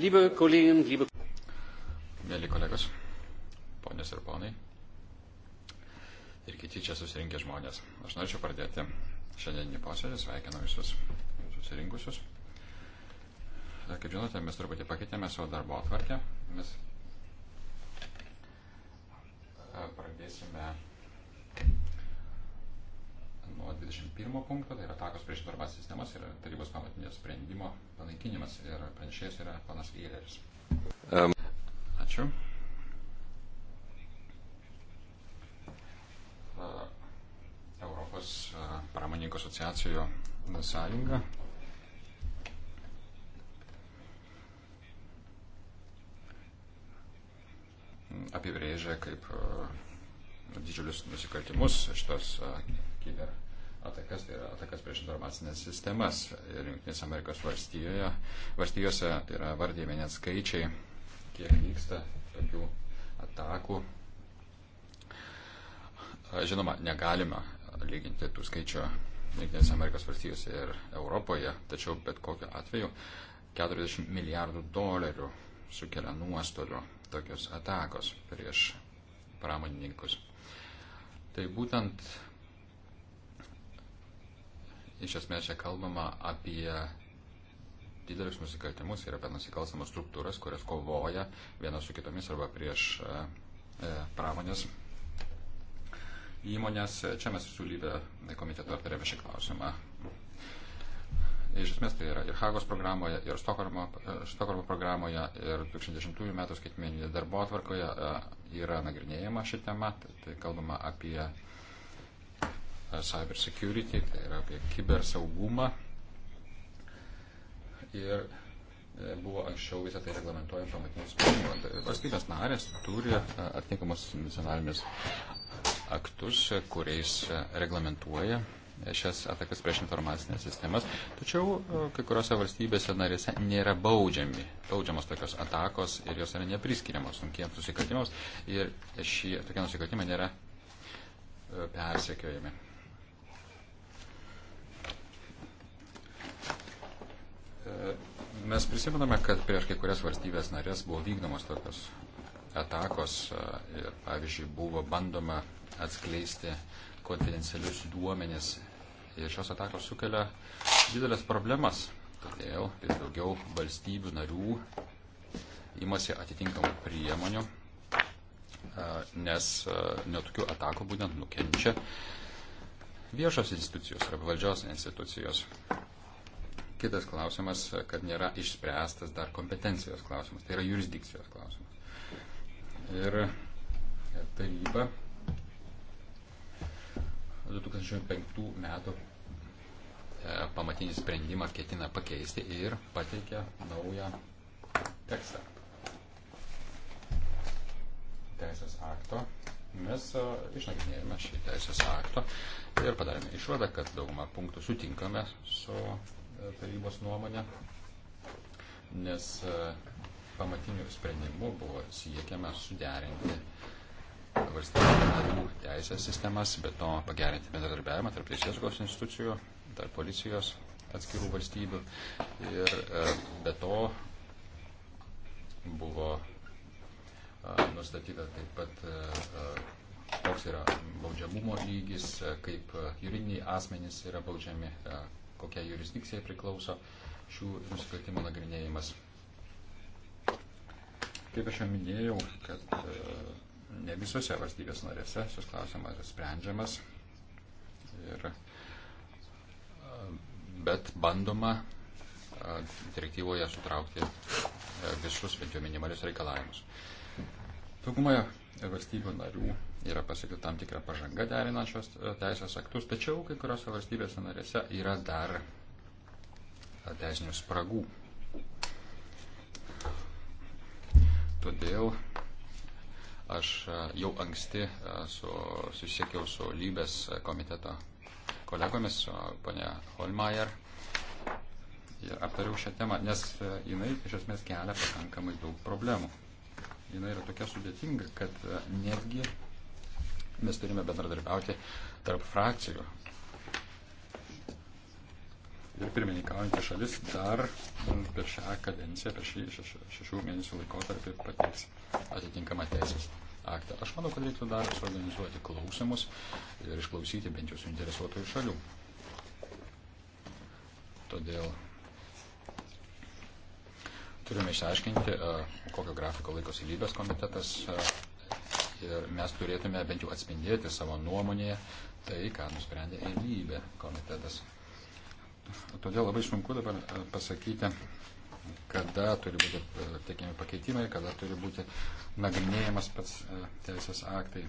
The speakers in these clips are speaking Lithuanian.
Liebe Kolleginnen, liebe Mėly kolegos, ponios ir ponai ir kiti čia susirinkę žmonės, aš norėčiau pradėti šiandienį posėdį, sveikinu visus susirinkusius. Kaip žinote, mes truputį pakeitėme savo darbo atvarkę, mes e, pradėsime nuo 21 punkto, tai yra atakos prieš informacinės sistemas ir tarybos pamatinio sprendimo panaikinimas ir pranešėjas yra panas Eileris. Um. Ačiū. Europos pramoninkų asociacijų sąjunga apibrėžia kaip didžiulius nusikaltimus šitos kiber atakas, tai yra atakas prieš informacinės sistemas. Ir Junktinės Amerikos valstijoje, valstijose tai yra vardėjami net skaičiai, kiek vyksta tokių atakų. Žinoma, negalima lyginti tų skaičių Junktinės Amerikos valstijose ir Europoje, tačiau bet kokiu atveju 40 milijardų dolerių sukelia nuostolių tokios atakos prieš pramonininkus. Tai būtent iš esmės čia kalbama apie didelius nusikaltimus ir apie nusikalstamas struktūras, kurios kovoja viena su kitomis arba prieš e, e, pramonės įmonės. Čia mes su lybė komitetu aptarėme šį klausimą. Iš esmės tai yra ir Hagos programoje, ir Stokholmo, e, Stokholmo programoje, ir 2010 metų skaitmeninėje darbo atvarkoje yra nagrinėjama ši tema. Tai kalbama apie cyber security, tai yra apie kibersaugumą. Ir e, buvo anksčiau visą tai reglamentuojant pamatinius sprendimus. Valstybės narės turi e, atitinkamus nacionalinius aktus, e, kuriais reglamentuoja šias atakas prieš informacinės sistemas. Tačiau kai kuriuose valstybėse narėse nėra baudžiami, baudžiamos tokios atakos ir jos yra nepriskiriamos sunkiems nusikaltimams ir šie tokie nusikaltimai nėra persekiojami. E, mes prisimename, kad prieš kai kurias valstybės narės buvo vykdomos tokios atakos e, ir, pavyzdžiui, buvo bandoma atskleisti konfidencialius duomenis. Ir šios atakos sukelia didelės problemas. Todėl ir daugiau valstybių narių imasi atitinkamų priemonių, e, nes nuo tokių atakų būtent nukenčia viešos institucijos arba valdžios institucijos. Kitas klausimas, kad nėra išspręstas dar kompetencijos klausimas, tai yra jurisdikcijos klausimas. Ir taryba 2005 metų e, pamatinį sprendimą ketina pakeisti ir pateikia naują tekstą. Teisės akto. Mes e, išnagrinėjome šį teisės akto ir padarėme išvadą, kad daugumą punktų sutinkame su tarybos nuomonę, nes e, pamatiniu sprendimu buvo siekiama suderinti valstybių narių teisės sistemas, bet to pagerinti bendradarbiavimą tarp teisėsaugos institucijų, tarp policijos atskirų valstybių. Ir e, be to buvo e, nustatyta taip pat, koks yra baudžiamumo lygis, kaip juridiniai asmenys yra baudžiami, kokia jurisdikcija priklauso šių nusikaltimų nagrinėjimas. Kaip aš jau minėjau, kad e, ne visose valstybės narėse šis klausimas sprendžiamas, ir, e, bet bandoma e, direktyvoje sutraukti visus bent jau minimalius reikalavimus. Daugumoje valstybių narių yra pasiekta tam tikra pažanga derinančios e, teisės aktus, tačiau kai kuriuose valstybėse narėse yra dar e, teisinių spragų. Todėl aš e, jau anksti su, susiekiau su lybės komiteto kolegomis, su ponia Holmeier, ir aptariau šią temą, nes jinai iš esmės kelia pakankamai daug problemų jinai yra tokia sudėtinga, kad e, netgi mes turime bendradarbiauti tarp frakcijų. Ir pirmininkaujantį šalis dar per šią kadenciją, per šį šešių, šešių mėnesių laikotarpį pateiks atitinkamą teisės aktą. Aš manau, kad reiktų dar suorganizuoti klausimus ir išklausyti bent jau suinteresuotojų šalių. Todėl turime išsiaiškinti, e, kokio grafiko laikosi lygos komitetas e, ir mes turėtume bent jau atspindėti savo nuomonėje tai, ką nusprendė lygybė komitetas. Todėl labai sunku dabar e, pasakyti, kada turi būti teikiami pakeitimai, kada turi būti nagrinėjamas pats teisės aktai.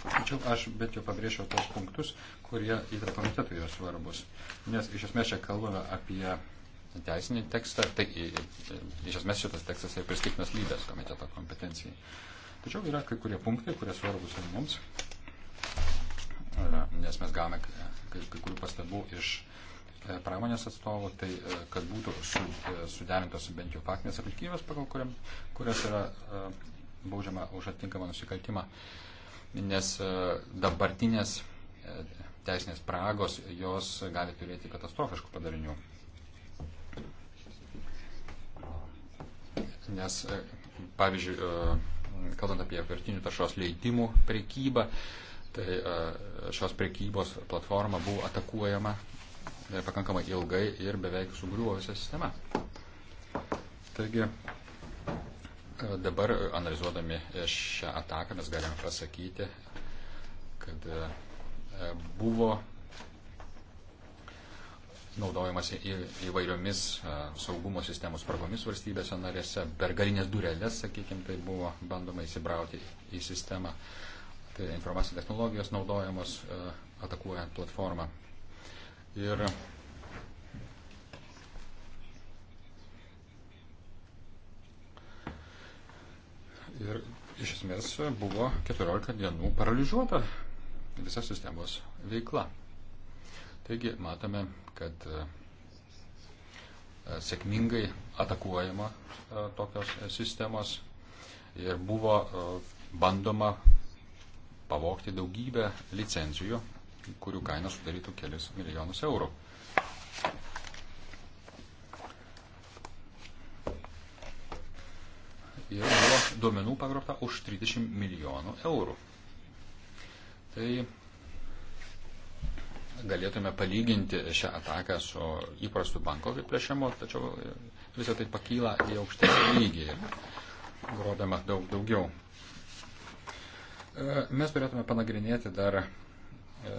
Tačiau aš bent jau pabrėžiau tos punktus, kurie įtra komitetui yra svarbus. Nes iš esmės čia kalbame apie teisinį tekstą, tai iš esmės šitas tekstas yra priskirtinas lydės komiteto kompetencijai. Tačiau yra kai kurie punktai, kurie svarbus ir mums, e, nes mes gavome kai, kai kurių pastabų iš e, pramonės atstovų, tai e, kad būtų su, suderintos bent jau faktinės aplinkybės, pagal kuriam, kurias yra baudžiama už atitinkamą nusikaltimą, nes dabartinės teisinės pragos, jos gali turėti katastrofiškų padarinių nes, e, pavyzdžiui, e, kalbant apie vertinių taršos leidimų prekybą, tai e, šios prekybos platforma buvo atakuojama pakankamai ilgai ir beveik sugriuvo visa sistema. Taigi, dabar analizuodami šią ataką mes galime pasakyti, kad buvo naudojamasi į, įvairiomis e, saugumo sistemos spragomis valstybėse narėse. Bergarinės durelės, sakykime, tai buvo bandoma įsibrauti į sistemą. Tai informacinės technologijos naudojamos e, atakuojant platformą. Ir Ir iš esmės buvo 14 dienų paralyžiuota visa sistemos veikla. Taigi matome, kad e, e, sėkmingai atakuojama e, tokios sistemos ir buvo bandoma pavokti daugybę licencijų, kurių kaina sudarytų kelius milijonus eurų. Ir buvo duomenų pagrobta už 30 milijonų eurų. Tai galėtume palyginti šią ataką su įprastu banko apiplėšimu, tačiau visą tai pakyla į aukštesnį lygį, grodama daug daugiau. E, mes turėtume panagrinėti dar, e,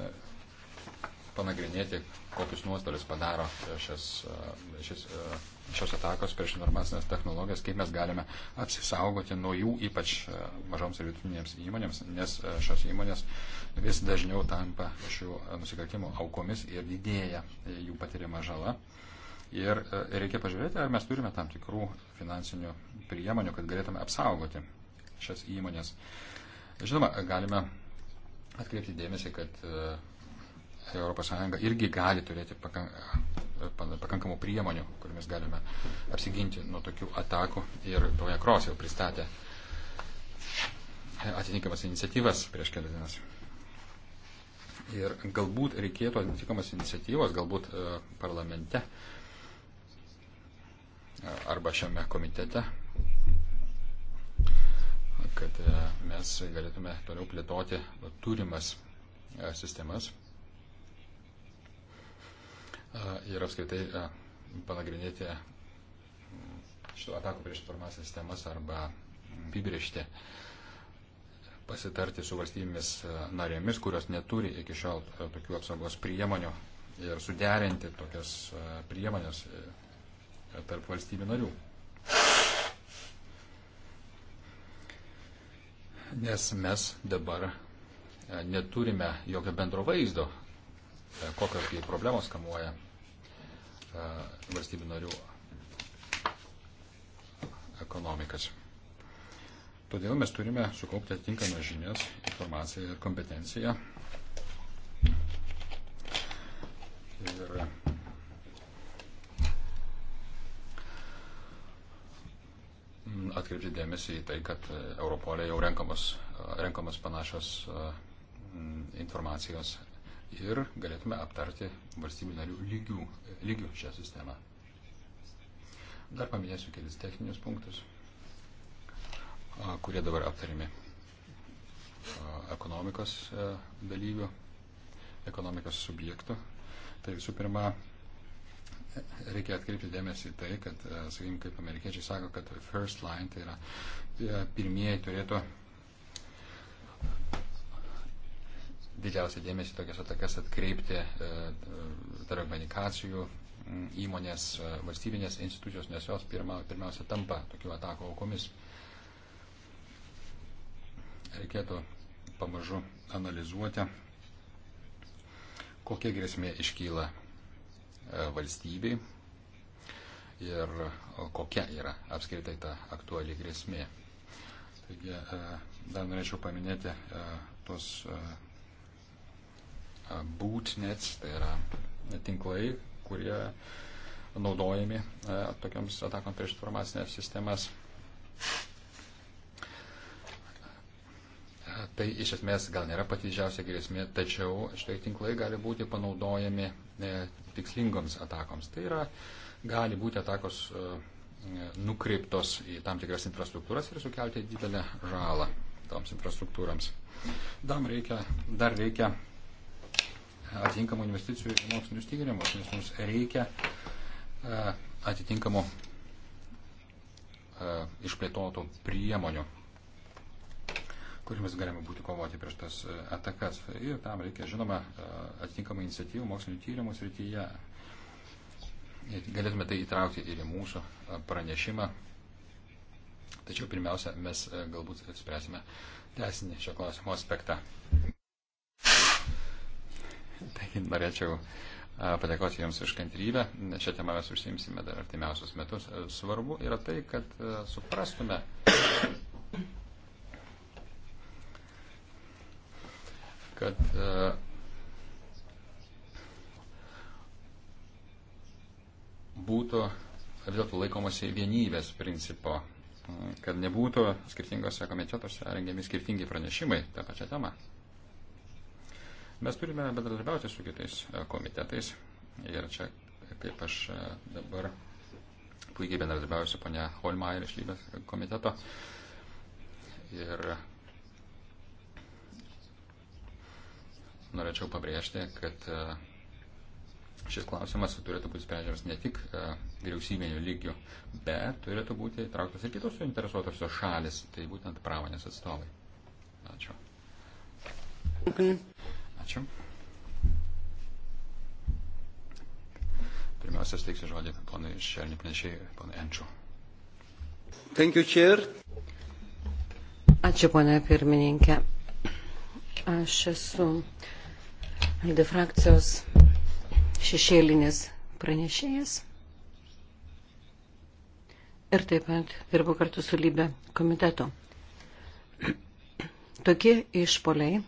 panagrinėti, kokius nuostolius padaro šis, e, šis šios atakos prieš informacinės technologijas, kaip mes galime apsisaugoti nuo jų, ypač e, mažoms ir vidutinėms įmonėms, nes e, šios įmonės vis dažniau tampa šių e, nusikaltimų aukomis ir didėja jų patiriama žala. Ir reikia pažiūrėti, ar mes turime tam tikrų finansinių priemonių, kad galėtume apsaugoti šias įmonės. Žinoma, galime atkreipti dėmesį, kad ES irgi gali turėti e, pakankamų priemonių, kuriomis galime apsiginti nuo tokių atakų. Ir Pauja Kros jau pristatė atitinkamas iniciatyvas prieš kelias dienas. Ir galbūt reikėtų atitinkamas iniciatyvos, galbūt e, parlamente e, arba šiame komitete, kad mes galėtume toliau plėtoti turimas sistemas ir apskritai panagrinėti šitų atakų prieš informacinės sistemas arba apibriežti, pasitarti su valstybėmis narėmis, kurios neturi iki šiol tokių apsaugos priemonių ir suderinti tokias priemonės e, tarp valstybių narių. Nes mes dabar neturime jokio bendro vaizdo, E, kokios problemos kamuoja e, valstybių narių ekonomikas. Todėl mes turime sukaupti atitinkamą žinias, informaciją ir kompetenciją. Ir atkreipti dėmesį į tai, kad Europolė jau renkamos, renkamos panašios e, informacijos ir galėtume aptarti valstybių narių lygių, lygių šią sistemą. Dar paminėsiu kelis techninius punktus, kurie dabar aptarimi ekonomikos e, dalyvių, ekonomikos subjektų. Tai visų pirma, reikia atkreipti dėmesį į tai, kad, e, sakykime, kaip amerikiečiai sako, kad first line tai yra e, pirmieji turėtų didžiausią dėmesį tokias atakas atkreipti e, e, telekomunikacijų tai įmonės, e, valstybinės institucijos, nes jos pirma, pirmiausia tampa tokių atakų aukomis. Reikėtų pamažu analizuoti, kokia grėsmė iškyla valstybei ir kokia yra apskritai ta aktuali grėsmė. Taigi, dar norėčiau paminėti tuos būtnets, tai yra tinklai, kurie naudojami e, tokiams atakom prieš informacinės sistemas. E, tai iš esmės gal nėra pati didžiausia grėsmė, tačiau štai tinklai gali būti panaudojami e, tikslingoms atakoms. Tai yra, gali būti atakos e, nukreiptos į tam tikras infrastruktūras ir sukelti didelę žalą toms infrastruktūrams. Tam reikia, dar reikia atitinkamų investicijų į mokslinius tyrimus, nes mums reikia e, atitinkamų e, išplėtotų priemonių, kuriamis galima būtų kovoti prieš tas e, atakas. Ir tam reikia, žinoma, atitinkamų iniciatyvų mokslinių tyrimų srityje. Galėtume tai įtraukti ir į mūsų pranešimą. Tačiau pirmiausia, mes galbūt spręsime teisinį šio klausimo aspektą. Taigi norėčiau padėkoti Jums už kantrybę. Šią temą mes užsiimsime dar artimiausius metus. Svarbu yra tai, kad suprastume. kad būtų vis dėlto laikomasi vienybės principo, kad nebūtų skirtingose komitetuose rengiami skirtingi pranešimai tą pačią temą. Mes turime bendradarbiauti su kitais e, komitetais. Ir čia, kaip aš e, dabar puikiai bendradarbiauju su ponia Holmaier iš Lybės komiteto. Ir norėčiau pabrėžti, kad e, šis klausimas turėtų būti sprendžiamas ne tik vyriausybinių lygių, bet turėtų būti įtrauktas ir kitos suinteresuotosios šalis, tai būtent pramonės atstovai. Ačiū. Okay. Ačiū. Pirmiausia, steiksiu žodį ponai Šelni pranešėjai, ponai Enčiu. Ačiū, ponė pirmininkė. Aš esu Alde frakcijos šešėlinis pranešėjas. Ir taip pat dirbu kartu su Lybe komitetu. Tokie išpoliai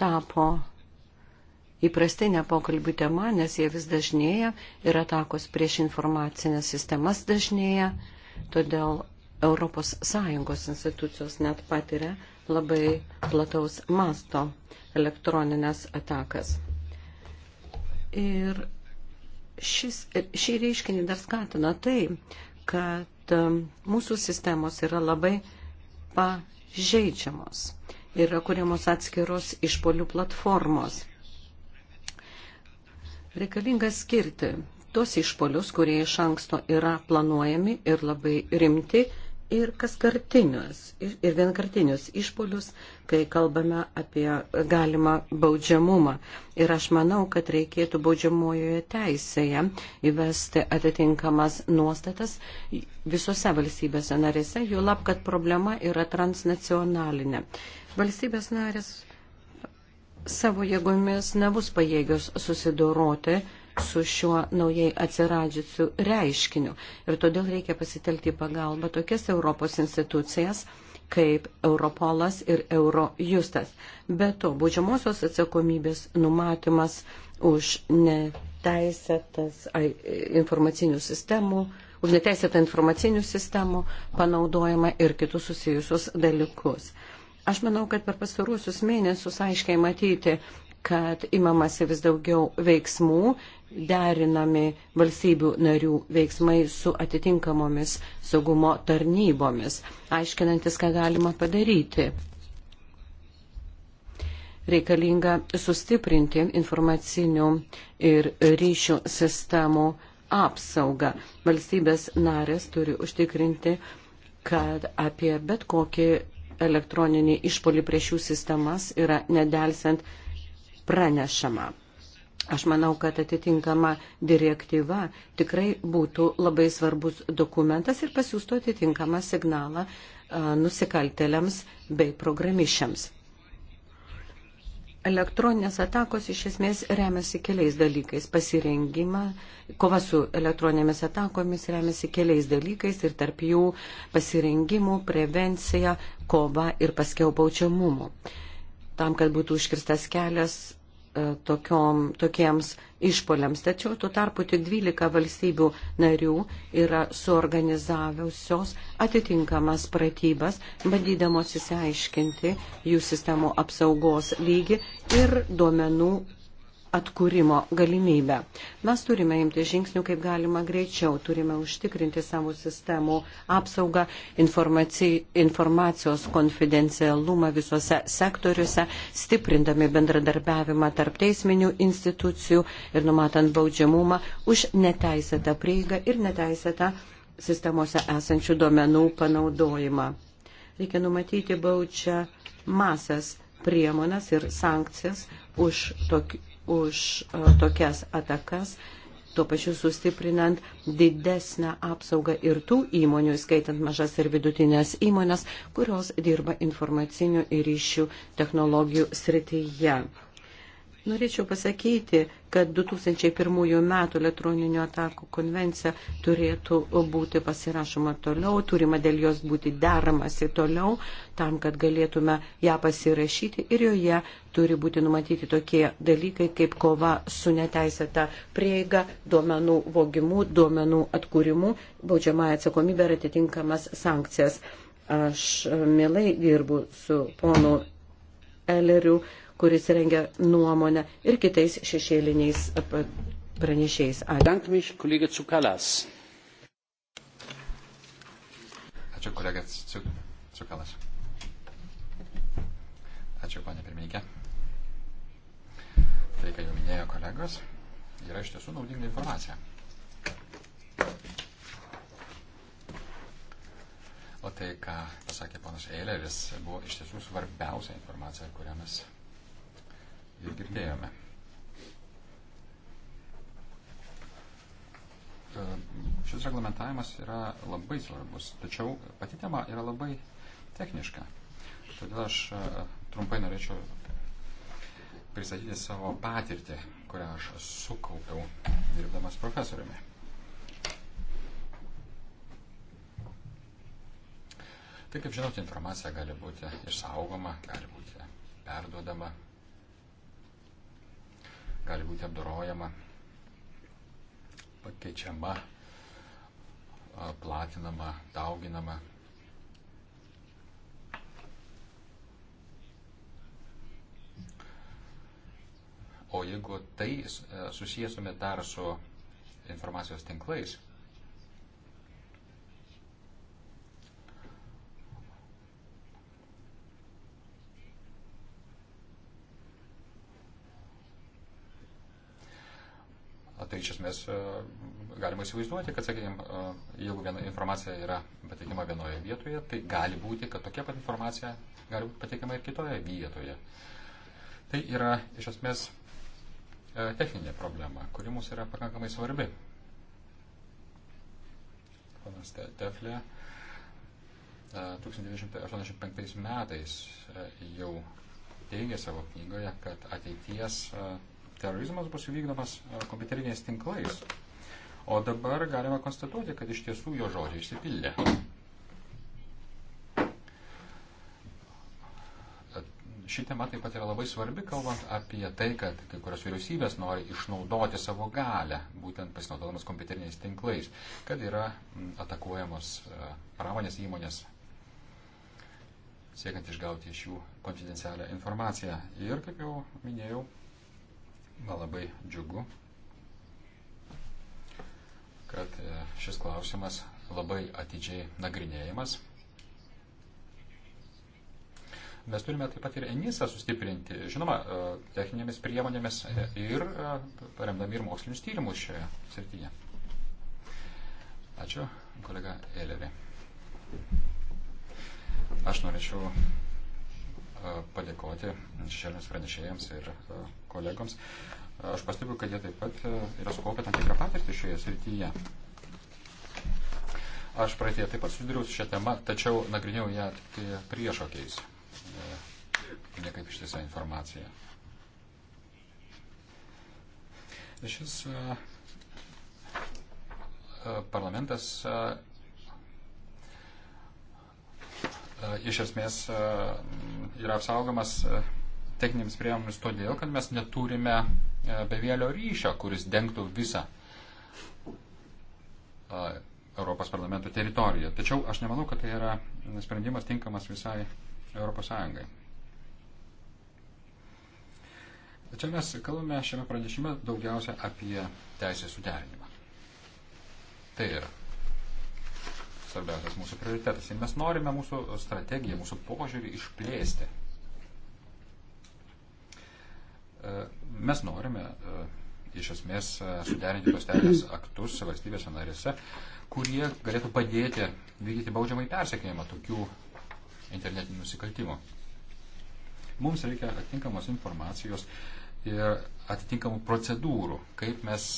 tapo įprastinė pokalbių tema, nes jie vis dažnėja ir atakos prieš informacinės sistemas dažnėja, todėl ES institucijos net patiria labai plataus masto elektroninės atakas. Ir šis, šį reiškinį dar skatina tai, kad um, mūsų sistemos yra labai pažeidžiamos yra kuriamos atskiros išpolių platformos. Reikalinga skirti tos išpolius, kurie iš anksto yra planuojami ir labai rimti, ir kaskartinius, ir, ir vienkartinius išpolius, kai kalbame apie galimą baudžiamumą. Ir aš manau, kad reikėtų baudžiamojoje teisėje įvesti atitinkamas nuostatas visose valstybėse narėse, jų lab, kad problema yra transnacionalinė. Valstybės narės savo jėgomis nebus pajėgios susidoroti su šiuo naujai atsiradžiusiu reiškiniu. Ir todėl reikia pasitelkti pagalbą tokias Europos institucijas kaip Europolas ir Eurojustas. Be to, būdžiamosios atsakomybės numatymas už neteisėtas informacinių sistemų, už neteisėtą informacinių sistemų panaudojimą ir kitus susijusius dalykus. Aš manau, kad per pastarusius mėnesius aiškiai matyti, kad imamasi vis daugiau veiksmų, derinami valstybių narių veiksmai su atitinkamomis saugumo tarnybomis, aiškinantis, ką galima padaryti. Reikalinga sustiprinti informacinių ir ryšių sistemų apsaugą. Valstybės narės turi užtikrinti, kad apie bet kokį elektroninį išpolį prieš jų sistemas yra nedelsiant pranešama. Aš manau, kad atitinkama direktyva tikrai būtų labai svarbus dokumentas ir pasiūstų atitinkamą signalą nusikaltelėms bei programišiams. Elektroninės atakos iš esmės remiasi keliais dalykais. Pasirengimą, kova su elektroninėmis atakomis remiasi keliais dalykais ir tarp jų pasirengimų, prevencija, kova ir paskiau paučiamumu. Tam, kad būtų užkirstas kelias E, tokiom, tokiems išpoliams. Tačiau tuo tarpu tik 12 valstybių narių yra suorganizavusios atitinkamas pratybas, bandydamos įsiaiškinti jų sistemų apsaugos lygį ir duomenų atkūrimo galimybę. Mes turime imti žingsnių kaip galima greičiau, turime užtikrinti savo sistemų apsaugą, informacijos konfidencialumą visuose sektoriuose, stiprindami bendradarbiavimą tarp teisminių institucijų ir numatant baudžiamumą už neteisėtą prieigą ir neteisėtą sistemose esančių duomenų panaudojimą. Reikia numatyti baudžia masės priemonės ir sankcijas už tokių už e, tokias atakas, tuo pačiu sustiprinant didesnę apsaugą ir tų įmonių, skaitant mažas ir vidutinės įmonės, kurios dirba informacinių ir ryšių technologijų srityje. Norėčiau pasakyti, kad 2001 metų elektroninių atakų konvencija turėtų būti pasirašoma toliau, turima dėl jos būti deramasi toliau, tam, kad galėtume ją pasirašyti ir joje turi būti numatyti tokie dalykai kaip kova su neteisėta prieiga, duomenų vogimu, duomenų atkūrimu, baudžiamąją atsakomybę ir atitinkamas sankcijas. Aš mielai dirbu su ponu Eleriu kuris rengia nuomonę ir kitais šešėliniais pranešėjais. Ačiū. Ačiū, kolega Cukalas. Ačiū, panė pirmininkė. Tai, ką jau minėjo kolegos, yra iš tiesų naudinga informacija. O tai, ką pasakė ponas Eileris, buvo iš tiesų svarbiausia informacija, kurią mes jau girdėjome. Šis reglamentavimas yra labai svarbus, tačiau pati tema yra labai techniška. Todėl aš e, trumpai norėčiau pristatyti savo patirtį, kurią aš sukaupiau dirbdamas profesoriumi. Tai kaip žinote, informacija gali būti išsaugoma, gali būti perduodama gali būti apdorojama, pakeičiama, platinama, dauginama. O jeigu tai e, susijęs tuomet dar su informacijos tinklais, Tai iš esmės e, galima įsivaizduoti, kad, sakykime, jeigu viena informacija yra pateikima vienoje vietoje, tai gali būti, kad tokia pat informacija gali būti pateikima ir kitoje vietoje. Tai yra iš esmės e, techninė problema, kuri mums yra pakankamai svarbi. Ponas Teflė 1985 e, metais jau teigia savo knygoje, kad ateities uh, terorizmas bus vykdomas e, kompiuteriniais tinklais. O dabar galima konstatuoti, kad iš tiesų jo žodžiai išsipildė. Ši tema taip pat yra labai svarbi, kalbant apie tai, kad kai kurios vyriausybės nori išnaudoti savo galę, būtent pasinaudodamas kompiuteriniais tinklais, kad yra atakuojamos e, pramonės įmonės siekiant išgauti iš jų konfidencialią informaciją. Ir, kaip jau minėjau, Man labai džiugu, kad e, šis klausimas labai atidžiai nagrinėjimas. Mes turime taip pat ir ENISą sustiprinti, žinoma, e, techninėmis priemonėmis e, ir paremdami ir mokslinius tyrimus šioje srityje. Ačiū, kolega Elerė. Aš norėčiau padėkoti šešėlinius pranešėjams ir kolegoms, aš pastebiu, kad jie taip pat e, yra sukaupę tam tikrą patirtį šioje srityje. Aš praeitie taip pat susidūriau su šią temą, tačiau nagrinėjau ją tik tai priešokiais, ne kaip ištisą informaciją. Šis e, e, parlamentas iš esmės yra apsaugomas techninėmis priemonėmis todėl, kad mes neturime e, bevėlio ryšio, kuris dengtų visą e, Europos parlamento teritoriją. Tačiau aš nemanau, kad tai yra sprendimas tinkamas visai Europos Sąjungai. Čia mes kalbame šiame pranešime daugiausia apie teisės suderinimą. Tai yra svarbiausias mūsų prioritetas. Ir mes norime mūsų strategiją, mūsų požiūrį išplėsti E, mes norime e, iš esmės e, suderinti tos teisės aktus valstybėse narėse, kurie galėtų padėti vykdyti baudžiamai persekėjimą tokių internetinių nusikaltimų. Mums reikia atitinkamos informacijos ir atitinkamų procedūrų, kaip mes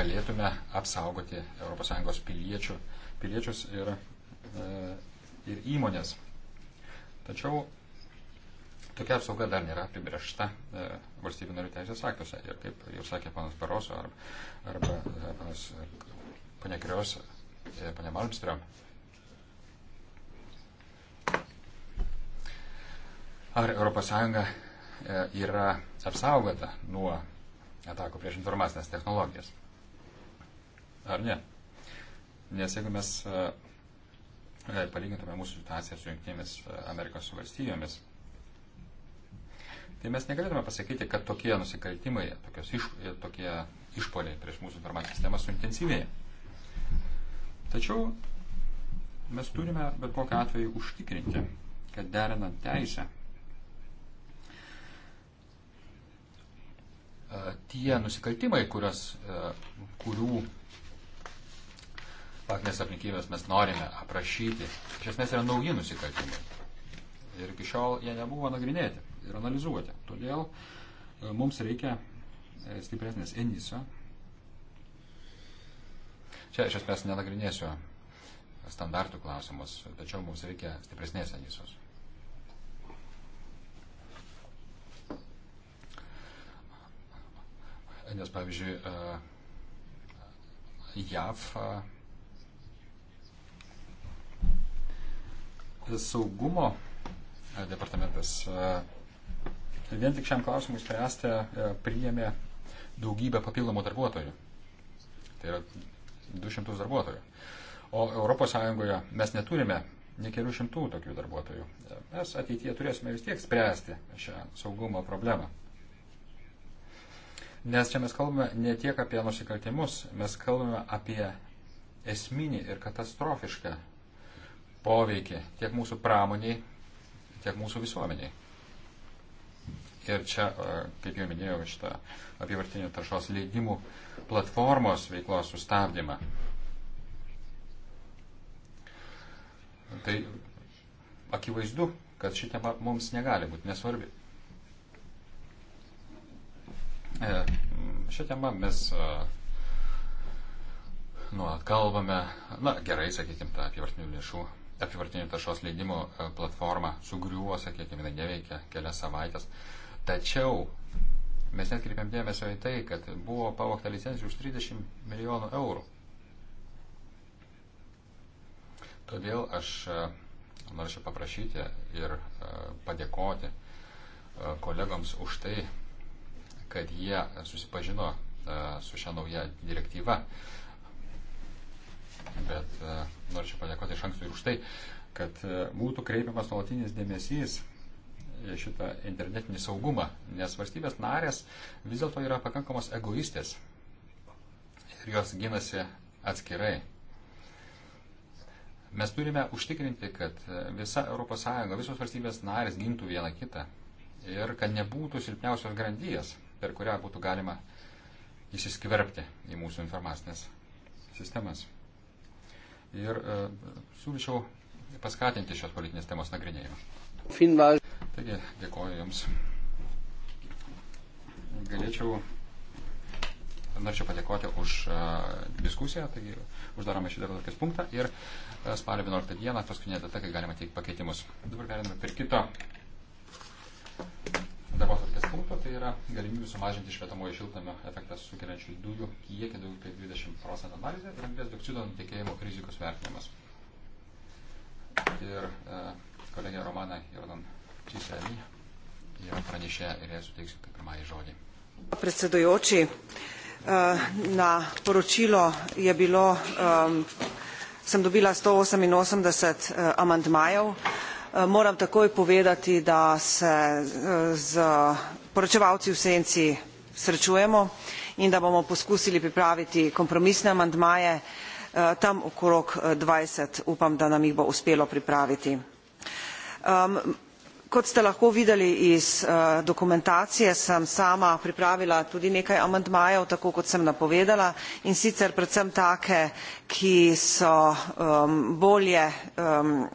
galėtume apsaugoti ES piliečių, piliečius ir, ir įmonės. Tačiau Tokia apsauga dar nėra apibriešta e, valstybių narių teisės aktuose. Ir kaip jau sakė panas Paroso ar, arba e, panas e, ponia Krios, e, ponia Malmström. Ar ES e, yra apsaugota nuo atakų prieš informacinės technologijas? Ar ne? Nes jeigu mes e, e palygintume mūsų situaciją su Junktinėmis Amerikos valstijomis, Tai mes negalėtume pasakyti, kad tokie nusikaltimai, iš, tokie išpoliai prieš mūsų informacinę sistemą suintensyvėja. Tačiau mes turime bet kokiu atveju užtikrinti, kad derinant teisę, e, tie nusikaltimai, kurios, e, kurių faktinės aplinkybės mes norime aprašyti, iš esmės yra nauji nusikaltimai. Ir iki šiol jie nebuvo nagrinėti ir analizuoti. Todėl e, mums reikia e, stipresnės ENISA. Čia iš esmės nenagrinėsiu standartų klausimus, tačiau mums reikia stipresnės ENISOS. Nes pavyzdžiui, e, JAV saugumo departamentas vien tik šiam klausimui spręsti e, priėmė daugybę papildomų darbuotojų. Tai yra 200 darbuotojų. O ES mes neturime ne kelių šimtų tokių darbuotojų. E, mes ateityje turėsime vis tiek spręsti šią saugumo problemą. Nes čia mes kalbame ne tiek apie nusikaltimus, mes kalbame apie esminį ir katastrofišką poveikį tiek mūsų pramoniai, tiek mūsų visuomeniai. Ir čia, e, kaip jau minėjau, šitą apivartinių taršos leidimų platformos veiklos sustabdymą. Tai akivaizdu, kad ši tema mums negali būti nesvarbi. E, šią temą mes e, nuolat kalbame, na gerai, sakykime, tą apivartinių lėšų apivartinių taršos leidimų platforma sugriuvo, sakykime, jinai neveikia kelias savaitės. Tačiau mes netkreipiam dėmesio į tai, kad buvo pavokta licencijų už 30 milijonų eurų. Todėl aš e, norėčiau paprašyti ir e, padėkoti e, kolegoms už tai, kad jie susipažino su šią naują direktyvą. Bet norėčiau padėkoti iš anksto ir už tai, kad būtų kreipiamas nuolatinis dėmesys šitą internetinį saugumą, nes valstybės narės vis dėlto yra pakankamos egoistės ir jos ginasi atskirai. Mes turime užtikrinti, kad visa ES, visos valstybės narės gintų vieną kitą ir kad nebūtų silpniausios grandyjas, per kurią būtų galima įsiskverbti į mūsų informacinės sistemas. Ir e, siūlyčiau paskatinti šios politinės temos nagrinėjimą. Taigi, dėkoju Jums. Galėčiau, norėčiau padėkoti už uh, diskusiją, taigi uždarome šį dar tokias punktą ir uh, spalio 11 dieną, paskutinė data, kai galima teikti pakeitimus. Dabar perėdame prie kito darbo atvarkės punkto, tai yra galimybių sumažinti švietamojo šiltnamio efektą sukeliančių dujų kiekį daugiau kaip 20 procentų analizė ir anglės dioksido nutekėjimo rizikos vertinimas. Ir, uh, kolegė Romana Jordan Čiselį jau pranešė ir jai suteiksiu kaip pirmąjį žodį. Predsedujoči, eh, na poročilo je bilo, sem dobila 188 eh, amantmajev. Eh, moram takoj povedati, da se z poročevalci v senci srečujemo in da bomo poskusili pripraviti kompromisne amandmaje tam okrog dvajset upam da nam jih bo uspelo pripraviti. Um, kot ste lahko videli iz uh, dokumentacije sem sama pripravila tudi nekaj amandmajev tako kot sem napovedala in sicer predvsem take ki so um, bolje um,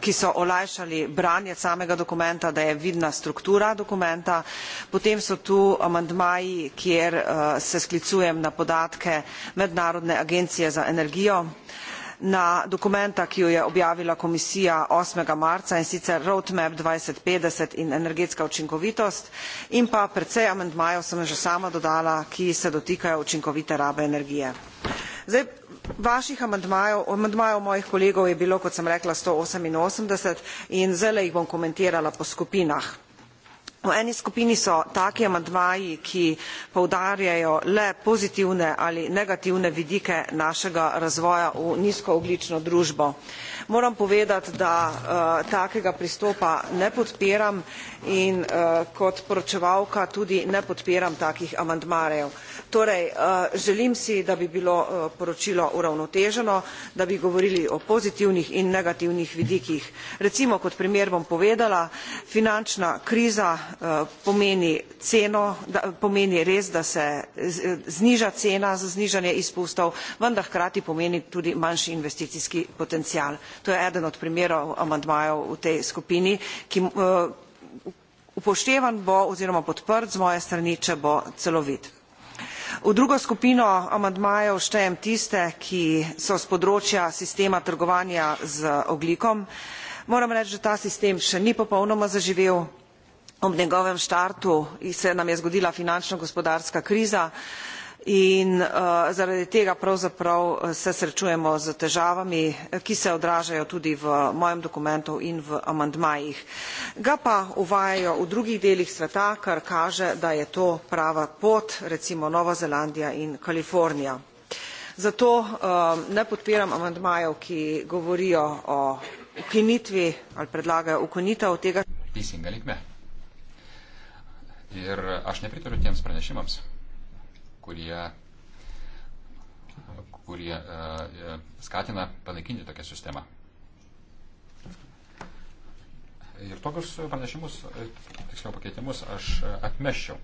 ki so olajšali branje samega dokumenta da je vidna struktura dokumenta potem so tu amandmaji kjer uh, se sklicujem na podatke mednarodne agencije za energijo na dokumenta, ki jo je objavila komisija 8. marca in sicer Roadmap 2050 in energetska učinkovitost in pa precej amendmajev sem že sama dodala, ki se dotikajo učinkovite rabe energije. Zdaj, vaših amandmajev, amandmajev mojih kolegov je bilo, kot sem rekla, 188 in zdaj jih bom komentirala po skupinah V eni skupini so taki amandmaji, ki poudarjajo le pozitivne ali negativne vidike našega razvoja v nizkooglično družbo. Moram povedati, da uh, takega pristopa ne podpiram in uh, kot poročevalka tudi ne podpiram takih amandmajev. Torej, uh, želim si, da bi bilo uh, poročilo uravnoteženo, da bi govorili o pozitivnih in negativnih vidikih. Recimo kot primer bom povedala, finančna kriza uh, pomeni ceno, da, pomeni res, da se zniža cena za znižanje izpustov, vendar hkrati pomeni tudi manjši investicijski potencial. To je eden od primerov amandmajev v tej skupini, ki, uh, upoštevan bo oziroma podprt z moje strani, če bo celovit. V drugo skupino amandmajev štejem tiste, ki so z področja sistema trgovanja z oglikom. Moram reči, da ta sistem še ni popolnoma zaživel. Ob njegovem štartu se nam je zgodila finančno-gospodarska kriza, in eh, zaradi tega pravzaprav eh, se srečujemo s težavami, eh, ki se odražajo tudi v mojem dokumentu in v amandmajih. Ga pa uvajajo v drugih delih sveta, kar kaže, da je to prava pot, recimo Nova Zelandija in Kalifornija. Zato ne podpiram amandmajev, ki govorijo o ukinitvi ali predlagajo ukinitev tega. Teisinga linkme. Ir aš nepritariu tiems pranešimams, kurie, kurie e, e, skatina panaikinti tokią sistemą. Ir tokius pranešimus, e, tiksliau pakeitimus, aš atmeščiau,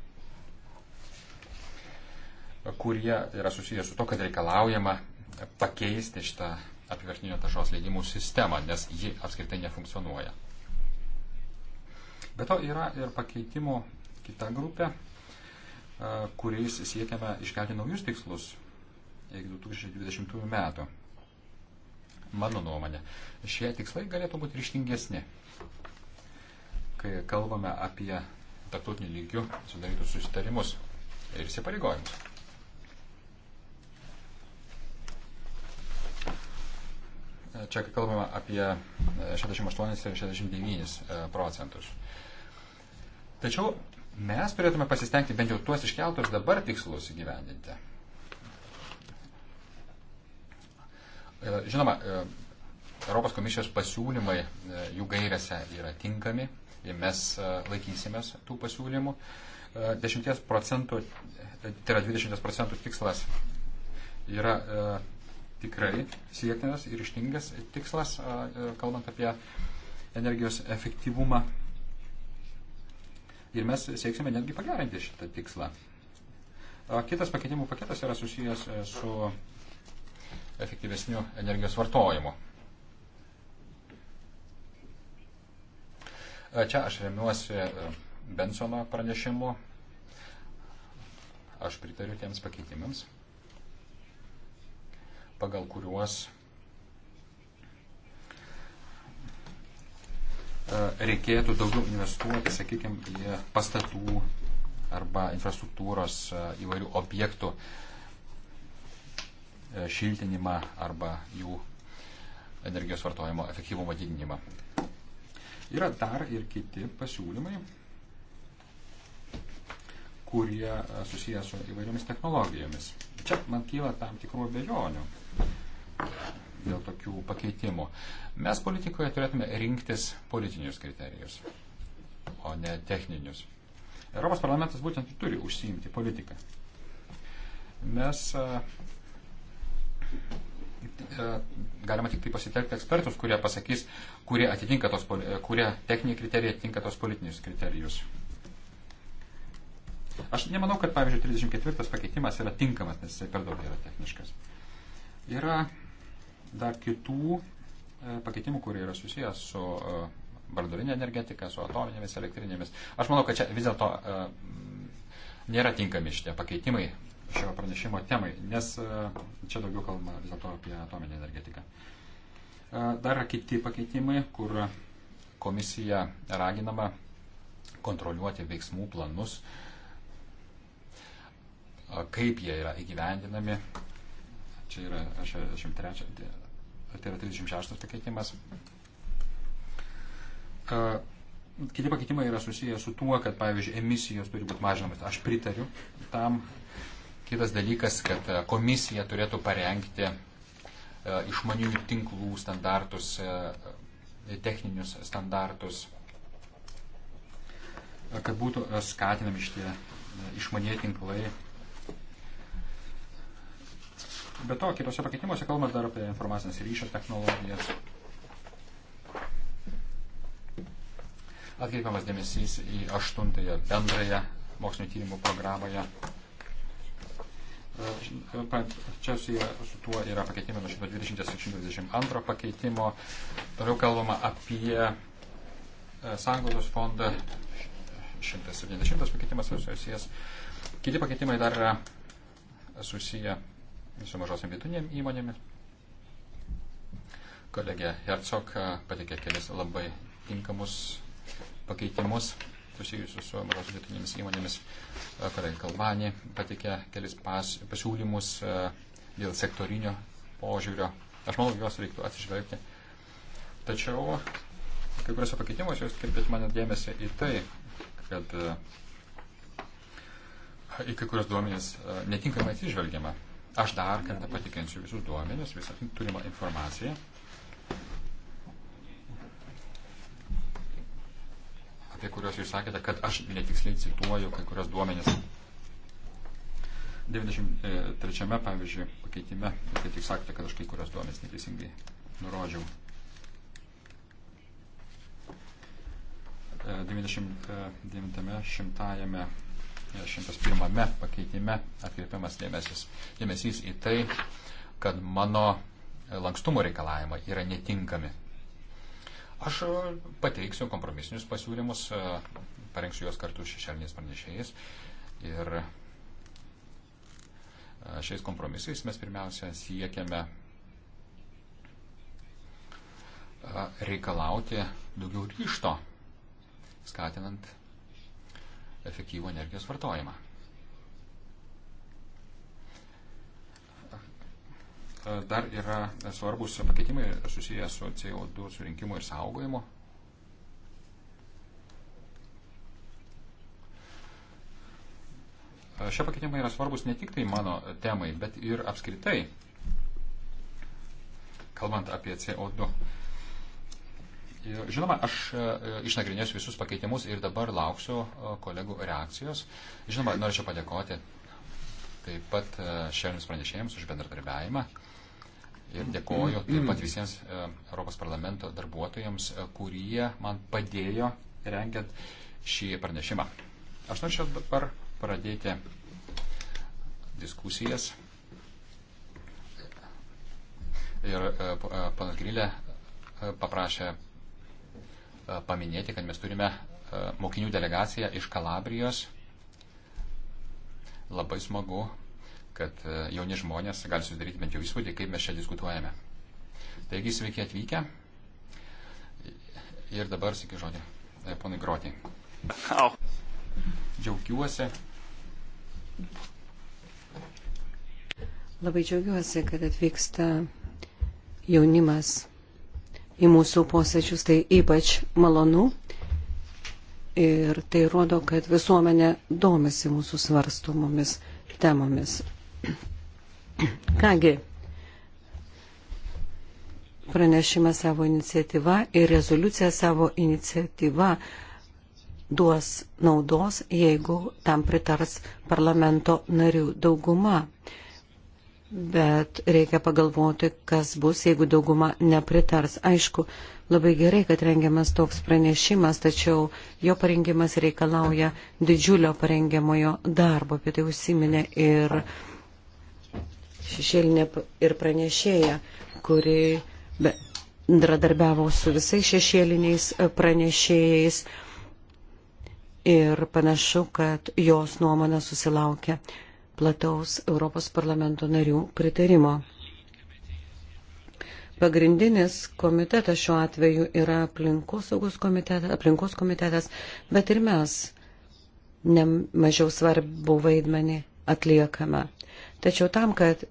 kurie yra susijęs su to, kad reikalaujama pakeisti šitą apivartinio taršos leidimų sistemą, nes ji apskritai nefunkcionuoja. Be to yra ir pakeitimų kita grupė, kuriais siekiame iškelti naujus tikslus iki 2020 metų. Mano nuomonė, šie tikslai galėtų būti ryštingesni, kai kalbame apie tarptautinių lygių sudarytus susitarimus ir įsipareigojimus. Čia kalbame apie 68 ir 69 procentus. Tačiau Mes turėtume pasistengti bent jau tuos iškeltus dabar tikslus įgyvendinti. E, žinoma, e, Europos komisijos pasiūlymai e, jų gairėse yra tinkami ir mes laikysimės tų pasiūlymų. 10 procentų, tai yra 20 procentų tikslas yra tikrai siektinas ir ištingas tikslas, kalbant apie energijos efektyvumą ir mes sieksime netgi pagerinti šitą tikslą. Kitas pakeitimų paketas yra susijęs e, su efektyvesniu energijos vartojimu. Čia aš remiuosi e, Bensono pranešimu. Aš pritariu tiems pakeitimams, pagal kuriuos E, reikėtų daugiau investuoti, sakykime, į pastatų arba infrastruktūros e, įvairių objektų e, šiltinimą arba jų energijos vartojimo efektyvumo didinimą. Yra dar ir kiti pasiūlymai, kurie susiję su įvairiomis technologijomis. Čia man kyla tam tikrų abejonių dėl tokių pakeitimų. Mes politikoje turėtume rinktis politinius kriterijus, o ne techninius. Europos parlamentas būtent turi užsiimti politiką. Mes galima tik tai pasitelkti ekspertus, kurie pasakys, kurie, atitinka tos, kurie techniniai kriterijai atitinka tos politinius kriterijus. Aš nemanau, kad, pavyzdžiui, 34 pakeitimas yra tinkamas, nes jisai per daug yra techniškas. Yra dar kitų e, pakeitimų, kurie yra susijęs su e, branduolinė energetika, su atominėmis elektrinėmis. Aš manau, kad čia vis dėlto e, nėra tinkami šitie pakeitimai šio pranešimo temai, nes čia daugiau kalbama vis dėlto apie atominę energetiką. Dar yra kiti pakeitimai, kur komisija raginama kontroliuoti veiksmų planus, kaip jie yra įgyvendinami, Čia yra 63, tai, tai yra 36 pakeitimas. Kiti pakeitimai yra susiję su tuo, kad, pavyzdžiui, emisijos turi būti mažinamas. Aš pritariu tam. Kitas dalykas, kad komisija turėtų parengti išmaniųjų tinklų standartus, techninius standartus, kad būtų skatinami šitie išmanieji tinklai Be to, kitose pakeitimuose kalbama dar apie informacinės ryšio technologijas. Atkreipiamas dėmesys į aštuntąją bendrąją mokslinio tyrimų programoje. Čia su, su tuo yra pakeitimai nuo 120-122 pakeitimo. Toliau kalbama apie e, sąnglaudos fondą 170 pakeitimas susijęs. Kiti pakeitimai dar yra susiję su mažosiam vidutinėm įmonėmis. Kolegė Hercog e, patikė kelis labai tinkamus pakeitimus susijusius su mažos vidutinėmis įmonėmis. E, Kolegė Kalbanė patikė kelis pas, pasiūlymus e, dėl sektorinio požiūrio. Aš manau, juos reiktų atsižvelgti. Tačiau kai kuriuose pakeitimuose jūs kirpėt mane dėmesį į tai, kad į kai kurios duomenys netinkamai atsižvelgiama. Aš dar kartą patikinsiu visus duomenis, visą turimą informaciją. Apie kuriuos jūs sakėte, kad aš netiksliai cituoju kai kurios duomenis. 93 pavyzdžiui pakeitime, tai tik sakėte, kad aš kai kurios duomenis neteisingai nurodžiau. 99 šimtajame 101 pakeitime atkreipiamas dėmesys, dėmesys į tai, kad mano lankstumo reikalavimai yra netinkami. Aš pateiksiu kompromisinius pasiūlymus, parengsiu juos kartu šešėliniais pranešėjais ir e, šiais kompromisais mes pirmiausia siekiame e, reikalauti daugiau ryšto, skatinant efektyvų energijos vartojimą. Dar yra svarbus pakeitimai susijęs su CO2 surinkimu ir saugojimu. Šie pakeitimai yra svarbus ne tik tai mano temai, bet ir apskritai, kalbant apie CO2 E, žinoma, aš e, išnagrinėsiu visus pakeitimus ir dabar lauksiu e, kolegų reakcijos. Žinoma, norėčiau padėkoti taip pat šelnius pranešėjams už bendradarbiavimą. Ir dėkoju taip pat visiems Europos parlamento darbuotojams, kurie man padėjo rengiant šį pranešimą. Aš norėčiau dabar pradėti diskusijas. Ir panas Grilė paprašė E, paminėti, kad mes turime e, mokinių delegaciją iš Kalabrijos. Labai smagu, kad e, jauni žmonės gali susidaryti bent jau įspūdį, kaip mes čia diskutuojame. Taigi sveiki atvykę. Ir dabar sakyk žodį, ponai Groti. Au. Džiaugiuosi. Labai džiaugiuosi, kad atvyksta jaunimas į mūsų posėdžius, tai ypač malonu. Ir tai rodo, kad visuomenė domisi mūsų svarstumomis temomis. Kągi, pranešimą savo iniciatyvą ir rezoliuciją savo iniciatyvą duos naudos, jeigu tam pritars parlamento narių dauguma. Bet reikia pagalvoti, kas bus, jeigu dauguma nepritars. Aišku, labai gerai, kad rengiamas toks pranešimas, tačiau jo parengimas reikalauja didžiulio parengiamojo darbo. Apie tai užsiminė ir šešėlinė ir pranešėja, kuri bendradarbiavo su visais šešėliniais pranešėjais. Ir panašu, kad jos nuomonė susilaukia plataus Europos parlamento narių pritarimo. Pagrindinis komitetas šiuo atveju yra aplinkosaugos komitetas, aplinkos komitetas, bet ir mes nemažiau svarbu vaidmenį atliekame. Tačiau tam, kad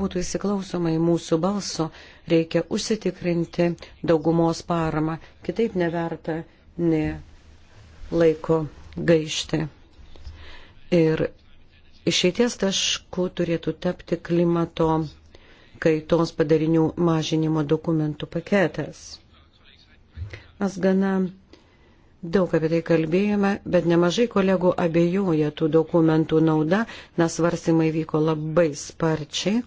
būtų įsiklausoma į mūsų balso, reikia užsitikrinti daugumos paramą, kitaip neverta ne laiko gaišti. Ir Išeities tašku turėtų tapti klimato kaitos padarinių mažinimo dokumentų paketas. Mes gana daug apie tai kalbėjome, bet nemažai kolegų abejoja tų dokumentų nauda, nes varsimai vyko labai sparčiai.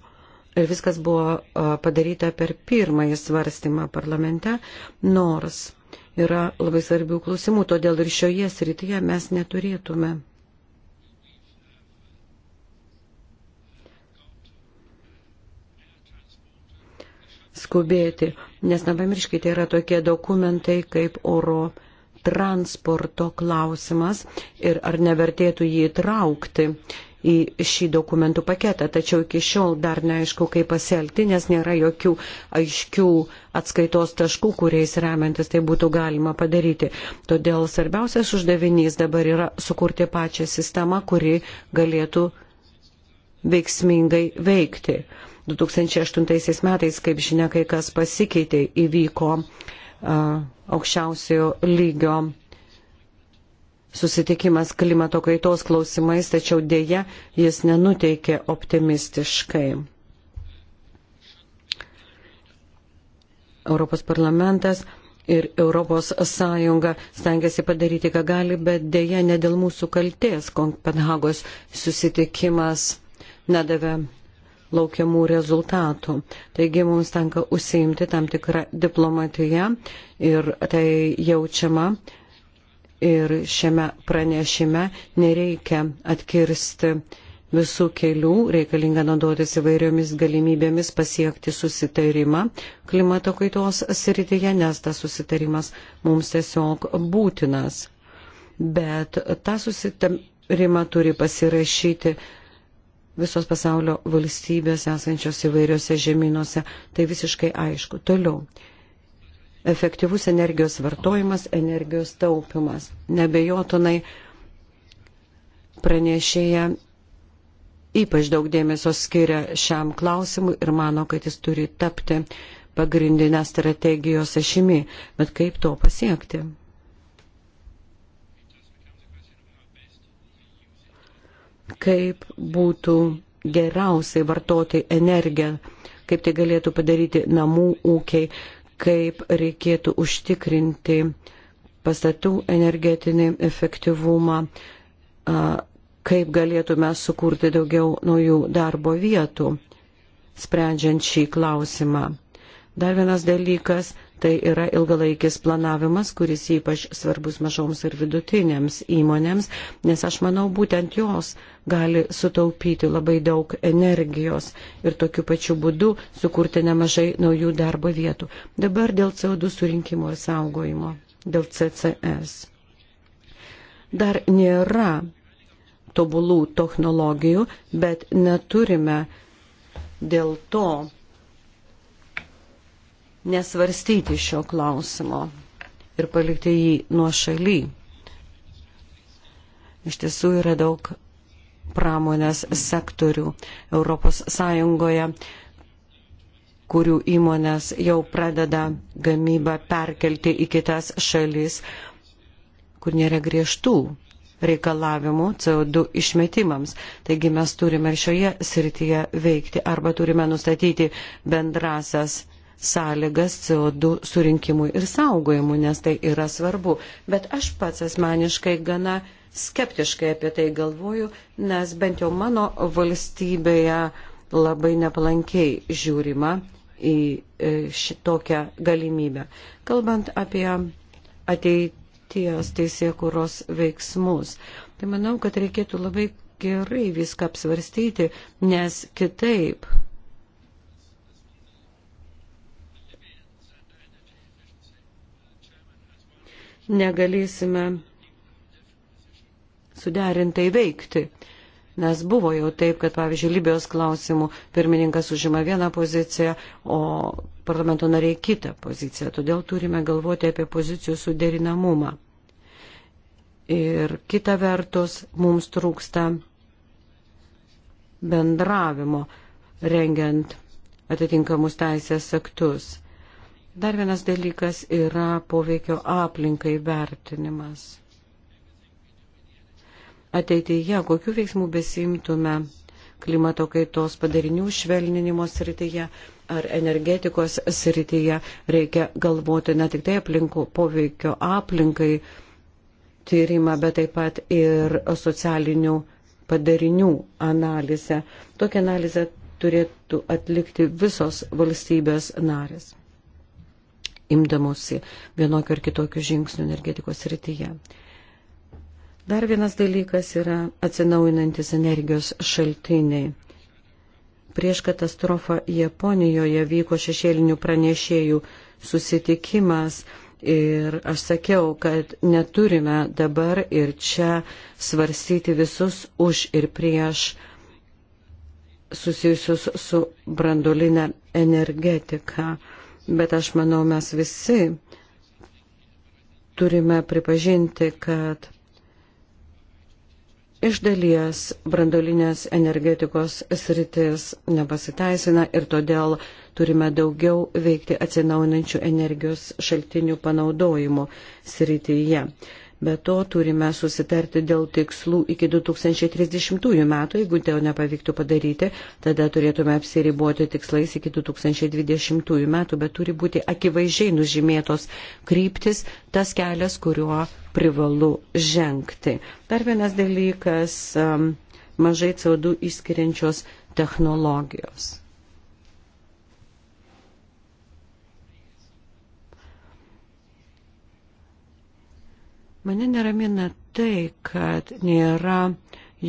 Ir viskas buvo padaryta per pirmąjį svarstymą parlamente, nors yra labai svarbių klausimų, todėl ir šioje srityje mes neturėtume skubėti, nes nepamirškite, tai yra tokie dokumentai kaip oro transporto klausimas ir ar nevertėtų jį įtraukti į šį dokumentų paketą, tačiau iki šiol dar neaišku, kaip pasielgti, nes nėra jokių aiškių atskaitos taškų, kuriais remiantis tai būtų galima padaryti. Todėl svarbiausias uždavinys dabar yra sukurti pačią sistemą, kuri galėtų veiksmingai veikti. 2008 metais, kaip žinia, kai kas pasikeitė, įvyko aukščiausio lygio susitikimas klimato kaitos klausimais, tačiau dėja jis nenuteikė optimistiškai. Europos parlamentas ir Europos Sąjunga stengiasi padaryti, ką gali, bet dėja ne dėl mūsų kalties Kopenhagos susitikimas nedavė laukiamų rezultatų. Taigi mums tenka užsiimti tam tikrą diplomatiją ir tai jaučiama ir šiame pranešime nereikia atkirsti visų kelių, reikalinga naudotis įvairiomis galimybėmis pasiekti susitarimą klimato kaitos srityje, nes tas susitarimas mums tiesiog būtinas. Bet tą susitarimą turi pasirašyti visos pasaulio valstybės esančios įvairiose žemynuose. Tai visiškai aišku. Toliau. Efektyvus energijos vartojimas, energijos taupimas. Nebejotinai pranešėja ypač daug dėmesio skiria šiam klausimui ir mano, kad jis turi tapti pagrindinę strategijos ašimi. Bet kaip to pasiekti? kaip būtų geriausiai vartoti energiją, kaip tai galėtų padaryti namų ūkiai, kaip reikėtų užtikrinti pastatų energetinį efektyvumą, kaip galėtume sukurti daugiau naujų darbo vietų, sprendžiant šį klausimą. Dar vienas dalykas Tai yra ilgalaikis planavimas, kuris ypač svarbus mažoms ir vidutinėms įmonėms, nes aš manau, būtent jos gali sutaupyti labai daug energijos ir tokiu pačiu būdu sukurti nemažai naujų darbo vietų. Dabar dėl CO2 surinkimo ir saugojimo, dėl CCS. Dar nėra tobulų technologijų, bet neturime dėl to nesvarstyti šio klausimo ir palikti jį nuo šaly. Iš tiesų yra daug pramonės sektorių ES, kurių įmonės jau pradeda gamybą perkelti į kitas šalis, kur nėra griežtų reikalavimų CO2 išmetimams. Taigi mes turime ir šioje srityje veikti arba turime nustatyti bendrasias sąlygas CO2 surinkimui ir saugojimui, nes tai yra svarbu. Bet aš pats asmeniškai gana skeptiškai apie tai galvoju, nes bent jau mano valstybėje labai nepalankiai žiūrima į e, šitokią galimybę. Kalbant apie ateities teisėkuros veiksmus, tai manau, kad reikėtų labai gerai viską apsvarstyti, nes kitaip negalėsime suderintai veikti. Nes buvo jau taip, kad, pavyzdžiui, Libijos klausimų pirmininkas užima vieną poziciją, o parlamento nariai kitą poziciją. Todėl turime galvoti apie pozicijų suderinamumą. Ir kita vertus, mums trūksta bendravimo, rengiant atitinkamus teisės aktus. Dar vienas dalykas yra poveikio aplinkai vertinimas. Ateityje, kokiu veiksmu besimtume klimato kaitos padarinių švelninimo srityje ar energetikos srityje, reikia galvoti ne tik tai aplinkų poveikio aplinkai tyrimą, bet taip pat ir socialinių padarinių analizę. Tokią analizę turėtų atlikti visos valstybės narės imdamosi vienokių ar kitokių žingsnių energetikos rytyje. Dar vienas dalykas yra atsinaujinantis energijos šaltiniai. Prieš katastrofą Japonijoje vyko šešėlinių pranešėjų susitikimas ir aš sakiau, kad neturime dabar ir čia svarstyti visus už ir prieš susijusius su brandolinė energetika. Bet aš manau, mes visi turime pripažinti, kad iš dalies brandolinės energetikos sritis nepasiteisina ir todėl turime daugiau veikti atsinaunančių energijos šaltinių panaudojimo srityje. Be to turime susitarti dėl tikslų iki 2030 metų, jeigu tai nepavyktų padaryti, tada turėtume apsiriboti tikslais iki 2020 metų, bet turi būti akivaizdžiai nužymėtos kryptis, tas kelias, kuriuo privalu žengti. Dar vienas dalykas um, - mažai CO2 įskiriančios technologijos. Mane neramina tai, kad nėra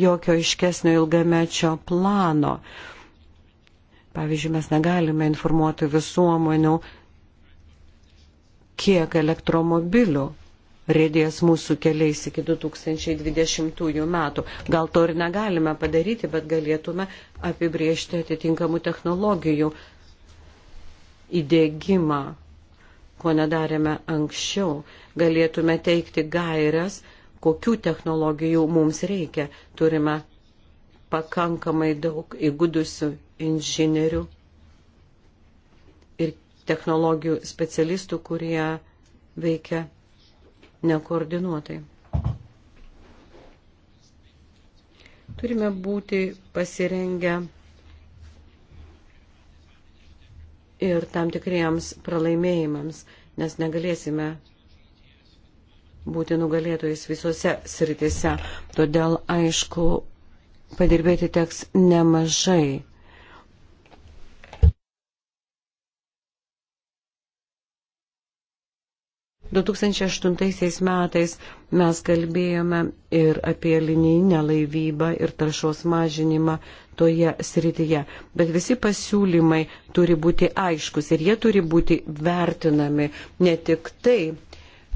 jokio iškesnio ilgamečio plano. Pavyzdžiui, mes negalime informuoti visuomonių, kiek elektromobilių rėdės mūsų keliais iki 2020 metų. Gal to ir negalime padaryti, bet galėtume apibriežti atitinkamų technologijų įdėgymą ko nedarėme anksčiau, galėtume teikti gairias, kokių technologijų mums reikia. Turime pakankamai daug įgudusių inžinierių ir technologijų specialistų, kurie veikia nekoordinuotai. Turime būti pasirengę ir tam tikriems pralaimėjimams, nes negalėsime būti nugalėtojais visose sritise. Todėl, aišku, padirbėti teks nemažai 2008 metais mes kalbėjome ir apie linijinę laivybą ir taršos mažinimą toje srityje. Bet visi pasiūlymai turi būti aiškus ir jie turi būti vertinami ne tik tai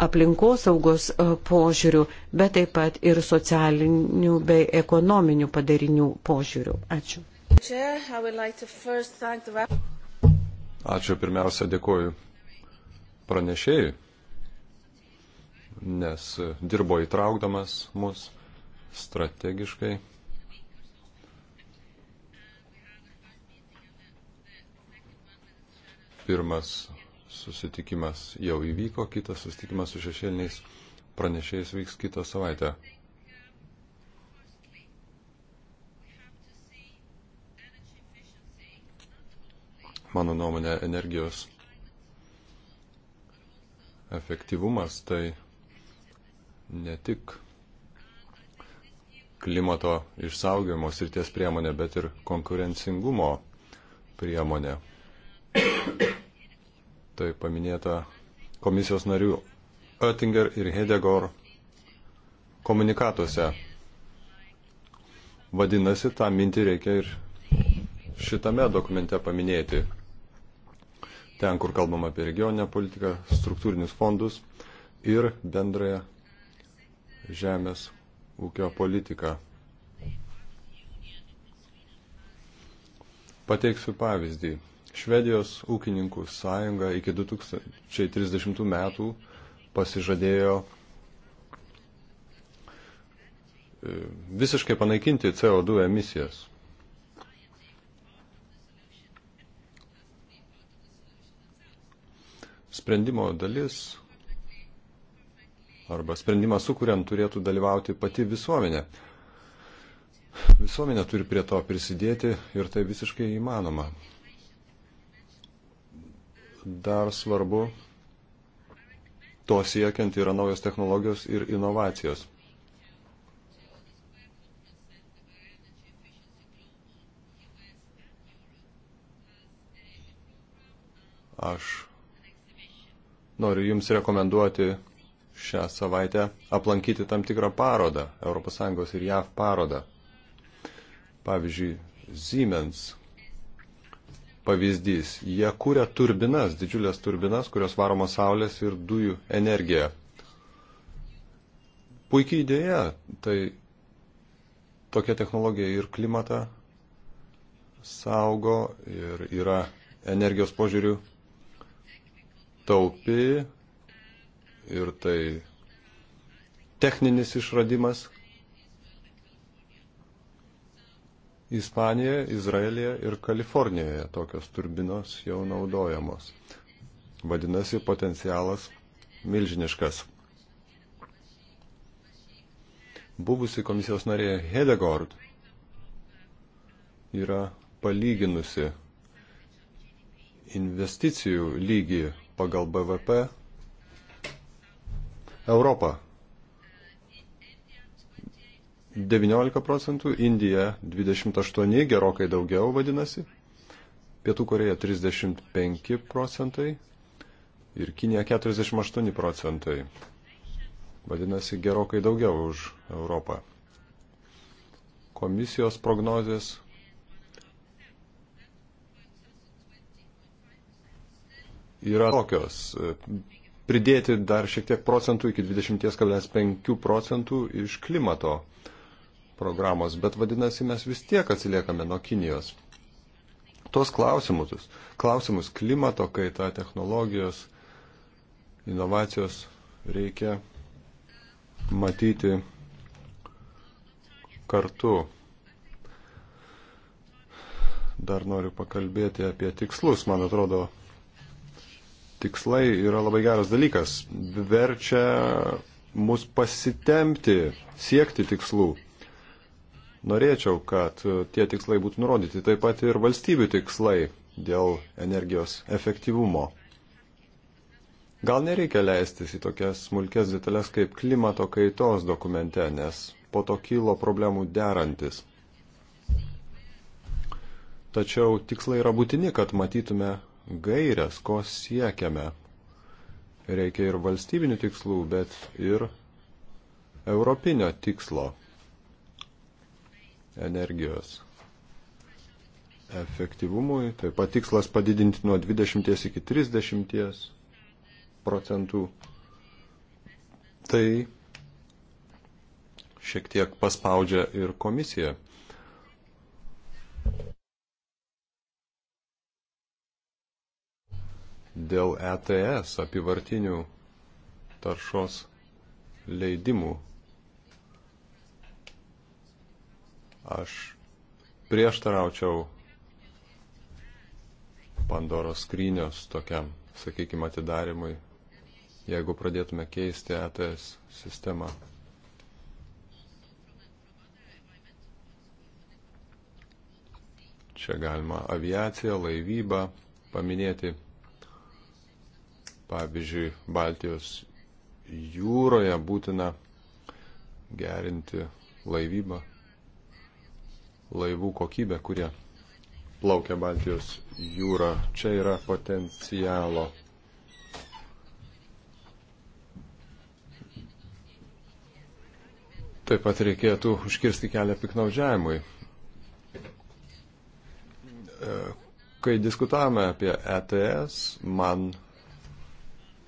aplinkosaugos e, požiūrių, bet taip pat ir socialinių bei ekonominių padarinių požiūrių. Ačiū. Ačiū pirmiausia, dėkoju pranešėjui nes dirbo įtraukdamas mus strategiškai. Pirmas susitikimas jau įvyko, kitas susitikimas su šešėliniais pranešėjais vyks kitą savaitę. Mano nuomonė, energijos efektyvumas tai ne tik klimato išsaugimo srities priemonė, bet ir konkurencingumo priemonė. Tai paminėta komisijos narių Oettinger ir Hedegor komunikatuose. Vadinasi, tą mintį reikia ir šitame dokumente paminėti. Ten, kur kalbam apie regioninę politiką, struktūrinius fondus ir bendrąją žemės ūkio politiką. Pateiksiu pavyzdį. Švedijos ūkininkų sąjunga iki 2030 metų pasižadėjo e, visiškai panaikinti CO2 emisijas. Sprendimo dalis arba sprendimą sukuriant turėtų dalyvauti pati visuomenė. Visuomenė turi prie to prisidėti ir tai visiškai įmanoma. Dar svarbu, to siekiant yra naujos technologijos ir inovacijos. Aš noriu Jums rekomenduoti šią savaitę aplankyti tam tikrą parodą, ES ir JAV parodą. Pavyzdžiui, Siemens pavyzdys. Jie kūrė turbinas, didžiulės turbinas, kurios varoma saulės ir dujų energija. Puikiai idėja, tai tokia technologija ir klimatą saugo ir yra energijos požiūrių taupi, ir tai techninis išradimas Ispanijoje, Izraelija ir Kalifornijoje tokios turbinos jau naudojamos. Vadinasi, potencialas milžiniškas. Buvusi komisijos narė Hedegord yra palyginusi investicijų lygį pagal BVP Europą 19 procentų, Indija 28, gerokai daugiau vadinasi, Pietų Koreja 35 procentai ir Kinija 48 procentai. Vadinasi, gerokai daugiau už Europą. Komisijos prognozės yra tokios pridėti dar šiek tiek procentų iki 20,5 procentų iš klimato programos, bet vadinasi, mes vis tiek atsiliekame nuo Kinijos. Tuos klausimus, klausimus klimato kaita, technologijos, inovacijos reikia matyti kartu. Dar noriu pakalbėti apie tikslus. Man atrodo, tikslai yra labai geras dalykas. Verčia mus pasitemti, siekti tikslų. Norėčiau, kad tie tikslai būtų nurodyti, taip pat ir valstybių tikslai dėl energijos efektyvumo. Gal nereikia leistis į tokias smulkės detalės kaip klimato kaitos dokumente, nes po to kilo problemų derantis. Tačiau tikslai yra būtini, kad matytume gairias, ko siekiame. Reikia ir valstybinių tikslų, bet ir europinio tikslo energijos efektyvumui. Taip pat tikslas padidinti nuo 20 iki 30 procentų. Tai šiek tiek paspaudžia ir komisija. dėl ETS apivartinių taršos leidimų. Aš prieštaraučiau Pandoros skrynios tokiam, sakykime, atidarimui, jeigu pradėtume keisti ETS sistemą. Čia galima aviaciją, laivybą paminėti. Pavyzdžiui, Baltijos jūroje būtina gerinti laivybą, laivų kokybę, kurie plaukia Baltijos jūra. Čia yra potencialo. Taip pat reikėtų užkirsti kelią piknaudžiavimui. E, kai diskutavome apie ETS, man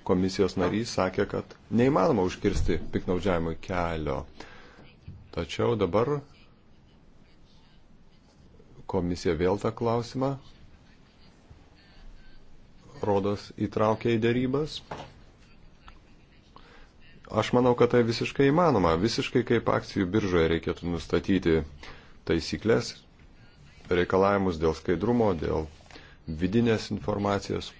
komisijos narys sakė, kad neįmanoma užkirsti piknaudžiavimui kelio. Tačiau dabar komisija vėl tą klausimą rodos įtraukė į dėrybas. Aš manau, kad tai visiškai įmanoma. Visiškai kaip akcijų biržoje reikėtų nustatyti taisyklės, reikalavimus dėl skaidrumo, dėl vidinės informacijos.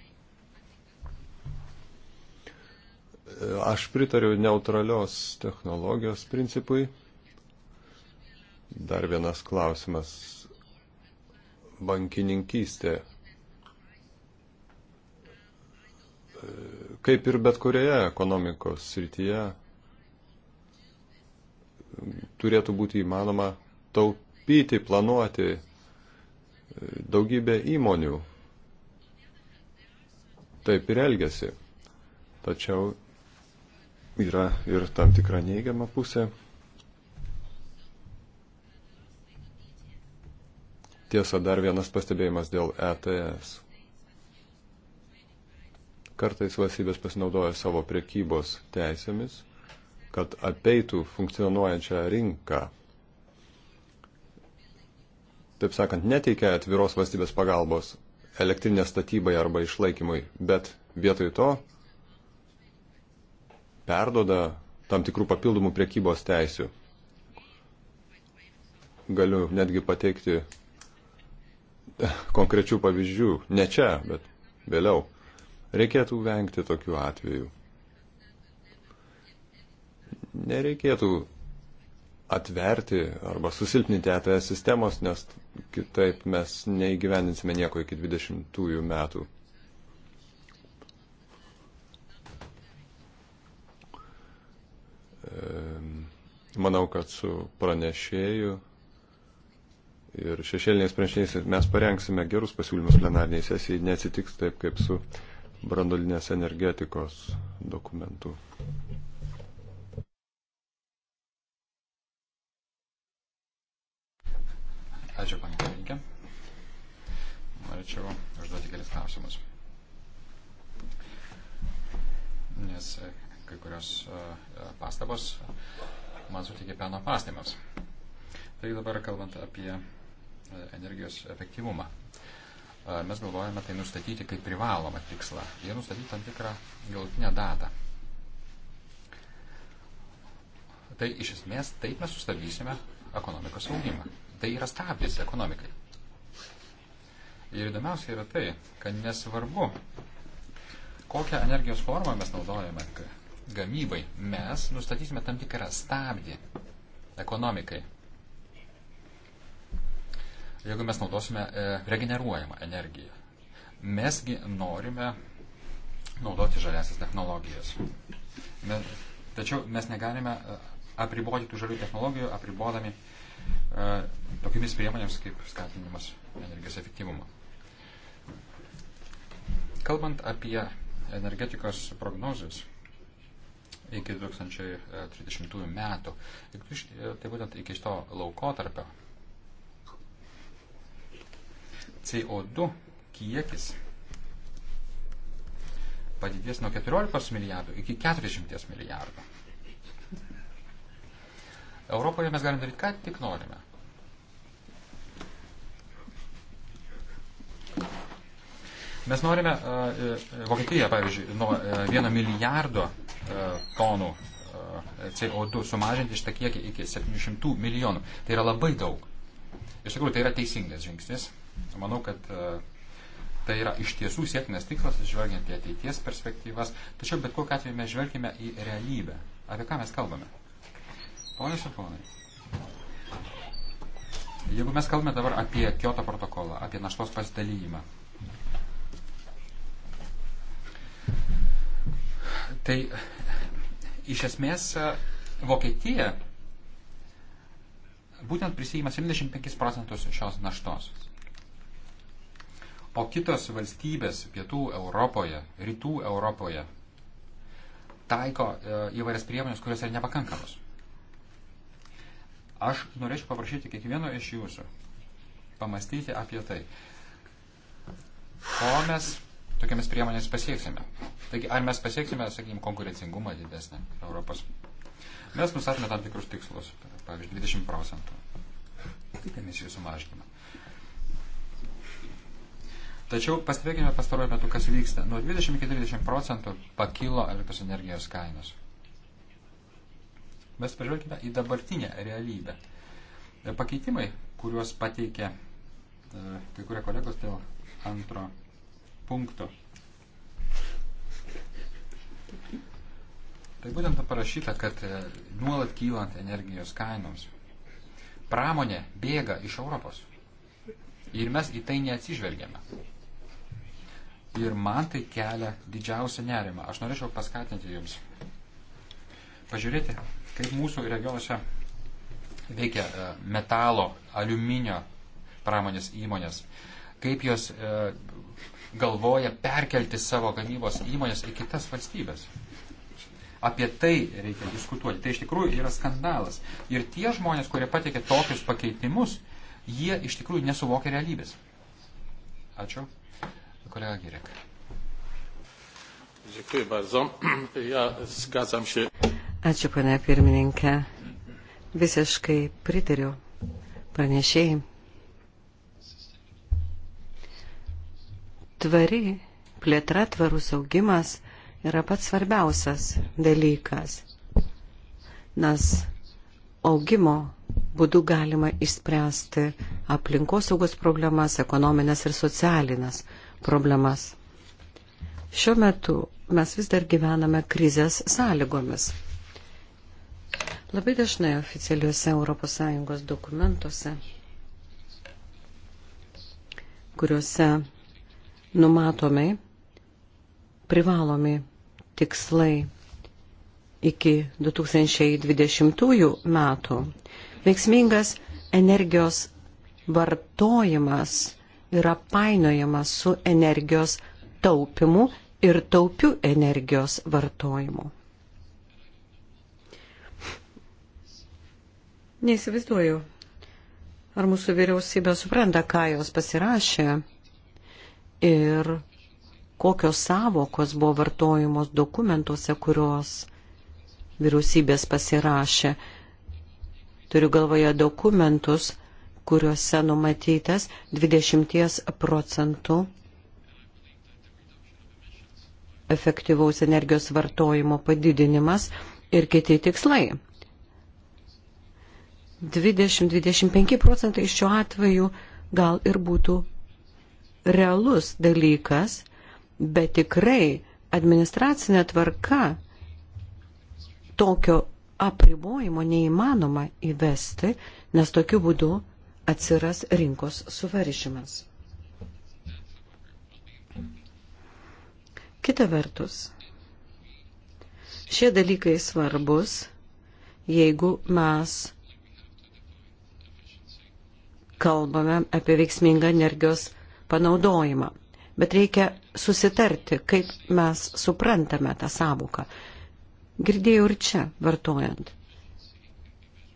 Aš pritariu neutralios technologijos principui. Dar vienas klausimas. Bankininkystė. Kaip ir bet kurioje ekonomikos srityje turėtų būti įmanoma taupyti, planuoti daugybę įmonių. Taip ir elgesi. Tačiau yra ir tam tikra neigiama pusė. Tiesa, dar vienas pastebėjimas dėl ETS. Kartais valstybės pasinaudoja savo priekybos teisėmis, kad apeitų funkcionuojančią rinką. Taip sakant, neteikia atviros valstybės pagalbos elektrinės statybai arba išlaikymui, bet vietoj to perdoda tam tikrų papildomų priekybos teisių. Galiu netgi pateikti konkrečių pavyzdžių, ne čia, bet vėliau. Reikėtų vengti tokių atvejų. Nereikėtų atverti arba susilpninti ETS sistemos, nes kitaip mes neįgyvendinsime nieko iki 20 metų. manau, kad su pranešėju ir šešėliniais pranešėjais mes parengsime gerus pasiūlymus plenarniai sesijai, neatsitiks taip kaip su brandolinės energetikos dokumentu. Ačiū, panė Kalinkė. Norėčiau užduoti kelis klausimus. Nes kai kurios e, e, pastabos man suteikė peno pastymams. Taigi dabar kalbant apie e, energijos efektyvumą. Mes galvojame tai nustatyti kaip privalomą tikslą ir nustatyti tam tikrą galutinę datą. Tai iš esmės taip mes sustabdysime ekonomikos augimą. Tai yra stabdys ekonomikai. Ir įdomiausia yra tai, kad nesvarbu, kokią energijos formą mes naudojame, gamybai, mes nustatysime tam tikrą stabdį ekonomikai. Jeigu mes naudosime e, regeneruojamą energiją, mesgi norime naudoti žaliasias technologijas. Mes, tačiau mes negalime e, apriboti tų žalių technologijų, apribodami uh, e, tokiamis priemonėms kaip skatinimas energijos efektyvumo. Kalbant apie energetikos prognozes, iki 2030 metų. E, tai būtent iki šito laukotarpio CO2 kiekis padidės nuo 14 milijardų iki 40 milijardų. Europoje mes galime daryti, ką tik norime. Mes norime, e, e, Vokietija, pavyzdžiui, nuo 1 e, milijardo tonų CO2 sumažinti šitą kiekį iki 700 milijonų. Tai yra labai daug. Iš tikrųjų, tai yra teisingas žingsnis. Manau, kad tai yra iš tiesų sėkmės tikslas, žvelgiant į ateities perspektyvas. Tačiau bet kokiu atveju mes žvelgime į realybę. Apie ką mes kalbame? Ponios ir ponai. Jeigu mes kalbame dabar apie Kyoto protokolą, apie naštos pasidalyjimą, Tai iš esmės Vokietija būtent prisijima 75 procentus šios naštos. O kitos valstybės pietų Europoje, rytų Europoje taiko e, įvairias priemonės, kurios yra nepakankamos. Aš norėčiau paprašyti kiekvieno iš jūsų pamastyti apie tai, ko mes tokiamis priemonės pasieksime. Taigi, ar mes pasieksime, sakykime, konkurencingumą didesnį Europos? Mes nusatome tam tikrus tikslus, pavyzdžiui, 20 procentų emisijų sumažinimą. Tačiau pastebėkime pastaruoju metu, kas vyksta. Nuo 20 iki 30 procentų pakilo elektros energijos kainos. Mes pažvelkime į dabartinę realybę. Pakeitimai, kuriuos pateikė e, kai kurie kolegos dėl antro punkto. Tai būtent parašyta, kad e, nuolat kylant energijos kainoms. Pramonė bėga iš Europos. Ir mes į tai neatsižvelgiame. Ir man tai kelia didžiausią nerimą. Aš norėčiau paskatinti Jums. Pažiūrėti, kaip mūsų regionuose veikia e, metalo, aliuminio pramonės įmonės. Kaip jos e, galvoja perkelti savo gamybos įmonės į kitas valstybės. Apie tai reikia diskutuoti. Tai iš tikrųjų yra skandalas. Ir tie žmonės, kurie patikė tokius pakeitimus, jie iš tikrųjų nesuvokia realybės. Ačiū. Kolega Girek. Dziękuję bardzo. Ja zgadzam się. Ačiū, pane pirmininkė. Visiškai pritariu pranešėjai. tvari plėtra, tvarus augimas yra pats svarbiausias dalykas, nes augimo būdu galima išspręsti aplinkosaugos problemas, ekonominės ir socialinės problemas. Šiuo metu mes vis dar gyvename krizės sąlygomis. Labai dažnai oficialiuose ES dokumentuose, kuriuose numatomi privalomi tikslai iki 2020 metų. Veiksmingas energijos vartojimas yra painojamas su energijos taupimu ir taupiu energijos vartojimu. Neįsivaizduoju, ar mūsų vyriausybė supranta, ką jos pasirašė ir kokios savokos buvo vartojamos dokumentuose, kurios vyriausybės pasirašė. Turiu galvoje dokumentus, kuriuose numatytas 20 procentų efektyvaus energijos vartojimo padidinimas ir kiti tikslai. 20-25 procentai šiuo atveju gal ir būtų realus dalykas, bet tikrai administracinė tvarka tokio apribojimo neįmanoma įvesti, nes tokiu būdu atsiras rinkos suvaržymas. Kita vertus, šie dalykai svarbus, jeigu mes kalbame apie veiksmingą energijos panaudojimą. Bet reikia susitarti, kaip mes suprantame tą savoką. Girdėjau ir čia vartojant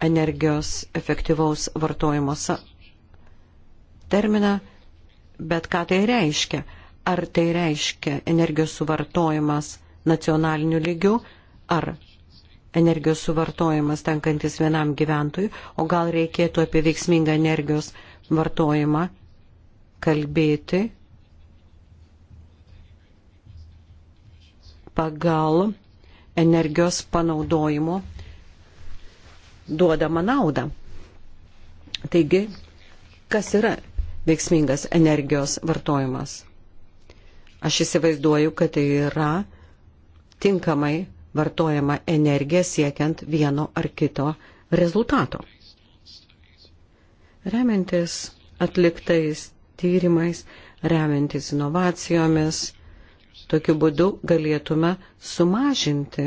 energijos efektyvaus vartojimo terminą, bet ką tai reiškia? Ar tai reiškia energijos suvartojimas nacionaliniu lygiu, ar energijos suvartojimas tenkantis vienam gyventojui, o gal reikėtų apie veiksmingą energijos vartojimą kalbėti pagal energijos panaudojimo duodamą naudą. Taigi, kas yra veiksmingas energijos vartojimas? Aš įsivaizduoju, kad tai yra tinkamai vartojama energija siekiant vieno ar kito rezultato. Remiantis atliktais tyrimais, remiantis inovacijomis. Tokiu būdu galėtume sumažinti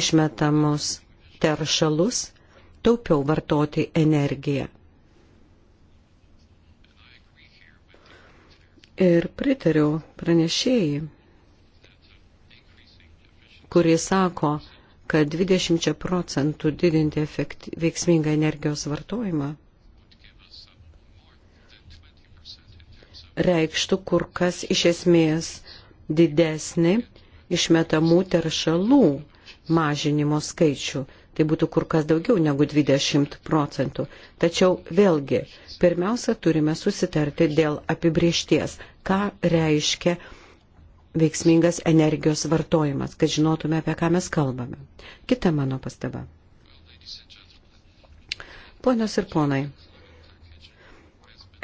išmetamus teršalus, taupiau vartoti energiją. Ir pritariu pranešėjai, kuris sako, kad 20 procentų didinti efekti, veiksmingą energijos vartojimą reikštų kur kas iš esmės didesnį išmetamų teršalų mažinimo skaičių. Tai būtų kur kas daugiau negu 20 procentų. Tačiau vėlgi, pirmiausia, turime susitarti dėl apibriešties, ką reiškia veiksmingas energijos vartojimas, kad žinotume, apie ką mes kalbame. Kita mano pastaba. Ponios ir ponai,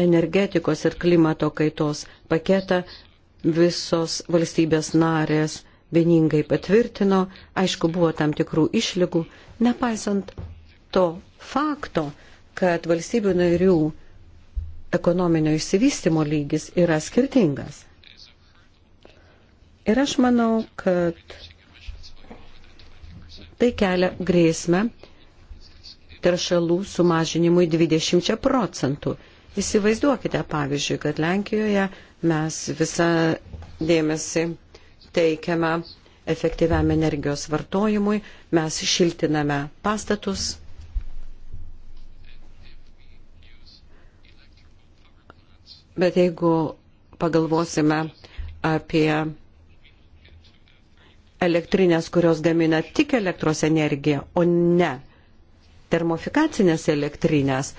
energetikos ir klimato kaitos paketą visos valstybės narės vieningai patvirtino, aišku, buvo tam tikrų išlygų, nepaisant to fakto, kad valstybių narių ekonominio išsivystimo lygis yra skirtingas. Ir aš manau, kad tai kelia grėsmę teršalų sumažinimui 20 procentų. Įsivaizduokite, pavyzdžiui, kad Lenkijoje mes visą dėmesį teikiame efektyviam energijos vartojimui, mes šiltiname pastatus. Bet jeigu pagalvosime apie elektrinės, kurios gamina tik elektros energiją, o ne termofikacinės elektrinės,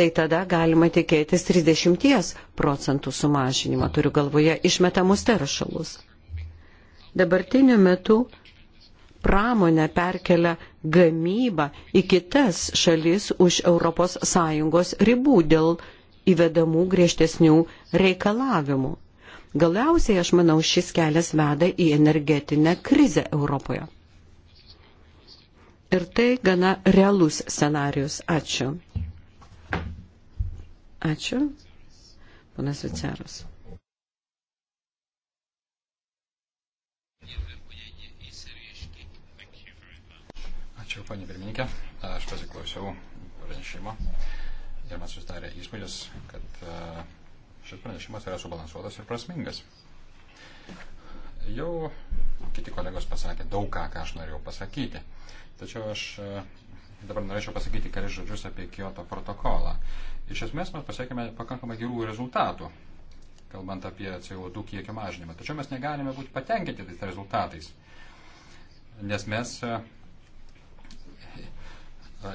tai tada galima tikėtis 30 procentų sumažinimo, turiu galvoje išmetamus teršalus. Dabartiniu metu pramonę perkelia gamybą į kitas šalis už ES ribų dėl įvedamų griežtesnių reikalavimų. Galiausiai, aš manau, šis kelias veda į energetinę krizę Europoje. Ir tai gana realus scenarius. Ačiū. Ačiū. Ponas Viceras. Ačiū, panė pirmininkė. Aš pasiklausiau pranešimo ir man susidarė įspūdis, kad e, šis pranešimas yra subalansuotas ir prasmingas. Jau kiti kolegos pasakė daug ką, ką aš norėjau pasakyti. Tačiau aš e, dabar norėčiau pasakyti kelias žodžius apie Kyoto protokolą Iš esmės mes pasiekėme pakankamai gerų rezultatų, kalbant apie CO2 kiekio mažinimą. Tačiau mes negalime būti patenkinti tais rezultatais, nes mes, e, e,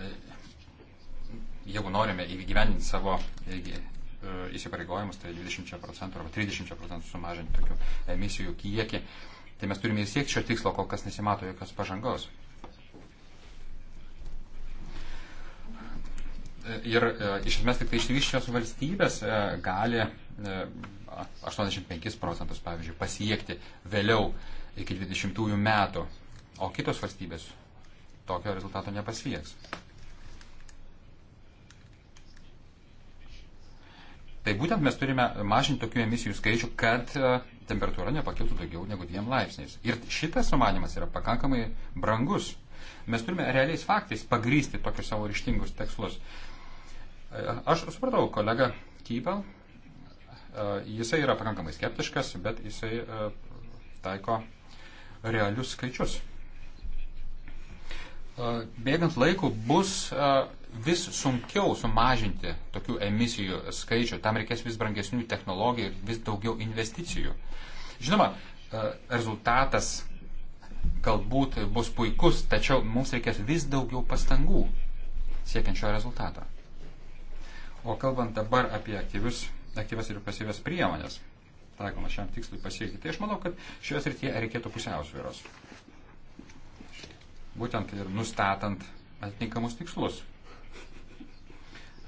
jeigu norime įgyvendinti savo e, įsipareigojimus, tai 20 procentų arba 30 procentų sumažinti tokių emisijų kiekį, tai mes turime ir siekti šio tikslo, kol kas nesimato jokios pažangos. ir e, iš esmės tik tai išvyščios valstybės e, gali 85 e, procentus, pavyzdžiui, pasiekti vėliau iki 20 metų, o kitos valstybės tokio rezultato nepasieks. Tai būtent mes turime mažinti tokių emisijų skaičių, kad temperatūra nepakiltų daugiau negu dviem laipsniais. Ir šitas sumanimas yra pakankamai brangus. Mes turime realiais faktais pagrysti tokius savo ryštingus tikslus. Aš supratau, kolega Kybel, jisai yra pakankamai skeptiškas, bet jisai e, taiko realius skaičius. E, bėgant laiku bus e, vis sunkiau sumažinti tokių emisijų skaičių, tam reikės vis brangesnių technologijų ir vis daugiau investicijų. Žinoma, rezultatas galbūt bus puikus, tačiau mums reikės vis daugiau pastangų siekiant šio rezultato. O kalbant dabar apie aktyvius, aktyvias ir pasyvias priemonės, taikoma šiam tikslui pasiekti, tai aš manau, kad šioje srityje reikėtų pusiausvėros. Būtent ir nustatant atitinkamus tikslus.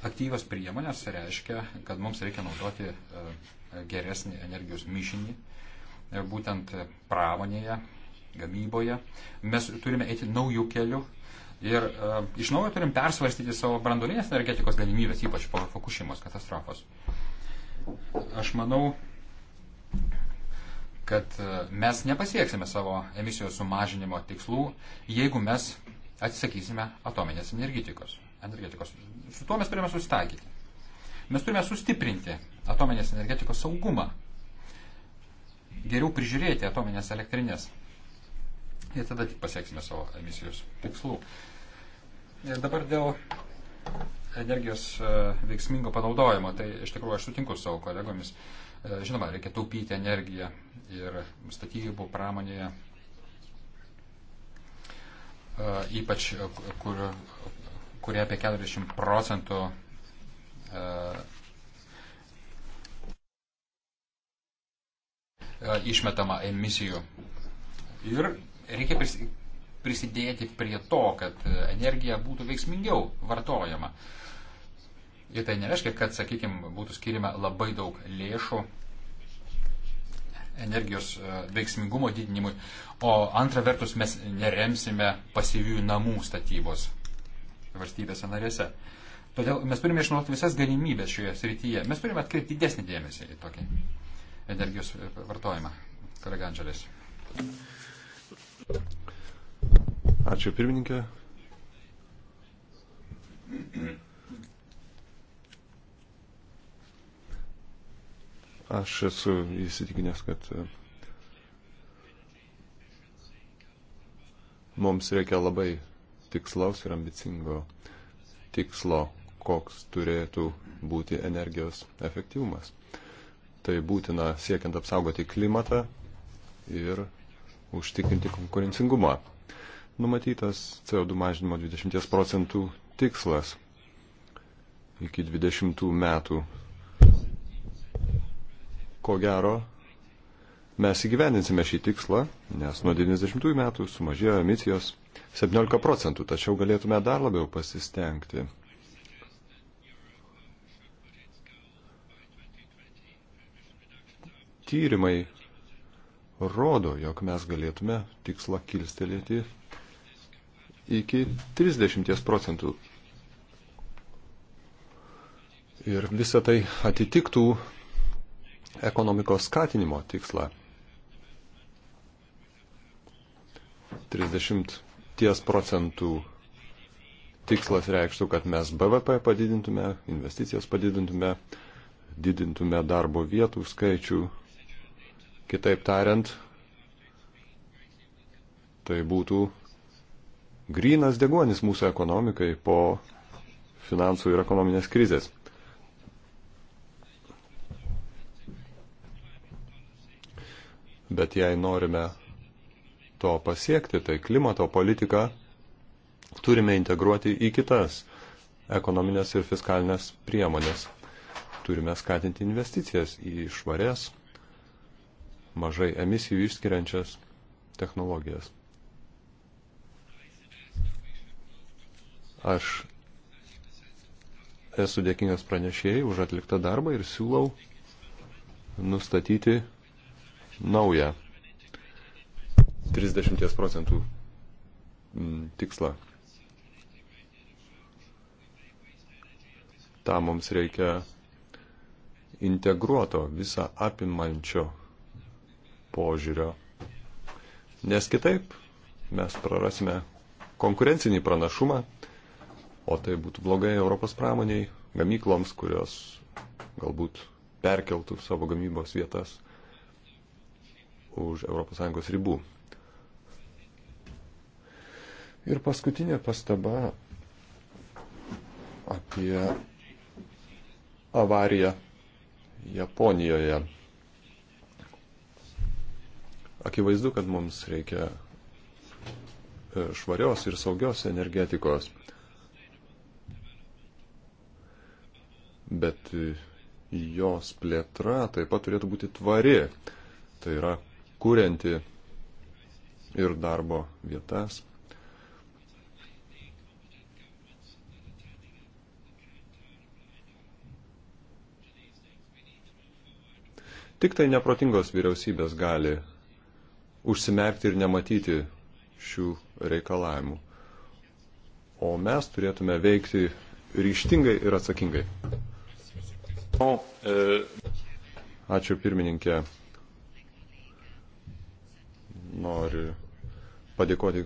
Aktyvios priemonės reiškia, kad mums reikia naudoti e, geresnį energijos mišinį, e, būtent pramonėje, gamyboje. Mes turime eiti naujų kelių, Ir uh, iš naujo turim persvarstyti savo branduolinės energetikos galimybės, ypač po Fukushimos katastrofos. Aš manau, kad uh, mes nepasieksime savo emisijos sumažinimo tikslų, jeigu mes atsisakysime atominės energetikos. energetikos. Su tuo mes turime susitaikyti. Mes turime sustiprinti atominės energetikos saugumą, geriau prižiūrėti atominės elektrinės Ir tada tik pasieksime savo emisijos tikslų. Ir dabar dėl energijos e, veiksmingo panaudojimo, tai iš tikrųjų aš sutinku su savo kolegomis. E, žinoma, reikia taupyti energiją ir statybų pramonėje, e, ypač kur, kurie apie 40 procentų išmetama emisijų. Ir reikia prisidėti prie to, kad energija būtų veiksmingiau vartojama. Ir tai nereiškia, kad, sakykime, būtų skirima labai daug lėšų energijos e, veiksmingumo didinimui, o antra vertus mes neremsime pasyvių namų statybos valstybėse narėse. Todėl mes turime išnaudoti visas galimybės šioje srityje. Mes turime atkreipti didesnį dėmesį į tokį energijos e, vartojimą. Kolega Andželės. Ačiū pirmininkė. Aš esu įsitikinęs, kad e, mums reikia labai tikslaus ir ambicingo tikslo, koks turėtų būti energijos efektyvumas. Tai būtina siekiant apsaugoti klimatą ir užtikrinti konkurencingumą. Numatytas CO2 mažinimo 20 procentų tikslas iki 20 metų. Ko gero, mes įgyvendinsime šį tikslą, nes nuo 90 metų sumažėjo emisijos 17 procentų, tačiau galėtume dar labiau pasistengti. Tyrimai rodo, jog mes galėtume tikslą kilstelėti iki 30 procentų. Ir visa tai atitiktų ekonomikos skatinimo tikslą. 30 procentų tikslas reikštų, kad mes BVP padidintume, investicijas padidintume, didintume darbo vietų skaičių Kitaip tariant, tai būtų grynas degonis mūsų ekonomikai po finansų ir ekonominės krizės. Bet jei norime to pasiekti, tai klimato politiką turime integruoti į kitas ekonominės ir fiskalinės priemonės. Turime skatinti investicijas į švarės mažai emisijų išskiriančias technologijas. Aš esu dėkingas pranešėjai už atliktą darbą ir siūlau nustatyti naują 30 procentų mm, tikslą. Tam mums reikia integruoto visą apimančio požiūrio. Nes kitaip mes prarasime konkurencinį pranašumą, o tai būtų blogai Europos pramoniai, gamykloms, kurios galbūt perkeltų savo gamybos vietas už ES ribų. Ir paskutinė pastaba apie avariją Japonijoje. Akivaizdu, kad mums reikia e, švarios ir saugios energetikos. Bet jos plėtra taip pat turėtų būti tvari. Tai yra kurianti ir darbo vietas. Tik tai neprotingos vyriausybės gali užsimerkti ir nematyti šių reikalavimų. O mes turėtume veikti ryštingai ir atsakingai. Ačiū pirmininkė. Noriu padėkoti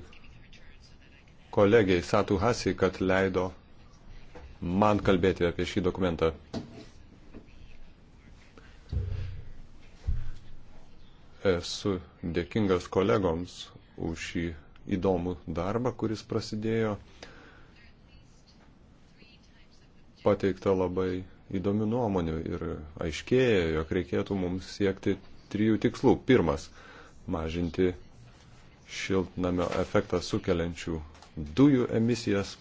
kolegiai Satu Hasi, kad leido man kalbėti apie šį dokumentą. Esu dėkingas kolegoms už šį įdomų darbą, kuris prasidėjo pateikta labai įdomių nuomonių ir aiškėja, jog reikėtų mums siekti trijų tikslų. Pirmas - mažinti šiltnamio efektą sukeliančių dujų emisijas.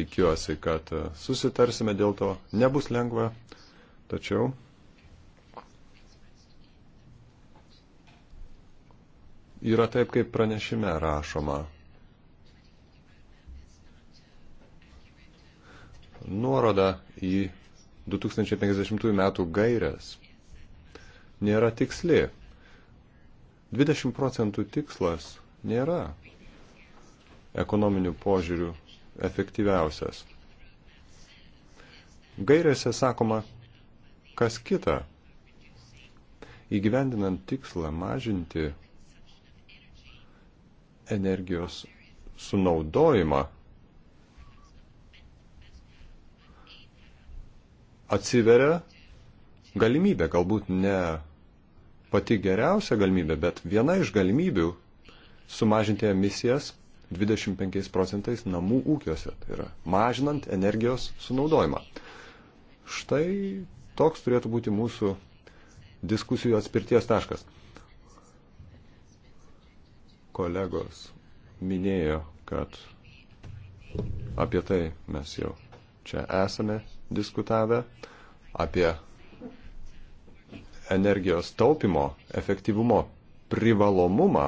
Tikiuosi, kad susitarsime dėl to. Nebus lengva, tačiau yra taip, kaip pranešime rašoma. Nuoroda į 2050 metų gairias nėra tiksli. 20 procentų tikslas nėra ekonominių požiūrių efektyviausias. Gairėse sakoma, kas kita. Įgyvendinant tikslą mažinti energijos sunaudojimą atsiveria galimybė, galbūt ne pati geriausia galimybė, bet viena iš galimybių sumažinti emisijas 25 procentais namų ūkiuose, tai yra mažinant energijos sunaudojimą. Štai toks turėtų būti mūsų diskusijų atspirties taškas kolegos minėjo, kad apie tai mes jau čia esame diskutavę, apie energijos taupimo, efektyvumo privalomumą,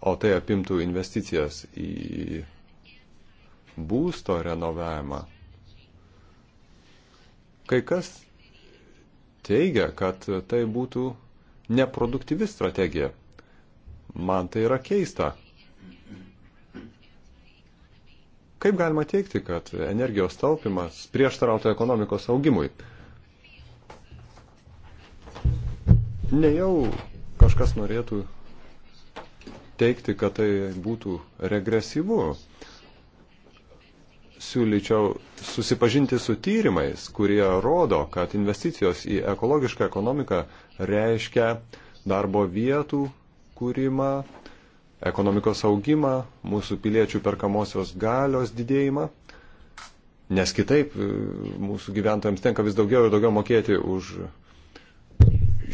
o tai apimtų investicijas į būsto renovavimą. Kai kas teigia, kad tai būtų neproduktyvi strategija. Man tai yra keista. Kaip galima teikti, kad energijos taupimas prieštarautų ekonomikos augimui? Nejau kažkas norėtų teikti, kad tai būtų regresyvu. Siūlyčiau susipažinti su tyrimais, kurie rodo, kad investicijos į ekologišką ekonomiką reiškia darbo vietų kūrimą, ekonomikos augimą, mūsų piliečių perkamosios galios didėjimą, nes kitaip e, mūsų gyventojams tenka vis daugiau ir daugiau mokėti už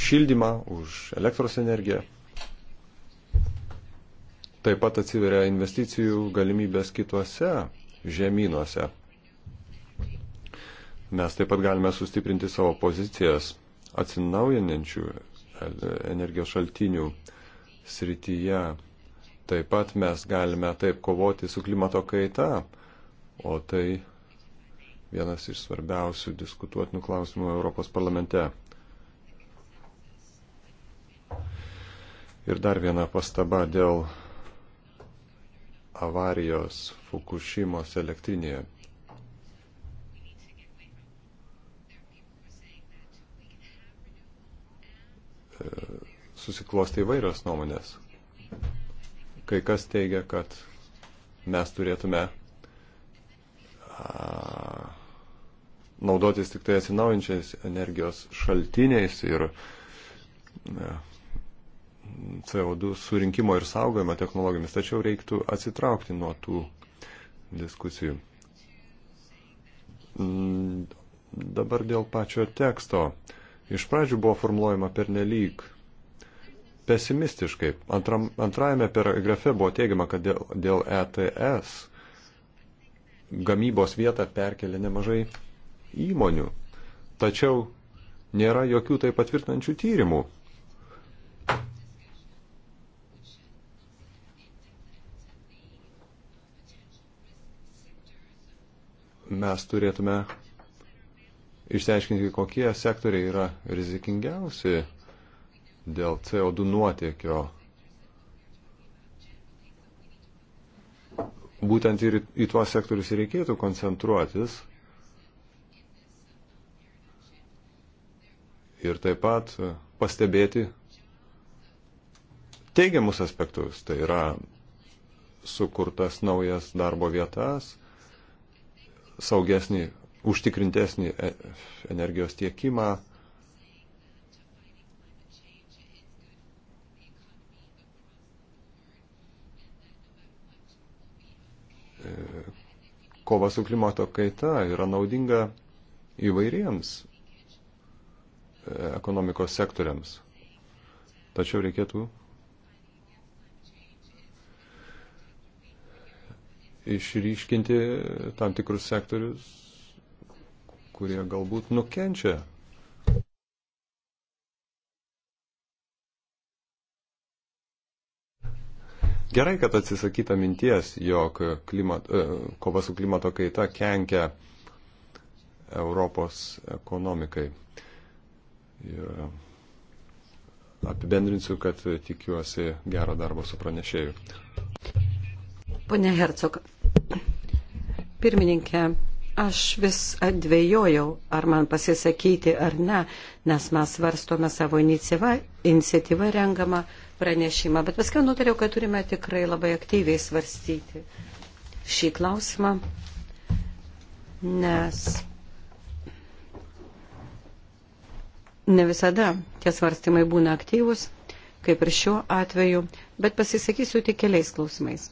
šildymą, už elektros energiją. Taip pat atsiveria investicijų galimybės kituose žemynuose. Mes taip pat galime sustiprinti savo pozicijas atsinaujinančių energijos šaltinių srityje. Taip pat mes galime taip kovoti su klimato kaita, o tai vienas iš svarbiausių diskutuotinų klausimų Europos parlamente. Ir dar viena pastaba dėl avarijos Fukushimos elektrinėje. E, susiklosti įvairios nuomonės. Kai kas teigia, kad mes turėtume a, naudotis tik tai atsinaujančiais energijos šaltiniais ir a, CO2 surinkimo ir saugojimo technologijomis, tačiau reiktų atsitraukti nuo tų diskusijų. Dabar dėl pačio teksto. Iš pradžių buvo formuluojama pernelyg pesimistiškai. Antram, antrajame paragrafe buvo teigiama, kad dėl, dėl ETS gamybos vietą perkelė nemažai įmonių. Tačiau nėra jokių tai patvirtinančių tyrimų. Mes turėtume išsiaiškinti, kokie sektoriai yra rizikingiausi dėl CO2 nuotėkio. Būtent ir į tuos sektorius reikėtų koncentruotis. Ir taip pat pastebėti teigiamus aspektus. Tai yra sukurtas naujas darbo vietas, saugesnį, užtikrintesnį e, energijos tiekimą, kova su klimato kaita yra naudinga įvairiems e, ekonomikos sektoriams. Tačiau reikėtų išryškinti tam tikrus sektorius, kurie galbūt nukenčia Gerai, kad atsisakyta minties, jog klimat, e, kova su klimato kaita kenkia Europos ekonomikai. Ir apibendrinsiu, kad tikiuosi gero darbo su pranešėju. Pone Hercog, pirmininkė, aš vis dvėjojau, ar man pasisakyti ar ne, nes mes varstome savo iniciatyvą, iniciatyvą rengamą pranešimą, bet paskui nutariau, kad turime tikrai labai aktyviai svarstyti šį klausimą, nes ne visada tie svarstymai būna aktyvus, kaip ir šiuo atveju, bet pasisakysiu tik keliais klausimais.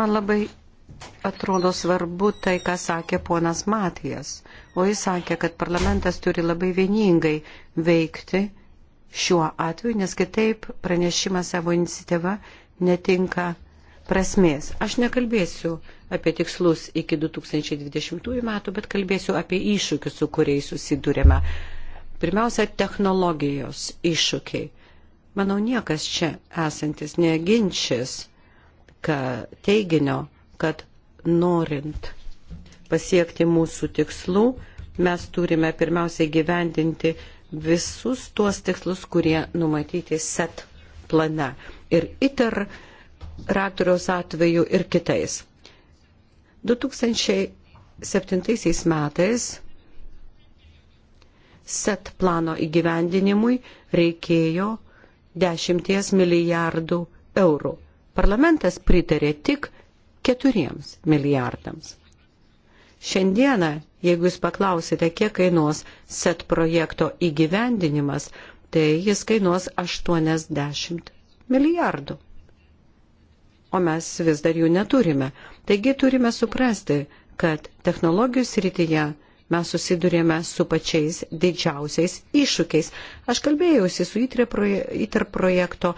Man labai atrodo svarbu tai, ką sakė ponas Matijas, o jis sakė, kad parlamentas turi labai vieningai veikti šiuo atveju, nes kitaip pranešimas savo iniciatyva netinka prasmės. Aš nekalbėsiu apie tikslus iki 2020 metų, bet kalbėsiu apie iššūkius, su kuriais susidūrėme. Pirmiausia, technologijos iššūkiai. Manau, niekas čia esantis neginčis ka, teiginio, kad norint pasiekti mūsų tikslų, mes turime pirmiausiai gyvendinti visus tuos tikslus, kurie numatyti set plane ir ITER reaktoriaus atveju ir kitais. 2007 metais set plano įgyvendinimui reikėjo 10 milijardų eurų. Parlamentas pritarė tik 4 milijardams. Šiandieną, jeigu jūs paklausite, kiek kainuos set projekto įgyvendinimas, tai jis kainuos 80 milijardų. O mes vis dar jų neturime. Taigi turime suprasti, kad technologijų srityje mes susidurėme su pačiais didžiausiais iššūkiais. Aš kalbėjausi su ITER projekto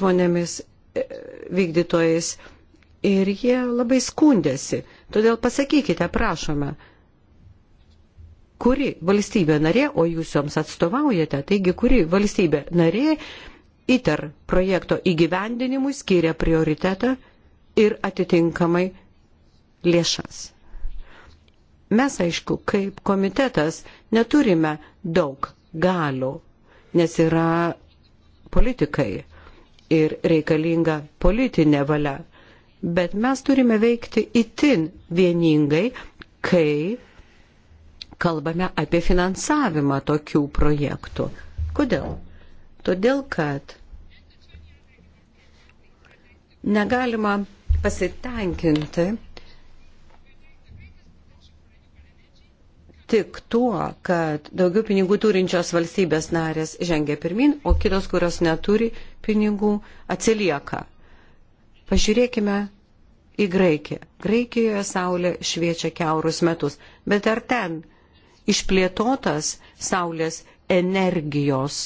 žmonėmis e, vykdytojais ir jie labai skundėsi. Todėl pasakykite, prašome, kuri valstybė narė, o jūs joms atstovaujate, taigi kuri valstybė narė ITER projekto įgyvendinimui skiria prioritetą ir atitinkamai lėšas. Mes, aišku, kaip komitetas neturime daug galių, nes yra politikai ir reikalinga politinė valia. Bet mes turime veikti itin vieningai, kai kalbame apie finansavimą tokių projektų. Kodėl? Todėl, kad negalima pasitenkinti tik tuo, kad daugiau pinigų turinčios valstybės narės žengia pirmin, o kitos, kurios neturi pinigų, atsilieka. Pažiūrėkime į Graikiją. Graikijoje saulė šviečia keurus metus, bet ar ten išplėtotas saulės energijos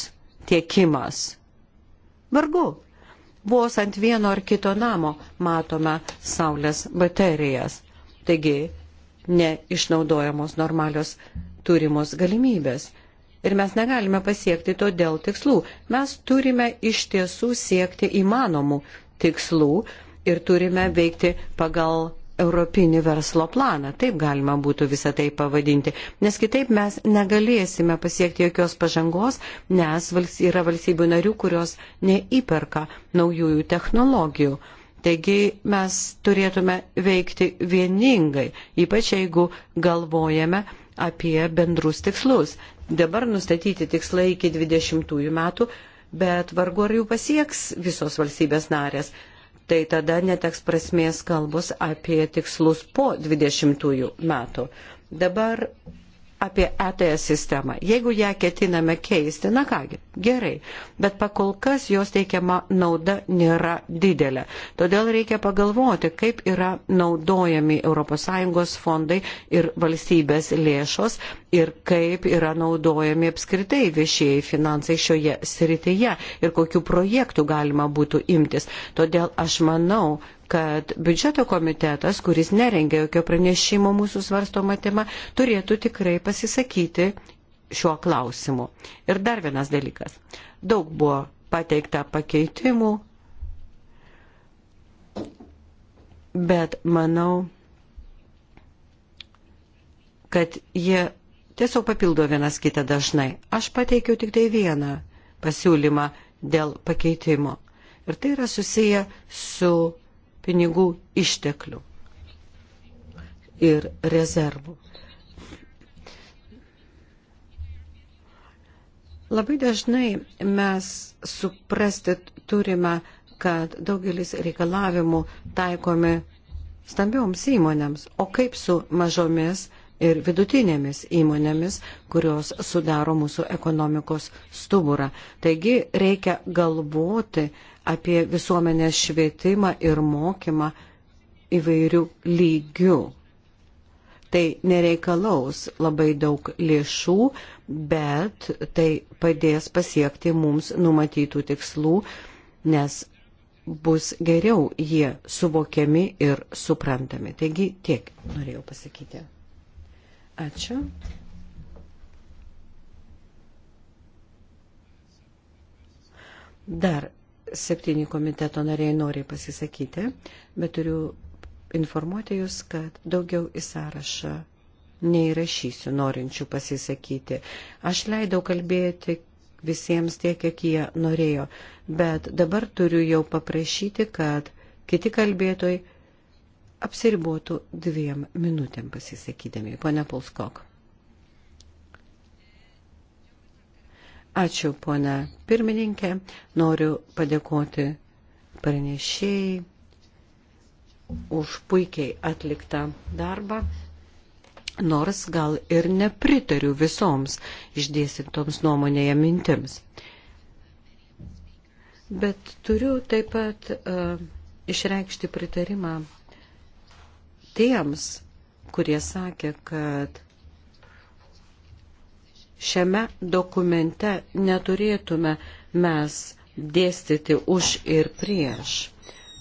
tiekimas? Vargu. Vos ant vieno ar kito namo matome saulės baterijas. Taigi, neišnaudojamos normalios turimos galimybės ir mes negalime pasiekti todėl tikslų. Mes turime iš tiesų siekti įmanomų tikslų ir turime veikti pagal europinį verslo planą, taip galima būtų visą tai pavadinti, nes kitaip mes negalėsime pasiekti jokios pažangos, nes yra valstybių narių, kurios neįperka naujųjų technologijų. Taigi mes turėtume veikti vieningai, ypač jeigu galvojame apie bendrus tikslus. Dabar nustatyti tikslai iki 20 metų bet vargu ar jų pasieks visos valstybės narės. Tai tada neteks prasmės kalbos apie tikslus po 20 metų. Dabar apie ETS sistemą. Jeigu ją ketiname keisti, na kągi, gerai, bet pakol kas jos teikiama nauda nėra didelė. Todėl reikia pagalvoti, kaip yra naudojami ES fondai ir valstybės lėšos ir kaip yra naudojami apskritai viešieji finansai šioje srityje ir kokiu projektu galima būtų imtis. Todėl aš manau, kad biudžeto komitetas, kuris nerengė jokio pranešimo mūsų svarstoma tema, turėtų tikrai pasisakyti šiuo klausimu. Ir dar vienas dalykas. Daug buvo pateikta pakeitimų, bet manau, kad jie tiesiog papildo vienas kitą dažnai. Aš pateikiau tik tai vieną pasiūlymą dėl pakeitimo. Ir tai yra susiję su pinigų išteklių ir rezervų. Labai dažnai mes suprasti turime, kad daugelis reikalavimų taikomi stambioms įmonėms, o kaip su mažomis ir vidutinėmis įmonėmis, kurios sudaro mūsų ekonomikos stuburą. Taigi reikia galvoti apie visuomenės švietimą ir mokymą įvairių lygių. Tai nereikalaus labai daug lėšų, bet tai padės pasiekti mums numatytų tikslų, nes bus geriau jie suvokiami ir suprantami. Taigi tiek norėjau pasakyti. Ačiū. Dar septyni komiteto nariai nori pasisakyti, bet turiu informuoti Jūs, kad daugiau į sąrašą neįrašysiu norinčių pasisakyti. Aš leidau kalbėti visiems tiek, kiek jie norėjo, bet dabar turiu jau paprašyti, kad kiti kalbėtojai apsiribotų dviem minutėm pasisakydami. Pone Polskok. Ačiū, pone pirmininkė. Noriu padėkoti pranešėjai už puikiai atliktą darbą, nors gal ir nepritariu visoms išdėstintoms nuomonėje mintims. Bet turiu taip pat uh, išreikšti pritarimą tiems, kurie sakė, kad šiame dokumente neturėtume mes dėstyti už ir prieš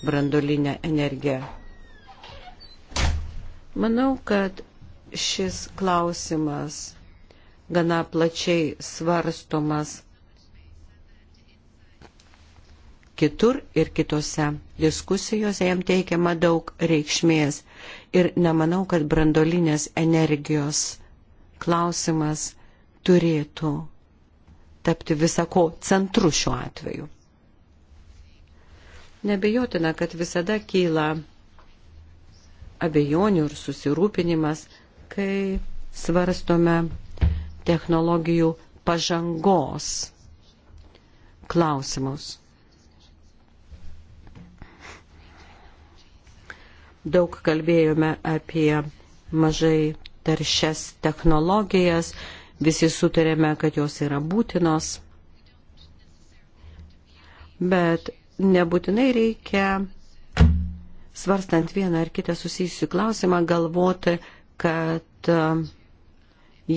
brandolinę energiją. Manau, kad šis klausimas gana plačiai svarstomas kitur ir kitose diskusijose jam teikiama daug reikšmės ir nemanau, kad brandolinės energijos klausimas turėtų tapti visako centru šiuo atveju. Nebejotina, kad visada kyla abejonių ir susirūpinimas, kai svarstome technologijų pažangos klausimus. Daug kalbėjome apie mažai taršias technologijas, visi sutarėme, kad jos yra būtinos, bet nebūtinai reikia, svarstant vieną ar kitą susijusių klausimą, galvoti, kad e,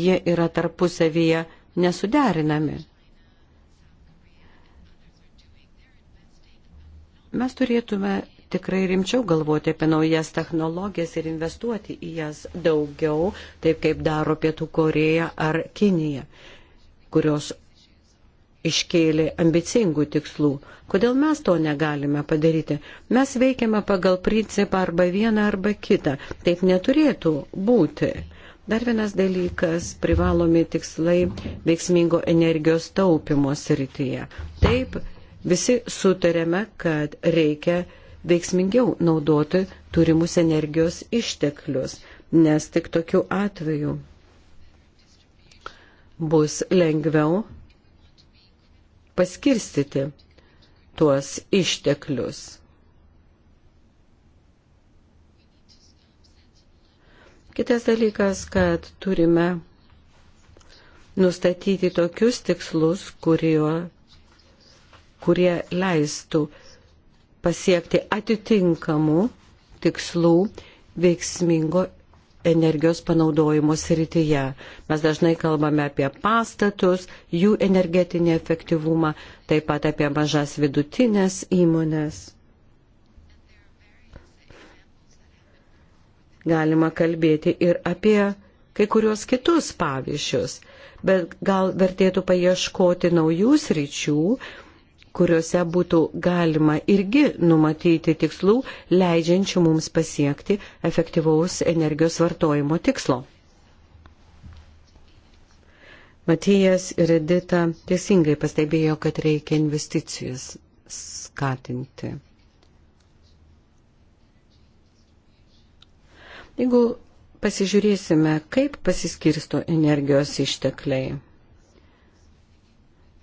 jie yra tarpusavyje nesuderinami. Mes turėtume tikrai rimčiau galvoti apie naujas technologijas ir investuoti į jas daugiau, taip kaip daro Pietų Koreja ar Kinija, kurios iškėlė ambicingų tikslų. Kodėl mes to negalime padaryti? Mes veikiame pagal principą arba vieną arba kitą. Taip neturėtų būti. Dar vienas dalykas - privalomi tikslai veiksmingo energijos taupimo srityje. Taip, visi sutarėme, kad reikia veiksmingiau naudoti turimus energijos išteklius, nes tik tokiu atveju bus lengviau paskirstyti tuos išteklius. Kitas dalykas, kad turime nustatyti tokius tikslus, kurio, kurie leistų pasiekti atitinkamų tikslų veiksmingo energijos panaudojimo srityje. Mes dažnai kalbame apie pastatus, jų energetinį efektyvumą, taip pat apie mažas vidutinės įmonės. Galima kalbėti ir apie kai kurios kitus pavyzdžius, bet gal vertėtų paieškoti naujų sričių, kuriuose būtų galima irgi numatyti tikslų, leidžiančių mums pasiekti efektyvaus energijos vartojimo tikslo. Matijas ir Edita teisingai pastebėjo, kad reikia investicijas skatinti. Jeigu pasižiūrėsime, kaip pasiskirsto energijos ištekliai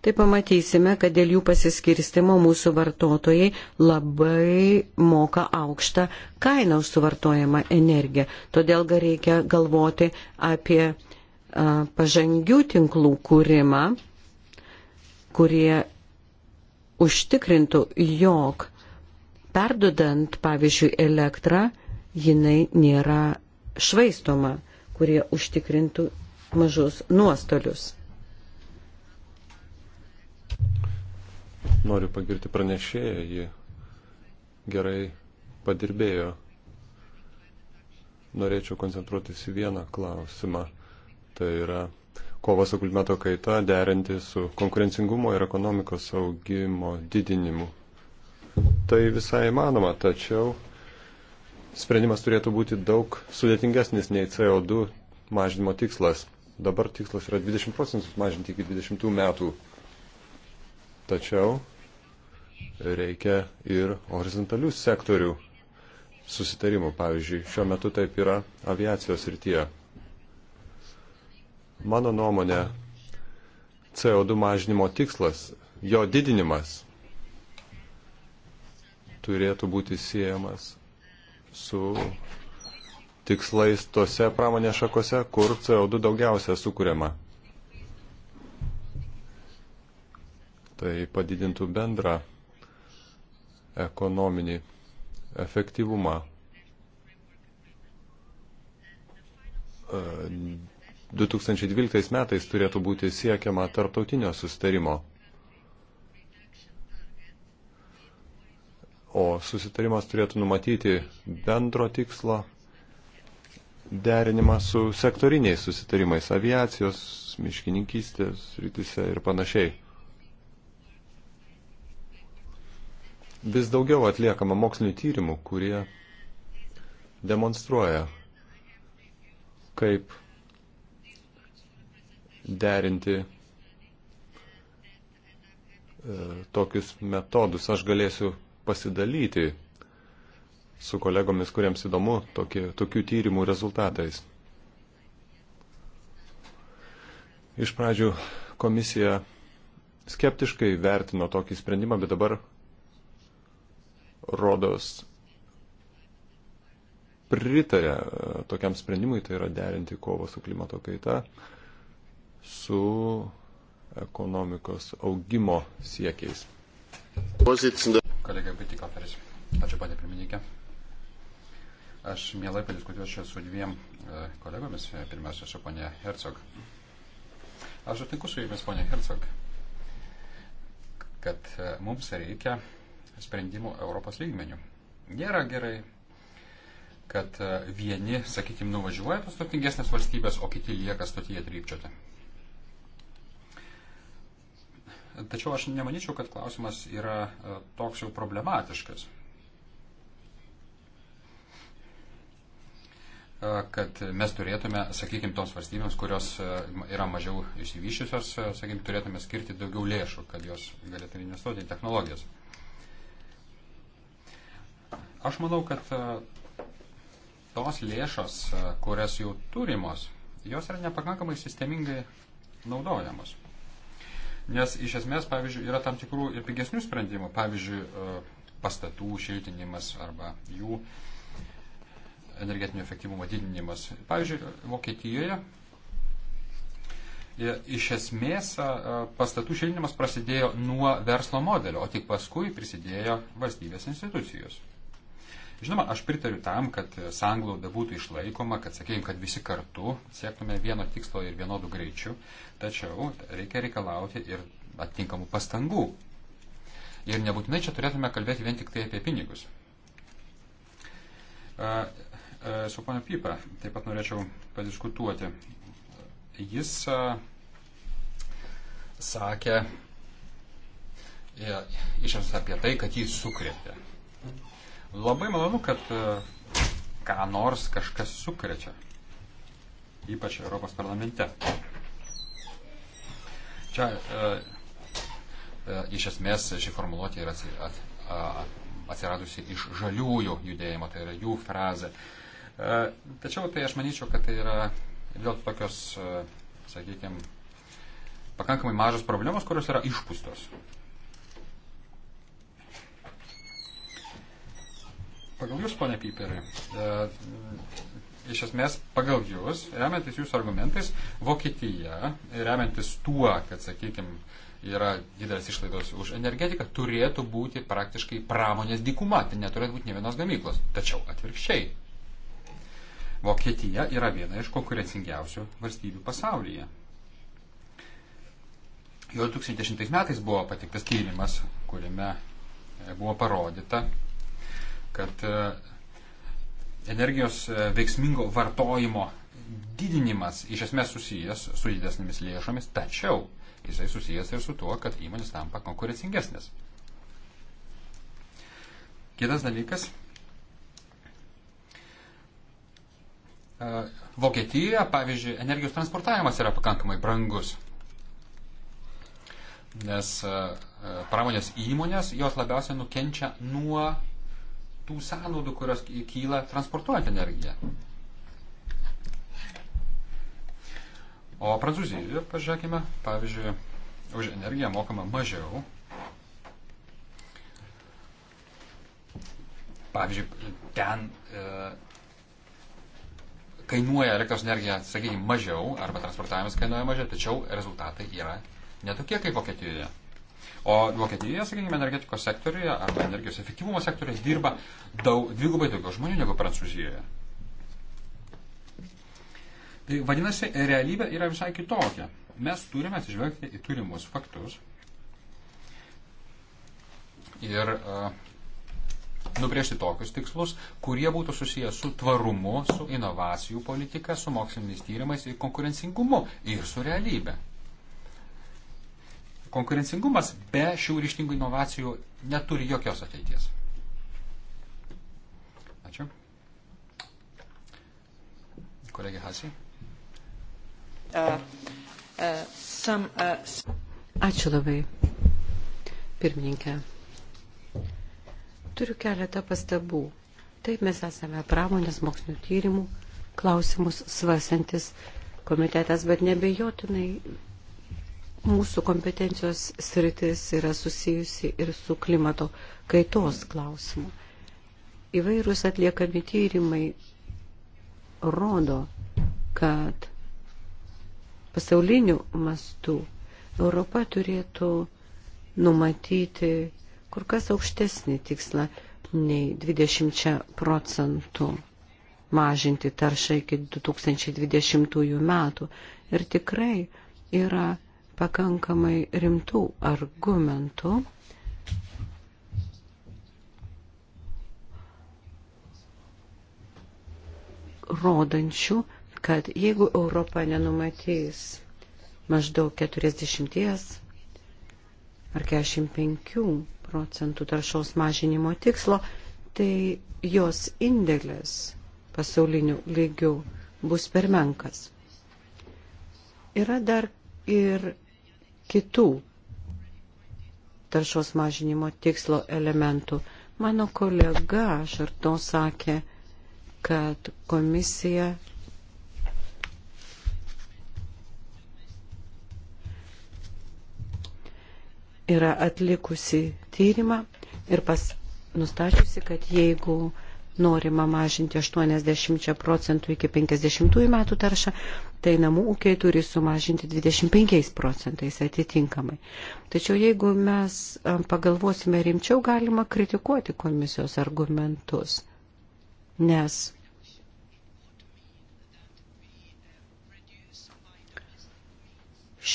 tai pamatysime, kad dėl jų pasiskirstimo mūsų vartotojai labai moka aukštą kainą už suvartojamą energiją. Todėl reikia galvoti apie pažangių tinklų kūrimą, kurie užtikrintų, jog perdudant, pavyzdžiui, elektrą, jinai nėra švaistoma, kurie užtikrintų mažus nuostolius. Noriu pagirti pranešėją, ji gerai padirbėjo. Norėčiau koncentruotis į vieną klausimą. Tai yra kova su klimato kaita derinti su konkurencingumo ir ekonomikos augimo didinimu. Tai visai manoma, tačiau sprendimas turėtų būti daug sudėtingesnis nei CO2 mažinimo tikslas. Dabar tikslas yra 20 procentus mažinti iki 20 metų. Tačiau reikia ir horizontalių sektorių susitarimų. Pavyzdžiui, šiuo metu taip yra aviacijos rytyje. Mano nuomonė, CO2 mažinimo tikslas, jo didinimas turėtų būti siejamas su tikslais tose pramonės šakose, kur CO2 daugiausia sukūriama. Tai padidintų bendrą ekonominį efektyvumą. E, 2012 metais turėtų būti siekiama tarptautinio sustarimo. O susitarimas turėtų numatyti bendro tikslo derinimą su sektoriniais susitarimais aviacijos, miškininkystės rytise ir panašiai. vis daugiau atliekama mokslinių tyrimų, kurie demonstruoja, kaip derinti e, tokius metodus. Aš galėsiu pasidalyti su kolegomis, kuriems įdomu tokie, tokių tyrimų rezultatais. Iš pradžių komisija skeptiškai vertino tokį sprendimą, bet dabar rodos pritarė e, tokiam sprendimui, tai yra derinti kovą su klimato kaita su ekonomikos augimo siekiais. Kolega Bitikoferis, ačiū panė pirmininkė. Aš mielai padiskutuosiu su dviem e, kolegomis, e, pirmiausia su ponė Hercog. Aš sutinku su jumis, ponė Hercog, kad mums reikia sprendimų Europos lygmenių. Nėra gerai, kad e, vieni, sakykime, nuvažiuoja tos turtingesnės valstybės, o kiti lieka stotyje trypčioti. Tačiau aš nemanyčiau, kad klausimas yra e, toks jau problematiškas. E, kad mes turėtume, sakykime, toms valstybėms, kurios yra mažiau išsivyščiusios, sakykime, turėtume skirti daugiau lėšų, kad jos galėtų investuoti į technologijas. Aš manau, kad e, tos lėšos, e, kurias jau turimos, jos yra nepakankamai sistemingai naudojamos. Nes iš esmės, pavyzdžiui, yra tam tikrų ir pigesnių sprendimų, pavyzdžiui, e, pastatų šiltinimas arba jų energetinio efektyvumo didinimas. Pavyzdžiui, Vokietijoje iš esmės pastatų šilinimas prasidėjo nuo verslo modelio, o tik paskui prisidėjo valstybės institucijos. Žinoma, aš pritariu tam, kad sanglauda būtų išlaikoma, kad, sakėjim, kad visi kartu siektume vieno tikslo ir vienodų greičių, tačiau reikia reikalauti ir atitinkamų pastangų. Ir nebūtinai čia turėtume kalbėti vien tik tai apie pinigus. Su ponia Pipa taip pat norėčiau padiskutuoti. Jis sakė e, iš esmės apie tai, kad jį sukrėtė. Labai malonu, kad e, ką nors kažkas sukrečia. Ypač Europos parlamente. Čia e, e, iš esmės ši formuluotė yra atsiradusi iš žaliųjų judėjimo, tai yra jų frazė. E, tačiau tai aš manyčiau, kad tai yra dėl tokios, e, sakykime, pakankamai mažos problemos, kurios yra išpūstos. pagal jūs, ponė Piperį, e, iš esmės pagal jūs, remiantis jūsų argumentais, Vokietija, remiantis tuo, kad, sakykime, yra didelis išlaidos už energetiką, turėtų būti praktiškai pramonės dykuma, tai neturėtų būti ne vienos gamyklos. Tačiau atvirkščiai. Vokietija yra viena iš konkurencingiausių valstybių pasaulyje. Jau 2010 metais buvo patiktas tyrimas, kuriame buvo parodyta, kad e, energijos e, veiksmingo vartojimo didinimas iš esmės susijęs su didesnėmis lėšomis, tačiau jisai susijęs ir su tuo, kad įmonės tampa konkurencingesnės. Kitas dalykas. E, Vokietijoje, pavyzdžiui, energijos transportavimas yra pakankamai brangus, nes pramonės įmonės jos labiausiai nukenčia nuo tų sąnaudų, kurios kyla transportuojant energiją. O Prancūzijoje, pažiūrėkime, pavyzdžiui, už energiją mokama mažiau. Pavyzdžiui, ten e, kainuoja elektros energija, sakykime, mažiau arba transportavimas kainuoja mažiau, tačiau rezultatai yra netokie kaip Vokietijoje. O Vokietijoje, sakykime, energetikos sektoriuje arba energijos efektyvumo sektoriuje dirba daug, dvigubai daugiau žmonių negu Prancūzijoje. Tai vadinasi, realybė yra visai kitokia. Mes turime atsižvelgti į turimus faktus ir uh, nubrėžti tokius tikslus, kurie būtų susijęs su tvarumu, su inovacijų politika, su moksliniais tyrimais ir konkurencingumu ir su realybė. Konkurencingumas be šių ryštingų inovacijų neturi jokios ateities. Ačiū. Kolegė Hasi. Uh, uh, some, uh... Ačiū labai, pirmininkė. Turiu keletą pastabų. Taip mes esame pramonės mokslinių tyrimų klausimus svarsantis komitetas, bet nebejotinai mūsų kompetencijos sritis yra susijusi ir su klimato kaitos klausimu. Įvairūs atliekami tyrimai rodo, kad pasauliniu mastu Europa turėtų numatyti kur kas aukštesnį tikslą nei 20 procentų mažinti taršą iki 2020 metų. Ir tikrai yra pakankamai rimtų argumentų rodančių, kad jeigu Europa nenumatys maždaug 40 ar 45 procentų taršos mažinimo tikslo, tai jos indėlis pasaulinių lygių bus per menkas. Yra dar ir kitų taršos mažinimo tikslo elementų. Mano kolega Šarto sakė, kad komisija yra atlikusi tyrimą ir pas, nustačiusi, kad jeigu norima mažinti 80 procentų iki 50 metų taršą, tai namų ūkiai turi sumažinti 25 procentais atitinkamai. Tačiau jeigu mes pagalvosime rimčiau, galima kritikuoti komisijos argumentus, nes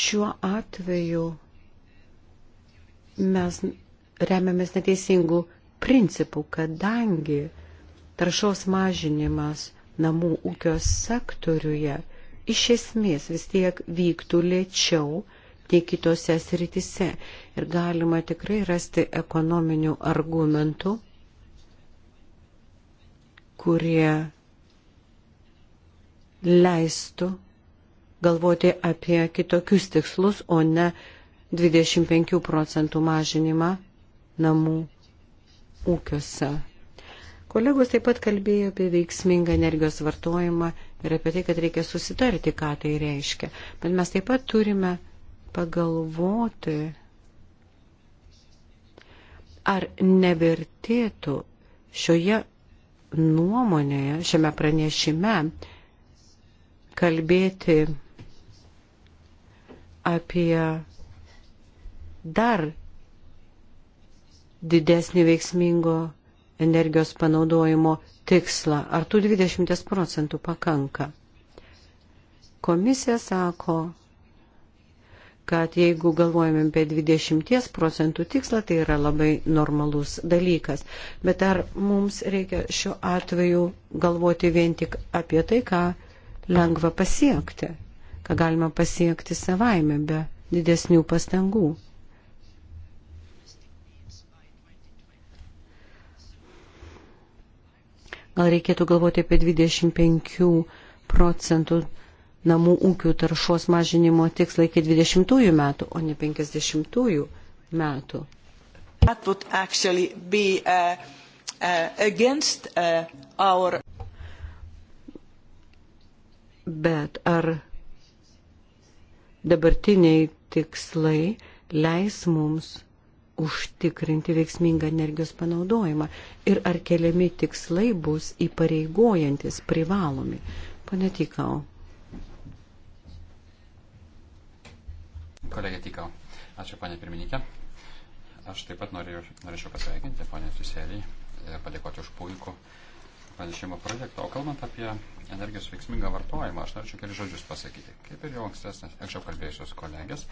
šiuo atveju mes remiamės neteisingų principų, kadangi taršos mažinimas namų ūkio sektoriuje iš esmės vis tiek vyktų lėčiau nei kitose sritise ir galima tikrai rasti ekonominių argumentų, kurie leistų galvoti apie kitokius tikslus, o ne 25 procentų mažinimą namų ūkiuose. Kolegos taip pat kalbėjo apie veiksmingą energijos vartojimą ir apie tai, kad reikia susitarti, ką tai reiškia. Bet mes taip pat turime pagalvoti, ar nevertėtų šioje nuomonėje, šiame pranešime kalbėti apie dar didesnį veiksmingo energijos panaudojimo tikslą. Ar tų 20 procentų pakanka? Komisija sako, kad jeigu galvojame apie 20 procentų tikslą, tai yra labai normalus dalykas. Bet ar mums reikia šiuo atveju galvoti vien tik apie tai, ką lengva pasiekti, ką galima pasiekti savaime be didesnių pastangų? Gal reikėtų galvoti apie 25 procentų namų ūkių taršos mažinimo tikslą iki 20 metų, o ne 50 metų. Be, uh, uh, against, uh, our... Bet ar dabartiniai tikslai leis mums užtikrinti veiksmingą energijos panaudojimą ir ar keliami tikslai bus įpareigojantis, privalomi. Pane Tikau. Kolegė Tikau. Ačiū, panė pirmininkė. Aš taip pat noriu, norėčiau pasveikinti panę Tuselį, padėkoti už puikų pranešimo projektą. O kalbant apie energijos veiksmingą vartojimą, aš norėčiau keli žodžius pasakyti. Kaip ir jau ankstesnės, anksčiau kalbėjusios kolegės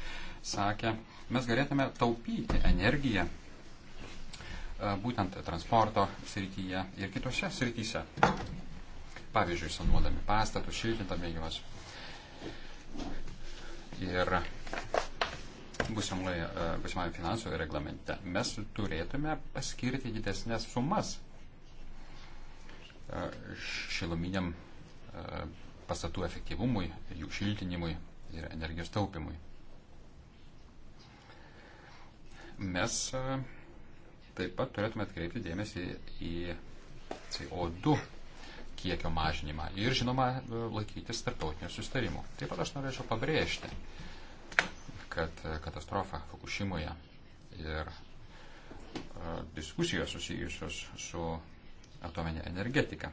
sakė, mes galėtume taupyti energiją e, būtent transporto srityje ir kitose srityse. Pavyzdžiui, sanuodami pastatus, šiltindami juos. Ir e, būsimame finansų reglamente mes turėtume paskirti didesnės sumas e, šiluminiam E, pastatų efektyvumui, jų šiltinimui ir energijos taupimui. Mes e, taip pat turėtume atkreipti dėmesį į CO2 kiekio mažinimą ir, žinoma, e, laikytis tarptautinių sustarimų. Taip pat aš norėčiau pabrėžti, kad katastrofa Fukushimoje ir diskusijos susijusios su atomenė energetika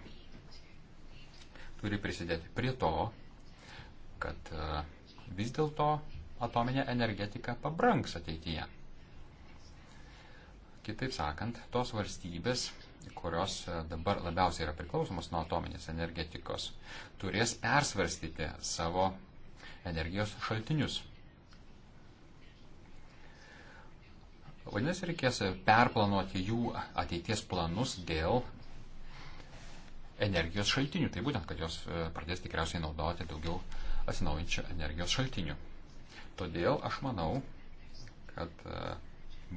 turi prisidėti prie to, kad e, vis dėlto atominė energetika pabranks ateityje. Kitaip sakant, tos valstybės, kurios e, dabar labiausiai yra priklausomos nuo atominės energetikos, turės persvarstyti savo energijos šaltinius. Vadinasi, reikės perplanuoti jų ateities planus dėl energijos šaltinių. Tai būtent, kad jos e, pradės tikriausiai naudoti daugiau atsinaujančių energijos šaltinių. Todėl aš manau, kad e,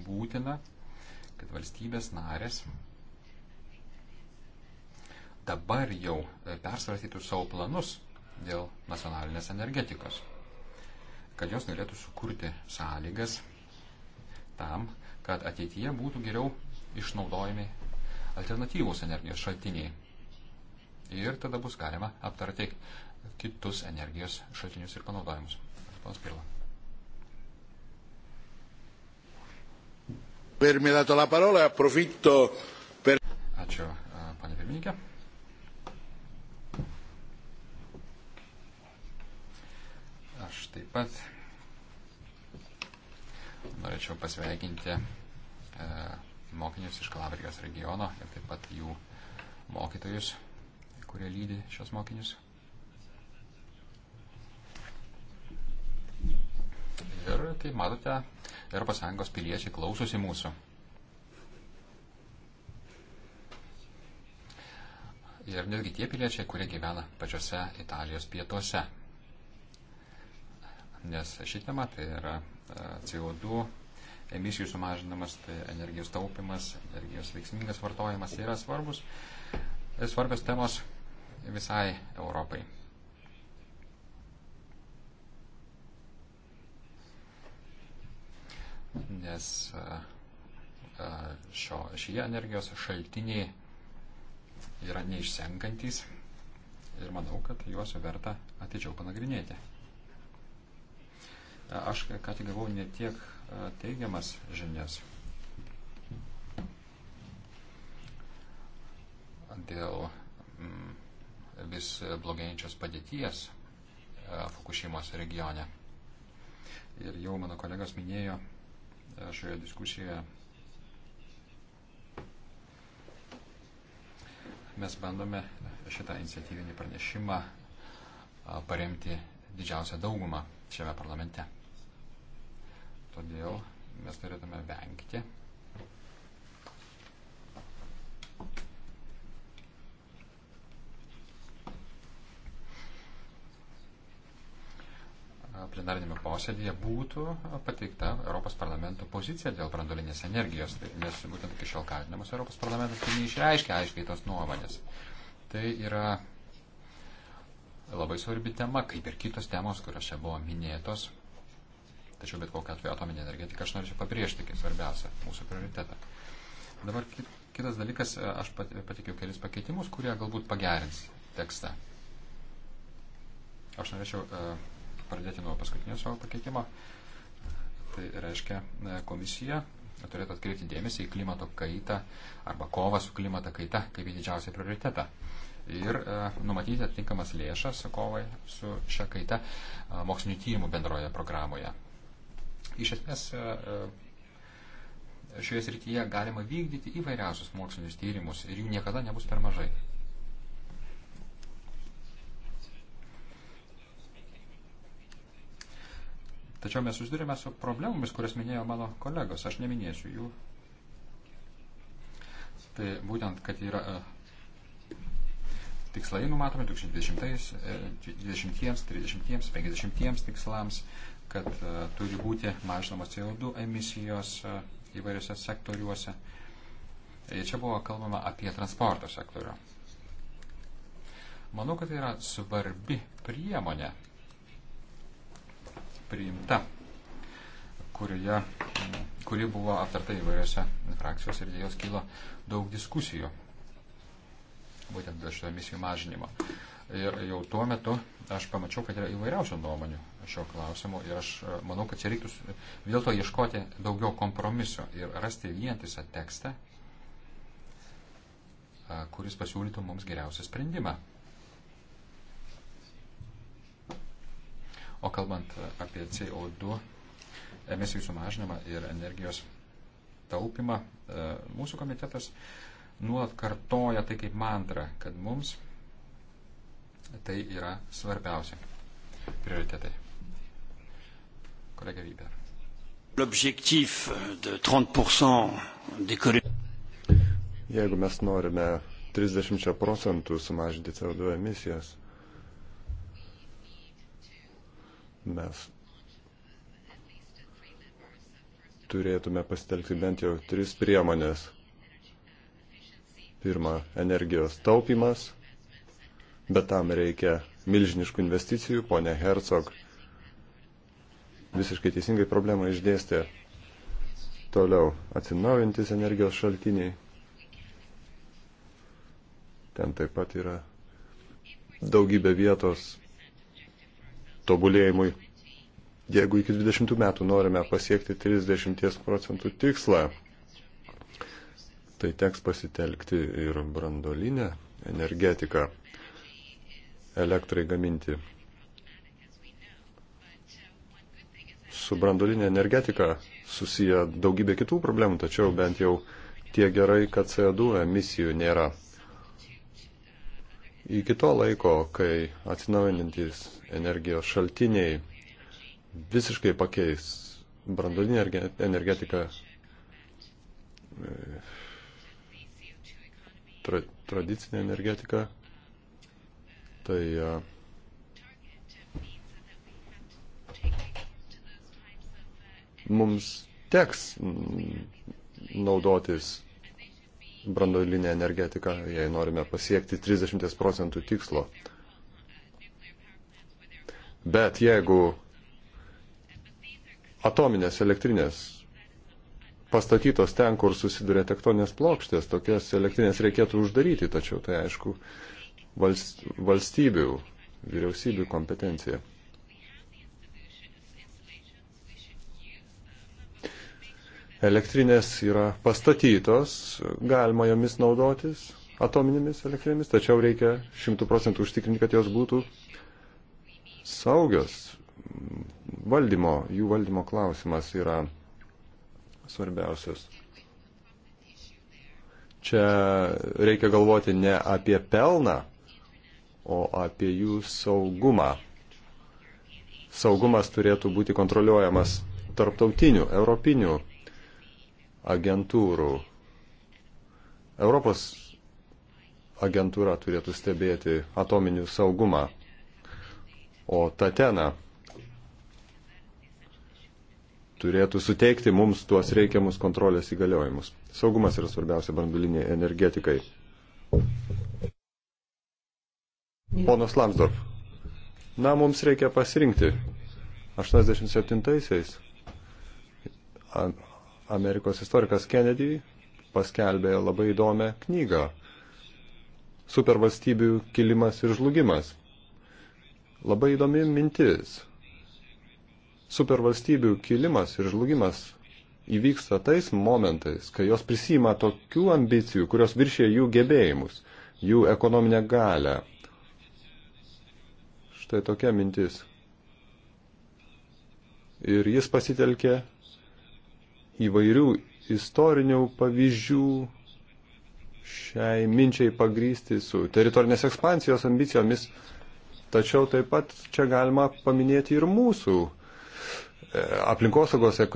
būtina, kad valstybės narės dabar jau e, persvarstytų savo planus dėl nacionalinės energetikos, kad jos galėtų sukurti sąlygas tam, kad ateityje būtų geriau išnaudojami alternatyvūs energijos šaltiniai ir tada bus galima aptarti kitus energijos šaltinius ir panaudojimus. Panas Pirla. Ačiū, panė pirmininkė. Aš taip pat norėčiau pasveikinti mokinius iš Kalabrigos regiono ir taip pat jų mokytojus kurie lydi šios mokinius. Ir, kaip matote, ES piliečiai klausosi mūsų. Ir netgi tie piliečiai, kurie gyvena pačiose Italijos pietuose. Nes ši tema tai yra e, CO2 emisijų sumažinimas, tai energijos taupimas, energijos veiksmingas vartojimas yra svarbus, e, svarbios temos visai Europai. Nes e, e, šio, šie energijos šaltiniai yra neišsenkantis ir manau, kad juos verta atidžiau panagrinėti. E, aš ką tik gavau ne tiek teigiamas žinias dėl mm, vis blogėjančios padėties e, Fukushimos regione. Ir jau mano kolegos minėjo e, šioje diskusijoje, mes bandome šitą iniciatyvinį pranešimą e, paremti didžiausią daugumą šiame parlamente. Todėl mes turėtume vengti plenarinėme posėdėje būtų pateikta Europos parlamento pozicija dėl brandolinės energijos, nes tai būtent iki šiol kaltinamas Europos parlamentas tai neišreiškia aiškiai tos nuomonės. Tai yra labai svarbi tema, kaip ir kitos temos, kurios čia buvo minėtos. Tačiau bet kokia atveju atominė energetika aš norėčiau pabrėžti kaip svarbiausia mūsų prioritetą. Dabar kitas dalykas, aš patikiu kelis pakeitimus, kurie galbūt pagerins tekstą. Aš norėčiau uh, pradėti nuo paskutinio savo pakeitimo. Tai reiškia, e, komisija turėtų atkreipti dėmesį į klimato kaitą arba kovą su klimato kaita kaip į didžiausią prioritetą. Ir e, numatyti atitinkamas lėšas kovai su šia kaita e, mokslinių tyrimų bendroje programoje. Iš esmės, e, e šioje srityje galima vykdyti įvairiausius mokslinius tyrimus ir jų niekada nebus per mažai. Tačiau mes susidurime su problemomis, kurias minėjo mano kolegos, aš neminėsiu jų. Tai būtent, kad yra e, tikslai numatomi 2020, 20, 30, 50 tikslams, kad e, turi būti mažinamos CO2 emisijos e, įvairiose sektoriuose. Ir čia buvo kalbama apie transporto sektorių. Manau, kad tai yra svarbi priemonė priimta, kurioje, kuri buvo aptarta įvairiose frakcijose ir jos kilo daug diskusijų, būtent dėl šio emisijų mažinimo. Ir jau tuo metu aš pamačiau, kad yra įvairiausių nuomonių šio klausimu ir aš e, manau, kad čia reiktų vėl to ieškoti daugiau kompromiso ir rasti vientisą tekstą, e, kuris pasiūlytų mums geriausią sprendimą. O kalbant apie CO2 emisijų sumažinimą ir energijos taupimą, e, mūsų komitetas nuolat kartoja tai kaip mantrą, kad mums tai yra svarbiausia prioritetai. Kolega Vyber. L'objectif de 30% d'économie. Jeigu mes norime 30 procentų sumažinti CO2 emisijas, mes turėtume pasitelkti bent jau tris priemonės. Pirma, energijos taupimas, bet tam reikia milžiniškų investicijų. Pone Hercog visiškai teisingai problemą išdėstė. Toliau, atsinaujantis energijos šaltiniai. Ten taip pat yra daugybė vietos tobulėjimui. Jeigu iki 20 metų norime pasiekti 30 procentų tikslą, tai teks pasitelkti ir brandolinę energetiką elektrai gaminti. Su brandolinė energetika susiję daugybė kitų problemų, tačiau bent jau tie gerai, kad CO2 emisijų nėra iki to laiko, kai atsinaujinantys energijos šaltiniai visiškai pakeis brandolinę energetiką, e, tra, tradicinę energetiką, tai e, mums teks naudotis brandolinę energetiką, jei norime pasiekti 30 procentų tikslo. Bet jeigu atominės elektrinės pastatytos ten, kur susiduria tektonės plokštės, tokias elektrinės reikėtų uždaryti, tačiau tai aišku valstybių, vyriausybių kompetencija. elektrinės yra pastatytos, galima jomis naudotis atominėmis elektrinėmis, tačiau reikia šimtų procentų užtikrinti, kad jos būtų saugios. Valdymo, jų valdymo klausimas yra svarbiausias. Čia reikia galvoti ne apie pelną, o apie jų saugumą. Saugumas turėtų būti kontroliuojamas tarptautinių, europinių agentūrų. Europos agentūra turėtų stebėti atominių saugumą, o Tatena turėtų suteikti mums tuos reikiamus kontrolės įgaliojimus. Saugumas yra svarbiausia branduliniai energetikai. Ponas Lamsdorf, na, mums reikia pasirinkti. 87-aisiais Amerikos istorikas Kennedy paskelbė labai įdomią knygą Supervalstybių kilimas ir žlugimas. Labai įdomi mintis. Supervalstybių kilimas ir žlugimas įvyksta tais momentais, kai jos prisima tokių ambicijų, kurios viršė jų gebėjimus, jų ekonominę galę. Štai tokia mintis. Ir jis pasitelkė įvairių istorinių pavyzdžių šiai minčiai pagrysti su teritorinės ekspansijos ambicijomis, tačiau taip pat čia galima paminėti ir mūsų e, aplinkosaugos e,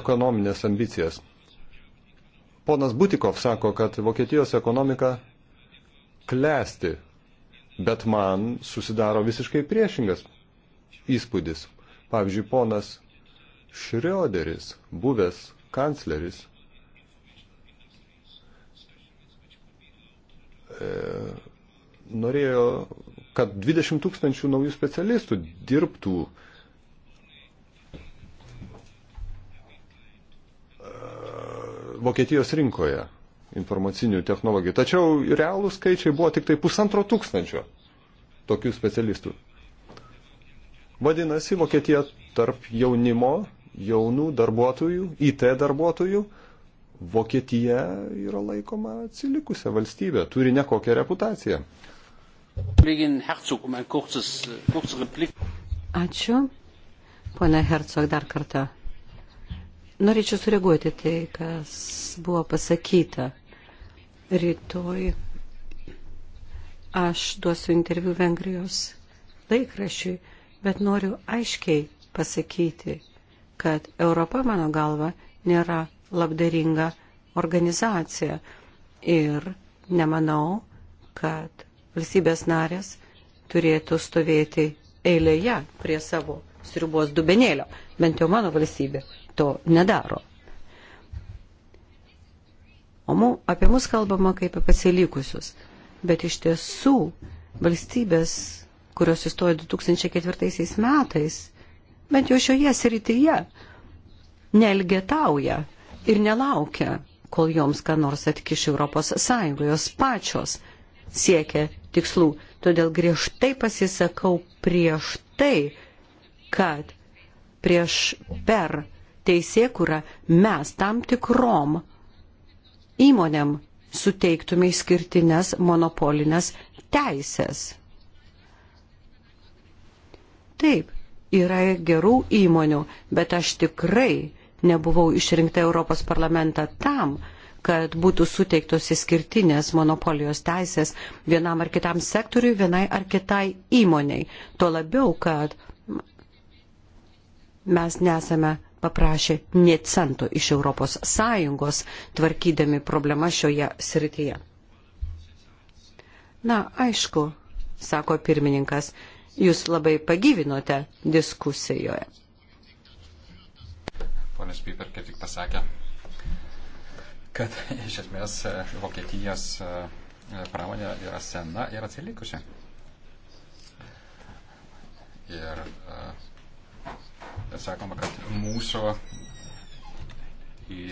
ekonominės ambicijas. Ponas Butikov sako, kad Vokietijos ekonomika klesti, bet man susidaro visiškai priešingas įspūdis. Pavyzdžiui, ponas Šrioderis, buvęs kancleris e, norėjo, kad 20 tūkstančių naujų specialistų dirbtų e, Vokietijos rinkoje informacinių technologijų. Tačiau realūs skaičiai buvo tik tai pusantro tūkstančio tokių specialistų. Vadinasi, Vokietija tarp jaunimo jaunų darbuotojų, IT darbuotojų, Vokietija yra laikoma atsilikusią valstybę, turi nekokią reputaciją. Um Ačiū. Pone Hercog, dar kartą. Norėčiau sureaguoti tai, kas buvo pasakyta. Rytoj aš duosiu interviu Vengrijos laikrašiui, bet noriu aiškiai pasakyti, kad Europa, mano galva, nėra labdaringa organizacija ir nemanau, kad valstybės narės turėtų stovėti eilėje prie savo sriubos dubenėlio. Bent jau mano valstybė to nedaro. O mu, apie mus kalbama kaip apie pasilikusius. Bet iš tiesų valstybės, kurios įstojo 2004 metais, bent jau šioje srityje nelgetauja ir nelaukia, kol joms ką nors atkiš Europos Sąjungos pačios siekia tikslų. Todėl griežtai pasisakau prieš tai, kad prieš per teisėkurą mes tam tikrom įmonėm suteiktume išskirtinės monopolinės teisės. Taip, yra gerų įmonių, bet aš tikrai nebuvau išrinkta Europos parlamentą tam, kad būtų suteiktos įskirtinės monopolijos teisės vienam ar kitam sektoriui, vienai ar kitai įmoniai. Tuo labiau, kad mes nesame paprašė necento iš ES tvarkydami problemą šioje srityje. Na, aišku, sako pirmininkas, jūs labai pagyvinote diskusijoje. Ponas Piperkė tik pasakė, kad iš esmės e, Vokietijos e, pramonė yra sena ir atsilikusi. Ir e, sakoma, kad mūsų į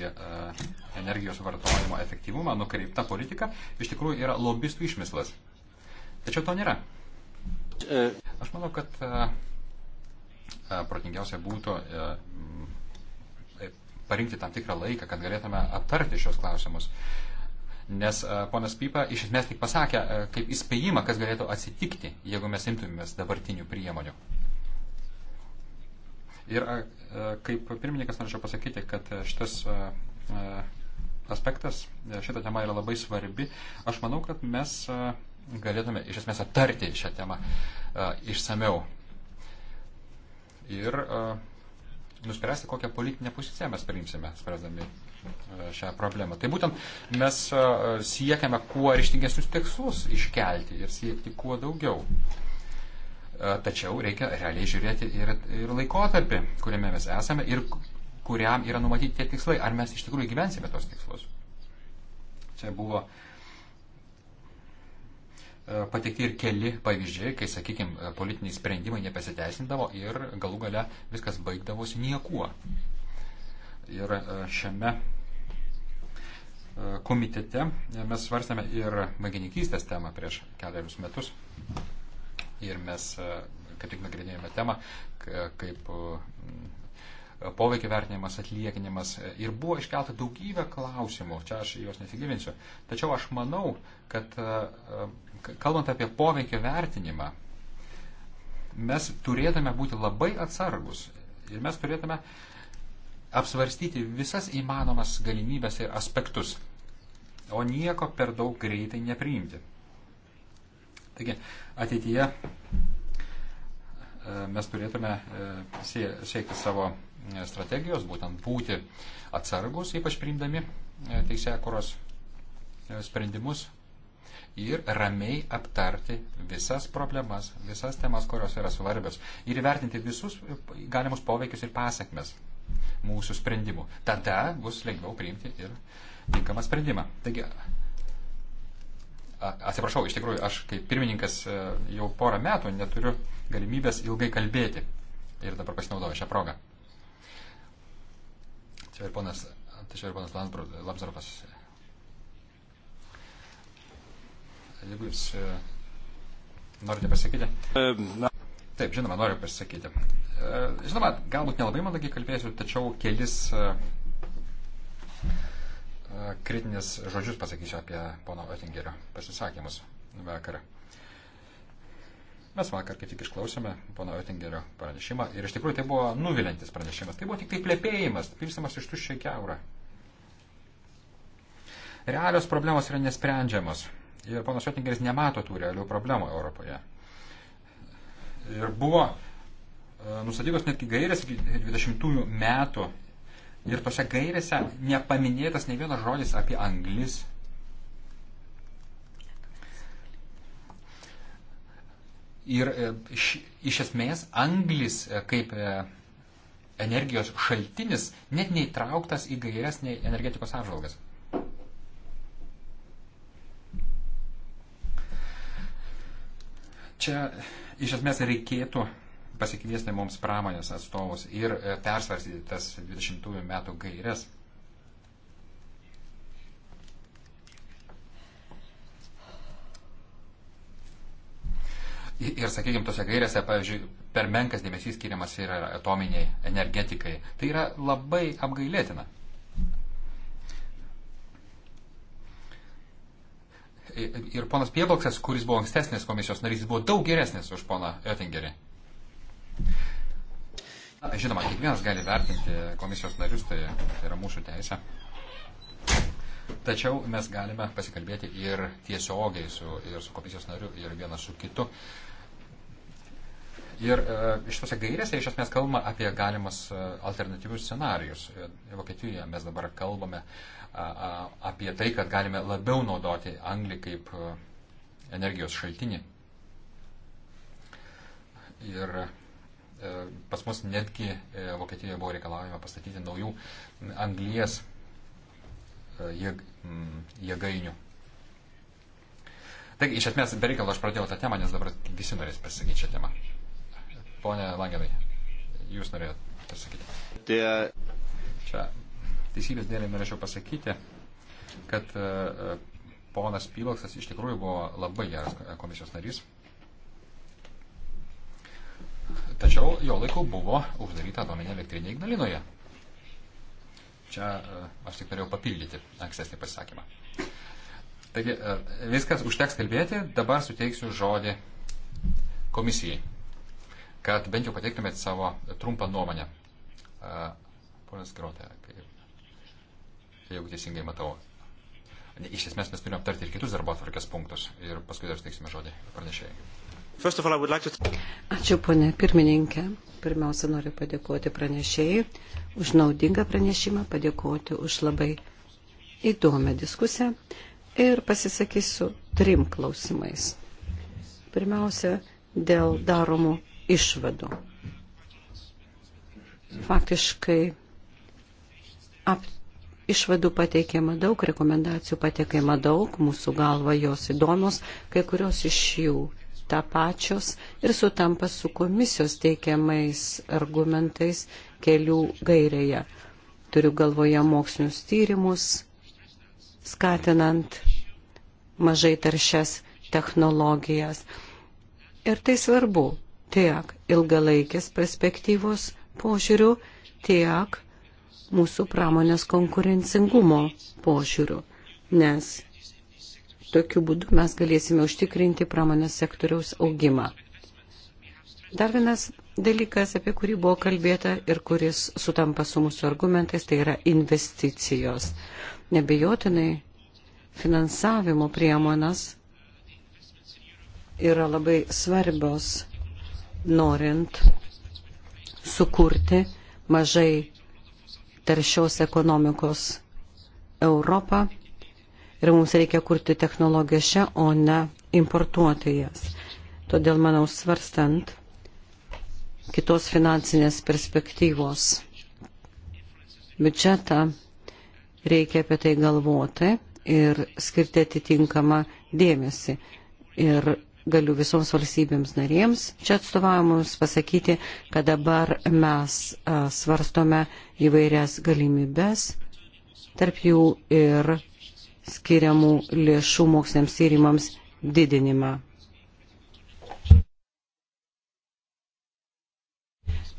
energijos vartojimo efektyvumą nukreipta politika iš tikrųjų yra lobistų išmislas. Tačiau to nėra. Aš manau, kad e, e, protingiausia būtų e, parinkti tam tikrą laiką, kad galėtume aptarti šios klausimus. Nes ponas Pipa iš esmės tik pasakė kaip įspėjimą, kas galėtų atsitikti, jeigu mes imtumėmės dabartinių priemonių. Ir kaip pirmininkas norėčiau pasakyti, kad šitas aspektas, šita tema yra labai svarbi. Aš manau, kad mes galėtume iš esmės aptarti šią temą e, išsameu ir e, nuspręsti, kokią politinę poziciją mes priimsime, spręsdami e, šią problemą. Tai būtent mes siekiame kuo ryštingesnius tikslus iškelti ir siekti kuo daugiau. Tačiau reikia realiai žiūrėti ir, ir laikotarpį, kuriame mes esame ir kuriam yra numatyti tie tikslai. Ar mes iš tikrųjų gyvensime tos tikslus? Čia buvo uh, E, pateikti ir keli pavyzdžiai, kai, sakykime, politiniai sprendimai nepasiteisindavo ir galų gale viskas baigdavosi niekuo. Ir e, šiame e, komitete mes svarstėme ir magininkystės temą prieš keliarius metus. Ir mes kaip tik nagrinėjome temą, kaip poveikio vertinimas, atliekinimas. Ir buvo iškelta daugybė klausimų, čia aš juos nesigilinsiu. Tačiau aš manau, kad kalbant apie poveikio vertinimą, mes turėtume būti labai atsargus ir mes turėtume apsvarstyti visas įmanomas galimybės ir aspektus, o nieko per daug greitai nepriimti. Taigi, ateityje e, mes turėtume e, siekti savo e, strategijos, būtent būti atsargus, ypač priimdami teisėkuros sprendimus, ir ramiai aptarti visas problemas, visas temas, kurios yra svarbios ir įvertinti visus galimus poveikius ir pasiekmes mūsų sprendimų. Tada bus lengviau priimti ir tinkamą sprendimą. Taigi, atsiprašau, iš tikrųjų, aš kaip pirmininkas e, jau porą metų neturiu galimybės ilgai kalbėti ir dabar pasinaudoju šią progą. Čia ir ponas, tai čia ir ponas Lansbrodas Jeigu jūs e, norite pasakyti. E, na. Taip, žinoma, noriu pasakyti. E, žinoma, galbūt nelabai mandagiai kalbėsiu, tačiau kelis kritinis žodžius pasakysiu apie pono Oettingerio pasisakymus vakar. Mes vakar kaip tik išklausėme pono Oettingerio pranešimą ir iš tikrųjų tai buvo nuvilintis pranešimas. Tai buvo tik tai plėpėjimas, pilstamas iš tuščio į keurą. Realios problemos yra nesprendžiamos ir ponas Šotingeris nemato tų realių problemų Europoje. Ir buvo e, nustatytos netgi gairės 20 metų ir tose gairėse nepaminėtas ne vienas žodis apie anglis. Ir e, iš, iš esmės anglis e, kaip energijos šaltinis net neįtrauktas į gairias, nei energetikos apžvalgas. Čia iš esmės reikėtų pasikviesti mums pramonės atstovus ir e, persvarsyti tas 20 metų gairias. Ir, sakykime, tose gairėse, pavyzdžiui, per menkas dėmesys skiriamas yra atominiai energetikai. Tai yra labai apgailėtina. ir ponas Piebalksas, kuris buvo ankstesnės komisijos narys, buvo daug geresnis už poną Oettingerį. Žinoma, kiekvienas gali vertinti komisijos narius, tai, tai yra mūsų teisė. Tačiau mes galime pasikalbėti ir tiesiogiai su, ir su komisijos nariu, ir vienas su kitu. Ir e, šitose gairėse tai iš esmės kalbama apie galimas e, alternatyvius scenarius. E, Vokietijoje mes dabar kalbame e, apie tai, kad galime labiau naudoti anglį kaip e, energijos šaltinį. Ir e, pas mus netgi e, Vokietijoje buvo reikalavimo pastatyti naujų anglies jėgainių. Taigi, iš esmės, bereikalo aš pradėjau tą temą, nes dabar visi norės pasakyti šią temą. Pone Langenai, jūs norėjot pasakyti. Čia teisybės dėlį norėčiau pasakyti, kad e, e, ponas Pyloksas iš tikrųjų buvo labai geras komisijos narys. Tačiau jo laiku buvo uždaryta atominė elektrinė Ignalinoje. Čia e, aš tik norėjau papildyti ankstesnį pasisakymą. Taigi, viskas užteks kalbėti, dabar suteiksiu žodį komisijai, kad bent jau pateiktumėt savo trumpą nuomonę. Ponas Grotė, kaip jeigu teisingai matau. Iš esmės mes turime aptarti ir kitus darbo atvarkės punktus ir paskui dar steiksime žodį pranešėjai. Like to... Ačiū, ponė pirmininkė. Pirmiausia, noriu padėkoti pranešėjai už naudingą pranešimą, padėkoti už labai įdomią diskusiją ir pasisakysiu trim klausimais. Pirmiausia, dėl daromų išvadų. Faktiškai ap, Išvadų pateikiama daug, rekomendacijų pateikiama daug, mūsų galva jos įdomios, kai kurios iš jų tapačios ir sutampa su komisijos teikiamais argumentais kelių gairėje. Turiu galvoje mokslinius tyrimus, skatinant mažai taršias technologijas. Ir tai svarbu tiek ilgalaikės perspektyvos požiūrių, tiek mūsų pramonės konkurencingumo požiūrių, nes tokiu būdu mes galėsime užtikrinti pramonės sektoriaus augimą. Dar vienas dalykas, apie kurį buvo kalbėta ir kuris sutampa su mūsų argumentais, tai yra investicijos. Nebejotinai finansavimo priemonas yra labai svarbios norint sukurti mažai taršios ekonomikos Europą ir mums reikia kurti technologijas čia, o ne importuoti jas. Todėl, manau, svarstant kitos finansinės perspektyvos biudžetą, reikia apie tai galvoti ir skirti atitinkamą dėmesį. Ir galiu visoms valstybėms narėms čia atstovavimams pasakyti, kad dabar mes svarstome įvairias galimybės, tarp jų ir skiriamų lėšų moksliniams tyrimams didinimą.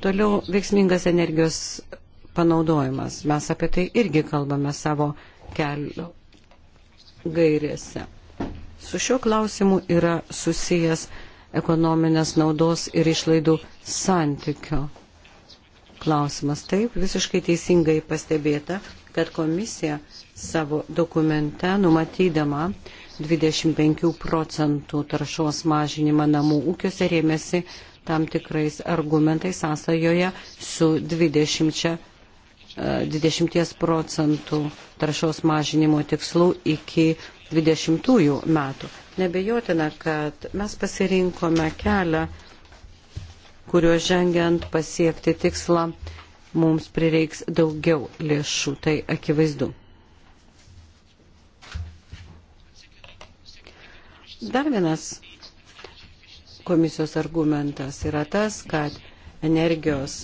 Toliau veiksmingas energijos panaudojimas. Mes apie tai irgi kalbame savo kelio gairėse. Su šiuo klausimu yra susijęs ekonominės naudos ir išlaidų santykio klausimas. Taip, visiškai teisingai pastebėta, kad komisija savo dokumente numatydama 25 procentų taršos mažinimą namų ūkiuose rėmėsi tam tikrais argumentais sąsajoje su 20, 20 e, procentų taršos mažinimo tikslu iki 20 metų. Nebejotina, kad mes pasirinkome kelią, kuriuo žengiant pasiekti tikslą mums prireiks daugiau lėšų, tai akivaizdu. Dar vienas komisijos argumentas yra tas, kad energijos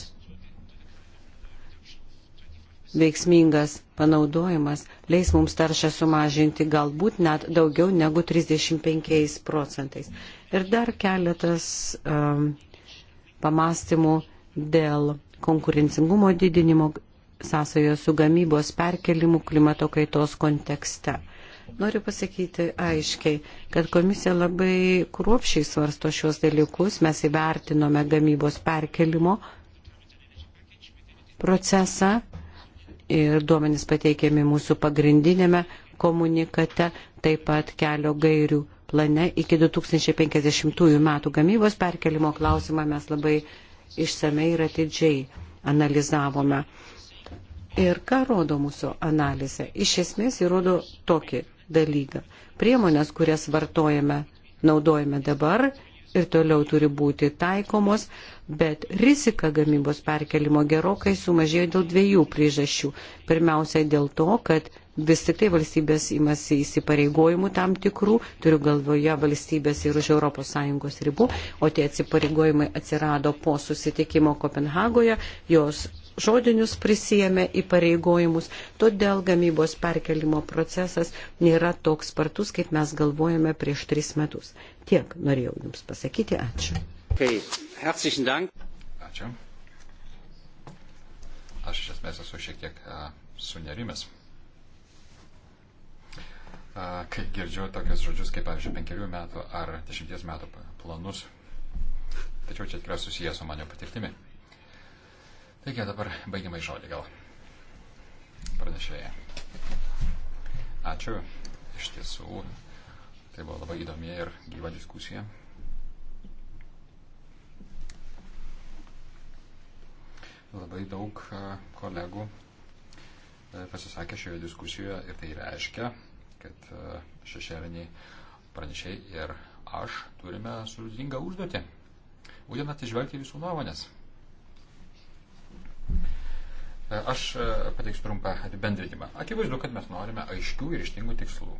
veiksmingas panaudojimas leis mums taršą sumažinti galbūt net daugiau negu 35 procentais. Ir dar keletas um, pamastymų dėl konkurencingumo didinimo sąsojo su gamybos perkelimu klimato kaitos kontekste. Noriu pasakyti aiškiai, kad komisija labai kruopšiai svarsto šios dalykus, mes įvertinome gamybos perkelimo procesą ir duomenys pateikiami mūsų pagrindinėme komunikate, taip pat kelio gairių plane iki 2050 metų gamybos perkelimo klausimą mes labai išsamei ir atidžiai analizavome. Ir ką rodo mūsų analizė? Iš esmės įrodo tokį dalyką. Priemonės, kurias vartojame, naudojame dabar, ir toliau turi būti taikomos, bet rizika gamybos perkelimo gerokai sumažėjo dėl dviejų priežasčių. Pirmiausia dėl to, kad vis tik tai valstybės imasi įsipareigojimų tam tikrų, turiu galvoje valstybės ir už ES ribų, o tie atsipareigojimai atsirado po susitikimo Kopenhagoje, jos žodinius prisijėmė įpareigojimus, todėl gamybos perkelimo procesas nėra toks spartus, kaip mes galvojame prieš tris metus. Tiek norėjau Jums pasakyti. Ačiū. Okay. Ačiū. Aš iš esmės esu šiek tiek a, sunerimęs. A, kai girdžiu tokius žodžius, kaip, pavyzdžiui, penkerių metų ar dešimties metų planus. Tačiau čia tikriausiai susijęs su mano patirtimi. Taigi dabar baigiamai žodį gal. Pranešėja. Ačiū. Iš tiesų, tai buvo labai įdomi ir gyva diskusija. Labai daug kolegų pasisakė šioje diskusijoje ir tai reiškia, kad šešėliniai pranešiai ir aš turime sudėtingą užduotį. Būtent atsižvelgti visų nuomonės. E, aš e, pateiksiu trumpą apibendrinimą. Akivaizdu, kad mes norime aiškių ir ištingų tikslų.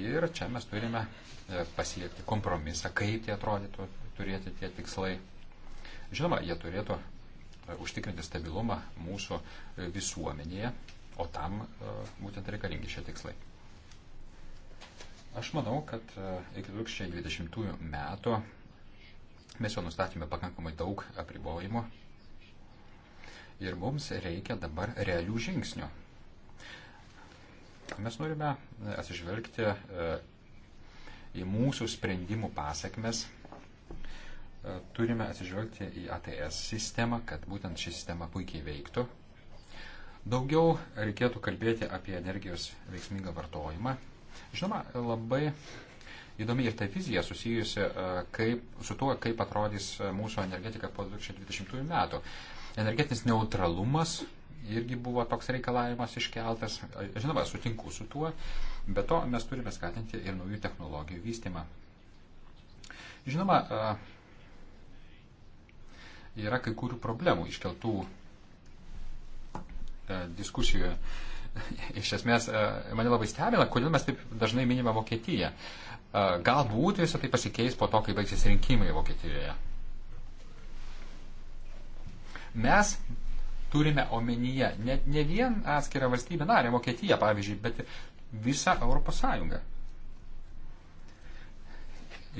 Ir čia mes turime e, pasiekti kompromisą, kaip tie atrodytų turėti tie tikslai. Žinoma, jie turėtų užtikrinti stabilumą mūsų visuomenėje, o tam būtent reikalingi šie tikslai. Aš manau, kad iki 2020 metų Mes jau nustatėme pakankamai daug apribojimų ir mums reikia dabar realių žingsnių. Mes norime e, atsižvelgti e, į mūsų sprendimų pasiekmes, e, turime atsižvelgti į ATS sistemą, kad būtent ši sistema puikiai veiktų. Daugiau reikėtų kalbėti apie energijos veiksmingą vartojimą. Žinoma, labai įdomi ir ta vizija susijusi e, kaip, su tuo, kaip atrodys e, mūsų energetika po 2020 metų. Energetinis neutralumas irgi buvo toks reikalavimas iškeltas. E, žinoma, sutinku su tuo, bet to mes turime skatinti ir naujų technologijų vystimą. Žinoma, yra kai kurių problemų iškeltų diskusijoje. Iš esmės, mane labai stebina, kodėl mes taip dažnai minime Vokietiją. Galbūt visą tai pasikeis po to, kai baigsis rinkimai Vokietijoje. Mes turime omenyje ne, ne vien atskirą valstybę narę, Vokietiją pavyzdžiui, bet visą Europos Sąjungą.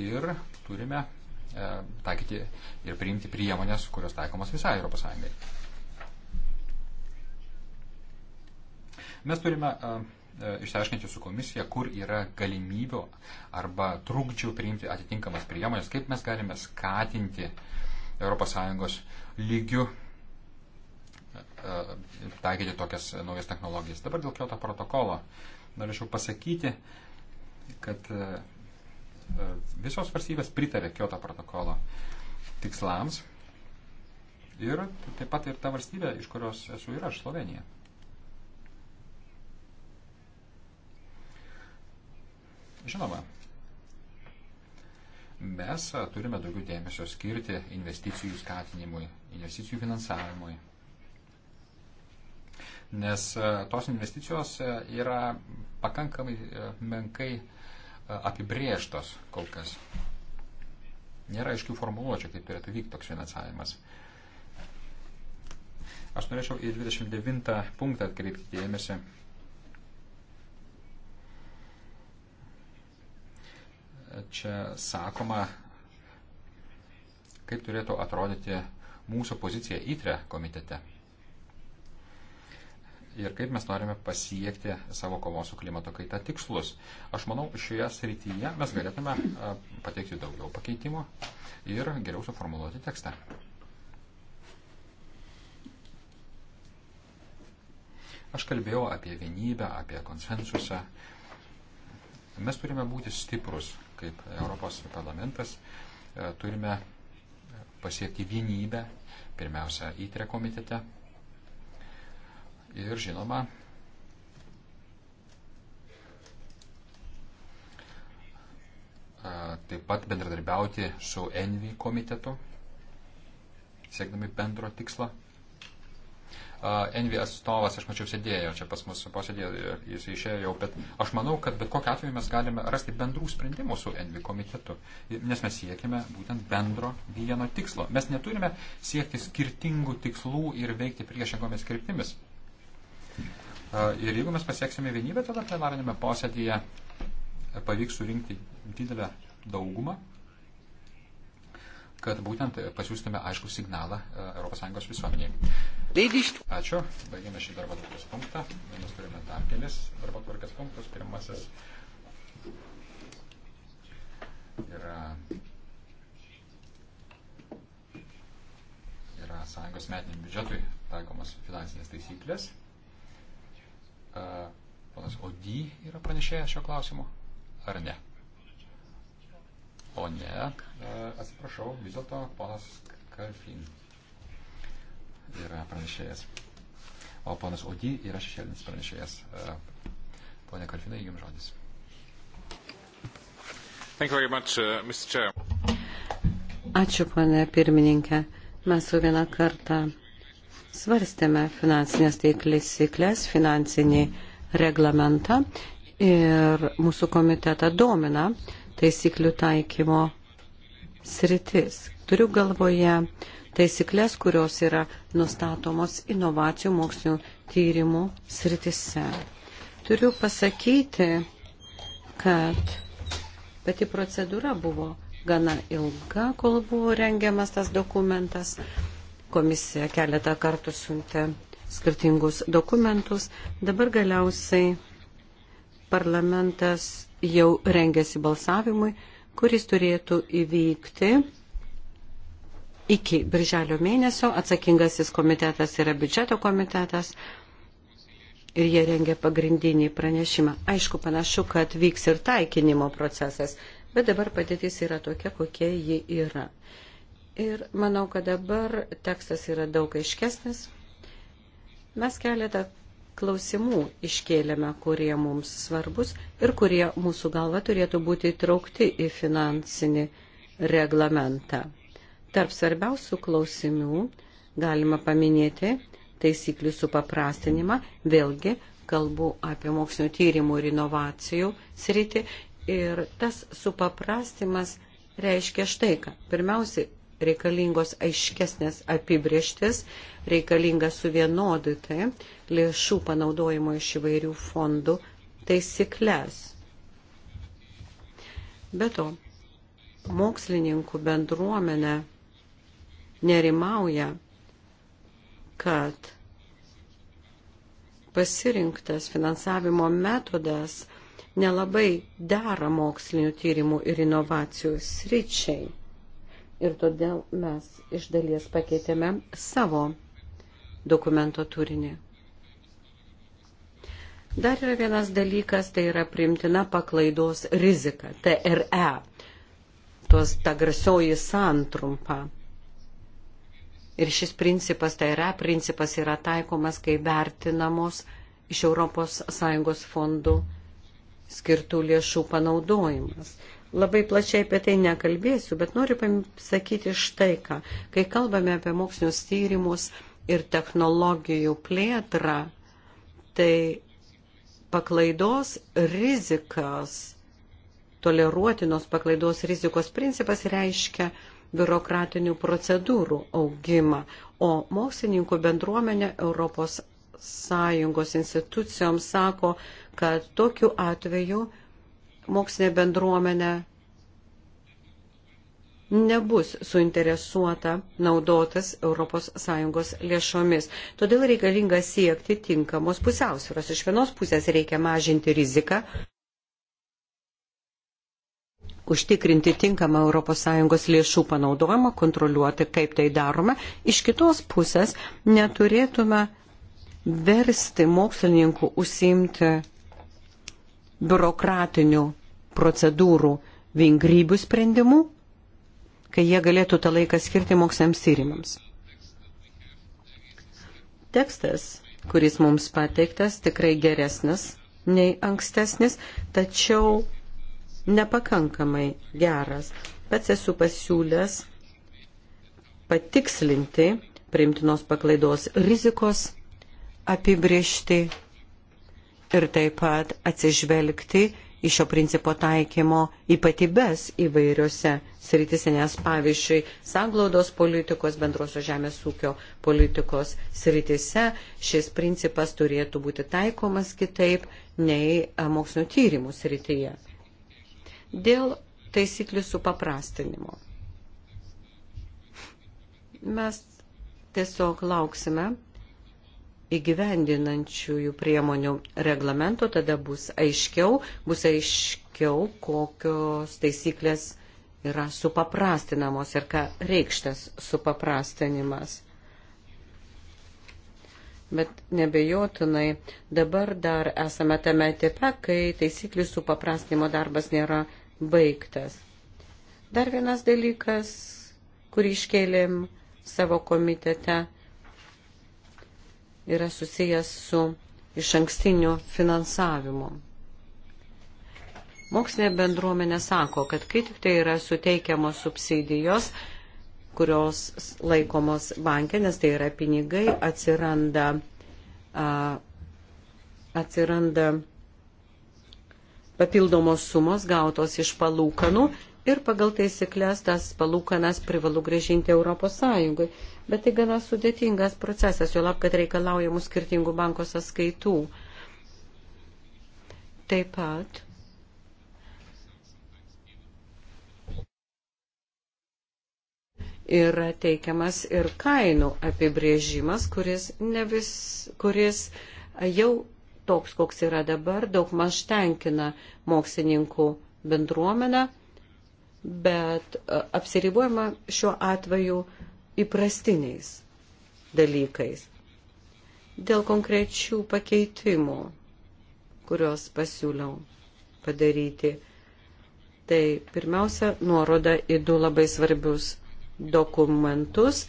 Ir turime e, taikyti ir priimti priemonės, kurios taikomos visai Europos Sąjungai. Mes turime e, E, išsiaiškinti su komisija, kur yra galimybių arba trūkdžių priimti atitinkamas priemonės, kaip mes galime skatinti ES lygių e, e, taikyti tokias naujas technologijas. Dabar dėl kioto protokolo norėčiau pasakyti, kad visos valstybės pritarė kioto protokolo tikslams ir taip pat ir ta valstybė, iš kurios esu ir aš, Slovenija. Žinoma, mes turime daugiau dėmesio skirti investicijų skatinimui, investicijų finansavimui. Nes tos investicijos yra pakankamai menkai apibrėžtos kol kas. Nėra aiškių formuluočių, kaip turėtų vykti toks finansavimas. Aš norėčiau į 29 punktą atkreipti dėmesį. čia sakoma, kaip turėtų atrodyti mūsų pozicija įtre komitete. Ir kaip mes norime pasiekti savo kovos su klimato kaita tikslus. Aš manau, šioje srityje mes galėtume pateikti daugiau pakeitimų ir geriau suformuoluoti tekstą. Aš kalbėjau apie vienybę, apie konsensusą. Mes turime būti stiprus kaip Europos parlamentas e, turime pasiekti vienybę, pirmiausia, įtre komitete. Ir žinoma, e, taip pat bendradarbiauti su ENVI komitetu, siekdami bendro tikslo. Envi atstovas, aš mačiau, sėdėjo čia pas mus posėdėje, jis išėjo jau, bet aš manau, kad bet kokiu atveju mes galime rasti bendrų sprendimų su Envi komitetu, nes mes siekime būtent bendro vieno tikslo. Mes neturime siekti skirtingų tikslų ir veikti priešingomis kryptimis. Ir jeigu mes pasieksime vienybę, tada plenarinėme posėdėje pavyks surinkti didelę daugumą kad būtent pasiūstume aišku signalą ES visuomeniai. Ačiū. Baigėme šį darbo tvarkės punktą. Mes turime dar kelis darbo tvarkės punktus. Pirmasis yra, yra sąjungos metiniam biudžetui taikomos finansinės taisyklės. E, ponas Odi yra pranešėjęs šio klausimu, ar ne? o ne. E, atsiprašau, vis dėlto ponas Kalfin yra pranešėjas. O ponas Odi yra šešėlinis pranešėjas. E, pone Kalfinai, jums žodis. Much, uh, Ačiū, pane pirmininkė. Mes su vieną kartą svarstėme finansinės taisyklės, finansinį reglamentą ir mūsų komitetą domina taisyklių taikymo sritis. Turiu galvoje taisyklės, kurios yra nustatomos inovacijų mokslinio tyrimų sritise. Turiu pasakyti, kad pati procedūra buvo gana ilga, kol buvo rengiamas tas dokumentas. Komisija keletą kartų siuntė skirtingus dokumentus. Dabar galiausiai parlamentas jau rengiasi balsavimui, kuris turėtų įvykti iki birželio mėnesio. Atsakingasis komitetas yra biudžeto komitetas ir jie rengia pagrindinį pranešimą. Aišku, panašu, kad vyks ir taikinimo procesas, bet dabar padėtis yra tokia, kokia ji yra. Ir manau, kad dabar tekstas yra daug aiškesnis. Mes keletą klausimų iškėlėme, kurie mums svarbus ir kurie mūsų galva turėtų būti įtraukti į finansinį reglamentą. Tarp svarbiausių klausimų galima paminėti taisyklių supaprastinimą, vėlgi kalbu apie mokslinio tyrimų ir inovacijų sritį ir tas supaprastimas reiškia štai ką. Pirmiausia, reikalingos aiškesnės apibrieštis, reikalinga suvienodyti lėšų panaudojimo iš įvairių fondų taisyklės. Be to, mokslininkų bendruomenė nerimauja, kad pasirinktas finansavimo metodas nelabai dera mokslinių tyrimų ir inovacijų sričiai. Ir todėl mes iš dalies pakeitėme savo dokumento turinį. Dar yra vienas dalykas, tai yra primtina paklaidos rizika, TRE, tuos ta garsioji santrumpa. Ir šis principas, tai yra e principas, yra taikomas, kai vertinamos iš ES fondų skirtų lėšų panaudojimas. Labai plačiai apie tai nekalbėsiu, bet noriu pasakyti štai ką. Kai kalbame apie mokslinius tyrimus ir technologijų plėtrą, tai paklaidos rizikas, toleruotinos paklaidos rizikos principas reiškia biurokratinių procedūrų augimą, o mokslininkų bendruomenė Europos Sąjungos institucijoms sako, kad tokiu atveju mokslinė bendruomenė nebus suinteresuota naudotas ES lėšomis. Todėl reikalinga siekti tinkamos pusiausvėros. Iš vienos pusės reikia mažinti riziką, užtikrinti tinkamą ES lėšų panaudojimą, kontroliuoti, kaip tai daroma. Iš kitos pusės neturėtume versti mokslininkų užsimti biurokratinių procedūrų vingrybių sprendimų kai jie galėtų tą laiką skirti moksliniams tyrimams. Tekstas, kuris mums pateiktas, tikrai geresnis nei ankstesnis, tačiau nepakankamai geras. Pats esu pasiūlęs patikslinti priimtinos paklaidos rizikos apibriežti ir taip pat atsižvelgti iš šio principo taikymo ypatybės įvairiose sritise, nes pavyzdžiui, sanglaudos politikos, bendrosios žemės ūkio politikos sritise šis principas turėtų būti taikomas kitaip nei e, mokslinio tyrimų srityje. Dėl taisyklių supaprastinimo. Mes tiesiog lauksime įgyvendinančiųjų priemonių reglamento, tada bus aiškiau, bus aiškiau, kokios taisyklės yra supaprastinamos ir ką reikštas supaprastinimas. Bet nebejotinai dabar dar esame tame etape, kai taisyklių supaprastinimo darbas nėra baigtas. Dar vienas dalykas, kurį iškėlėm savo komitete yra susijęs su iš ankstiniu finansavimu. Mokslinė bendruomenė sako, kad kai tik tai yra suteikiamos subsidijos, kurios laikomos bankė, nes tai yra pinigai, atsiranda, a, atsiranda papildomos sumos gautos iš palūkanų ir pagal taisyklės tas palūkanas privalu gražinti Europos Sąjungai. Bet tai gana sudėtingas procesas, jo lab, kad reikalaujamų skirtingų banko sąskaitų. Taip pat yra teikiamas ir kainų apibrėžimas, kuris, vis, kuris jau toks, koks yra dabar, daug maž tenkina mokslininkų bendruomenę, bet e, apsiribuojama šiuo atveju įprastiniais dalykais. Dėl konkrečių pakeitimų, kuriuos pasiūliau padaryti, tai pirmiausia nuoroda į du labai svarbius dokumentus.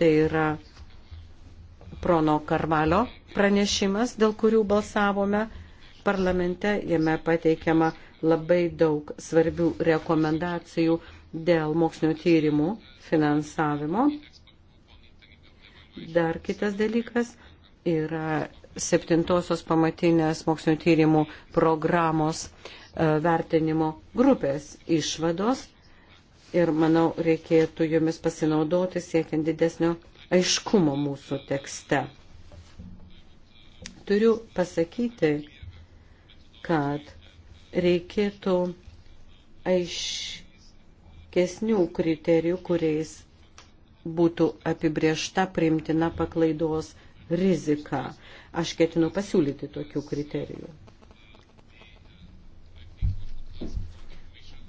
Tai yra Prono Karvalio pranešimas, dėl kurių balsavome parlamente. Jame pateikiama labai daug svarbių rekomendacijų dėl mokslinio tyrimų finansavimo. Dar kitas dalykas yra septintosios pamatinės mokslinio tyrimų programos e, vertinimo grupės išvados ir, manau, reikėtų jomis pasinaudoti siekiant didesnio aiškumo mūsų tekste. Turiu pasakyti, kad reikėtų aiškiai aiškesnių kriterijų, kuriais būtų apibriešta primtina paklaidos rizika. Aš ketinu pasiūlyti tokių kriterijų.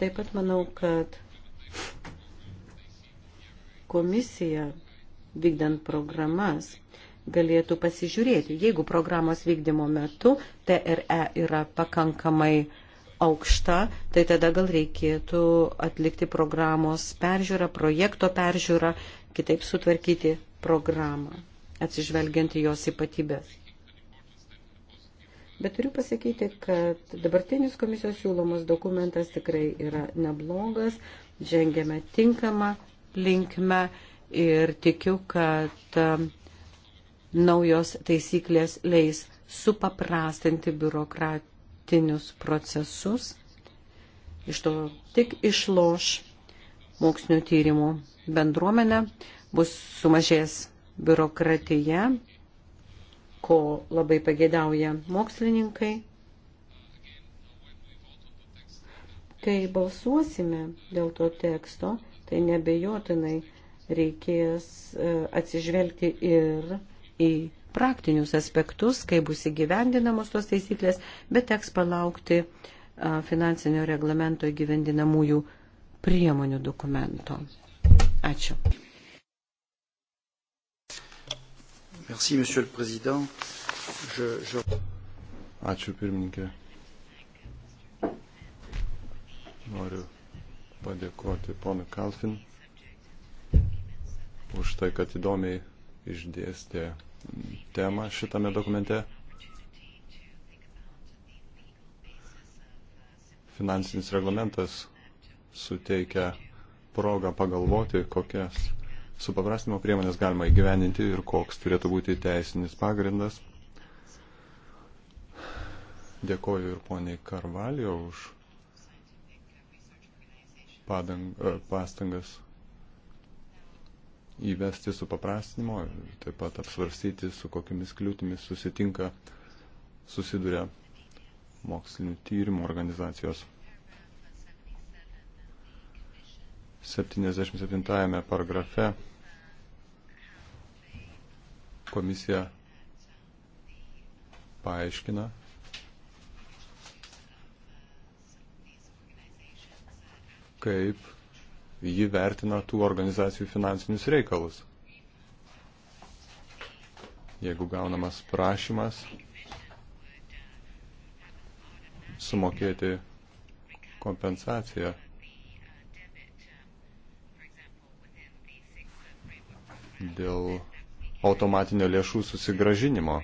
Taip pat manau, kad komisija vykdant programas galėtų pasižiūrėti, jeigu programos vykdymo metu TRE yra pakankamai uh, aukšta, tai tada gal reikėtų atlikti programos peržiūrą, projekto peržiūrą, kitaip sutvarkyti programą, atsižvelgiant į jos ypatybės. Bet turiu pasakyti, kad dabartinis komisijos siūlomas dokumentas tikrai yra neblogas, žengėme tinkamą linkmę ir tikiu, kad um, naujos taisyklės leis supaprastinti biurokrat, dabartinius procesus, iš to tik išloš mokslinio tyrimų bendruomenė, bus sumažės biurokratija, ko labai pagėdauja mokslininkai. Kai balsuosime dėl to teksto, tai nebejotinai reikės e, atsižvelgti ir į praktinius aspektus, kaip bus įgyvendinamos tos taisyklės, bet teks palaukti finansinio reglamento įgyvendinamųjų priemonių dokumento. Ačiū. Merci, Monsieur le Président. Je, je... Ačiū, pirmininkė. Noriu padėkoti ponui Kalfin už tai, kad įdomiai išdėstė temą šitame dokumente. Finansinis reglamentas suteikia progą pagalvoti, kokias supaprastimo priemonės galima įgyveninti ir koks turėtų būti teisinis pagrindas. Dėkoju ir poniai Karvalio už padang, pastangas įvesti su paprastinimo ir taip pat apsvarstyti, su kokiamis kliūtimis susitinka, susiduria mokslinių tyrimų organizacijos. 77 paragrafe komisija paaiškina, kaip ji vertina tų organizacijų finansinius reikalus. Jeigu gaunamas prašymas sumokėti kompensaciją dėl automatinio lėšų susigražinimo.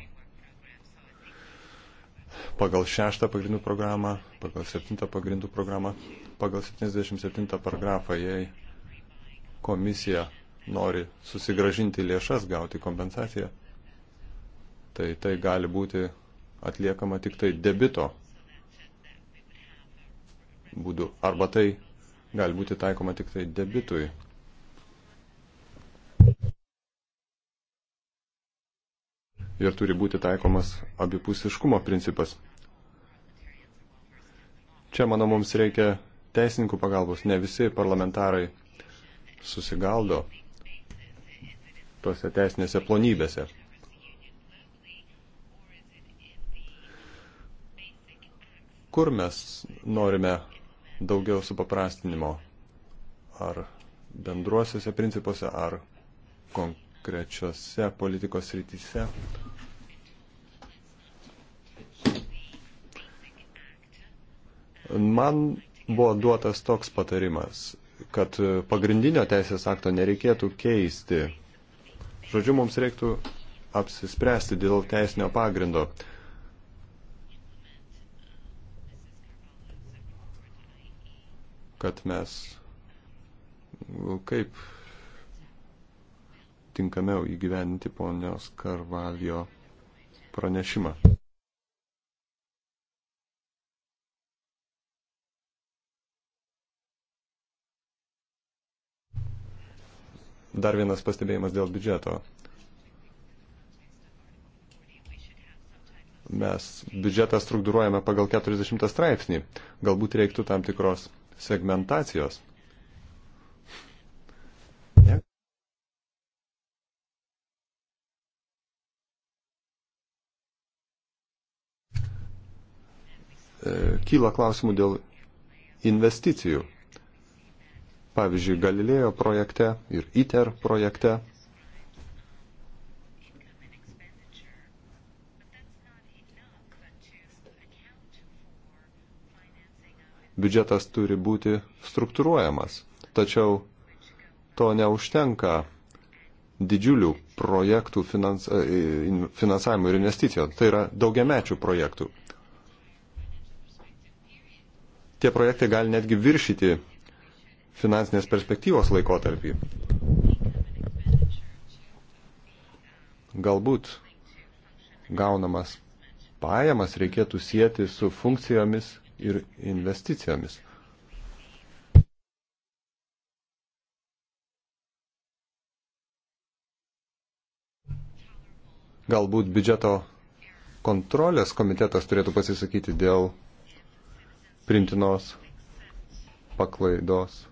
Pagal šeštą pagrindų programą, pagal septintą pagrindų programą pagal 77 paragrafą, jei komisija nori susigražinti lėšas, gauti kompensaciją, tai tai gali būti atliekama tik tai debito būdu. Arba tai gali būti taikoma tik tai debitui. Ir turi būti taikomas abipusiškumo principas. Čia, manau, mums reikia teisininkų pagalbos ne visi parlamentarai susigaldo tose teisinėse plonybėse. Kur mes norime daugiau supaprastinimo? Ar bendruosiuose principuose, ar konkrečiose politikos rytise? Man buvo duotas toks patarimas, kad pagrindinio teisės akto nereikėtų keisti. Žodžiu, mums reiktų apsispręsti dėl teisinio pagrindo. Kad mes nu, kaip tinkamiau įgyveninti ponios Karvalio pranešimą. Dar vienas pastebėjimas dėl biudžeto. Mes biudžetą struktūruojame pagal 40 straipsnį. Galbūt reiktų tam tikros segmentacijos. E, kyla klausimų dėl investicijų. Pavyzdžiui, Galilėjo projekte ir ITER projekte. Biudžetas turi būti struktūruojamas, tačiau to neužtenka didžiulių projektų finans, e, finansavimo ir investicijų. Tai yra daugiamečių projektų. Tie projektai gali netgi viršyti finansinės perspektyvos laikotarpį. Galbūt gaunamas pajamas reikėtų sieti su funkcijomis ir investicijomis. Galbūt biudžeto kontrolės komitetas turėtų pasisakyti dėl primtinos paklaidos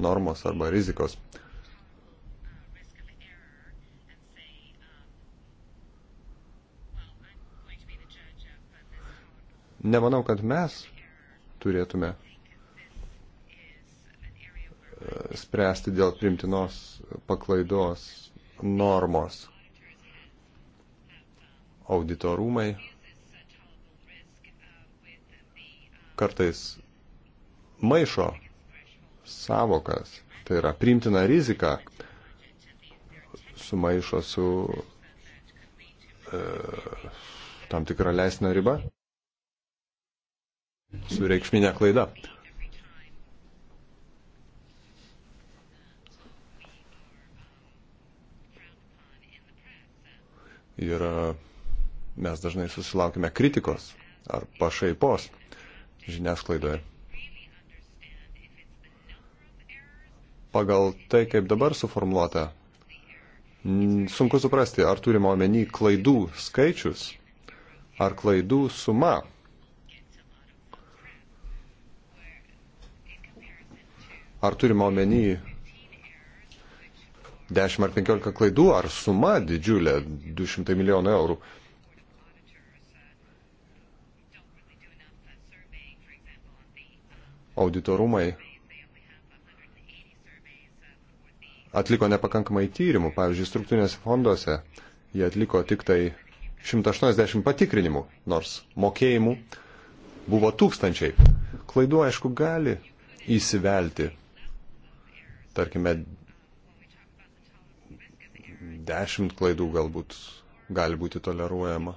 normos arba rizikos. Nemanau, kad mes turėtume e, spręsti dėl primtinos paklaidos normos. Auditorumai kartais maišo savokas, tai yra priimtina rizika, sumaišo su e, tam tikra leisna riba, su reikšminė klaida. Ir e, mes dažnai susilaukime kritikos ar pašaipos žiniasklaidoje. pagal tai, kaip dabar suformuota, sunku suprasti, ar turime omeny klaidų skaičius, ar klaidų suma. Ar turime omeny 10 ar 15 klaidų, ar suma didžiulė 200 milijonų eurų. Auditorumai atliko nepakankamai tyrimų. Pavyzdžiui, struktūrinėse fonduose jie atliko tik tai 180 patikrinimų, nors mokėjimų buvo tūkstančiai. Klaidų, aišku, gali įsivelti. Tarkime, 10 klaidų galbūt gali būti toleruojama.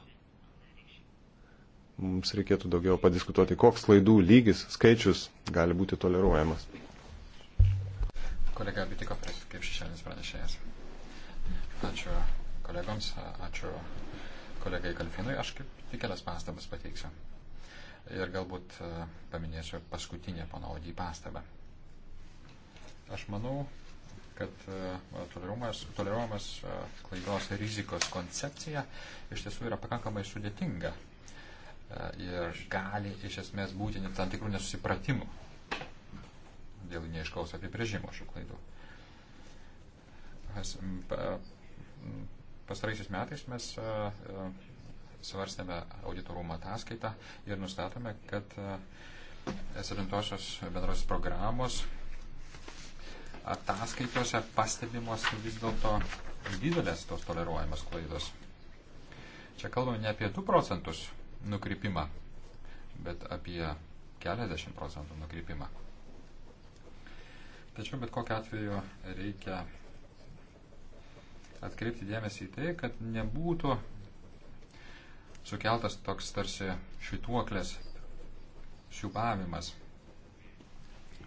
Mums reikėtų daugiau padiskutuoti, koks klaidų lygis, skaičius gali būti toleruojamas kolega Bitikoferis, kaip šešėlis pranešėjas. Ačiū kolegoms, ačiū kolegai Kalfinui. Aš kaip tik kelias pastabas pateiksiu. Ir galbūt e, paminėsiu paskutinę panaudį pastabą. Aš manau, kad e, toleruojamas e, klaidos rizikos koncepcija iš tiesų yra pakankamai sudėtinga ir gali iš esmės būti tam tikrų nesusipratimų dėl neiškaus apibrėžimo šių klaidų. Pastaraisiais metais mes svarstėme auditorumą ataskaitą ir nustatome, kad esadintosios bendros programos ataskaitose pastebimos vis dėlto didelės tos toleruojamos klaidos. Čia kalbame ne apie 2 procentus nukrypimą, bet apie keliasdešimt procentų nukrypimą. Tačiau bet kokiu atveju reikia atkreipti dėmesį į tai, kad nebūtų sukeltas toks tarsi šituoklės šiubavimas.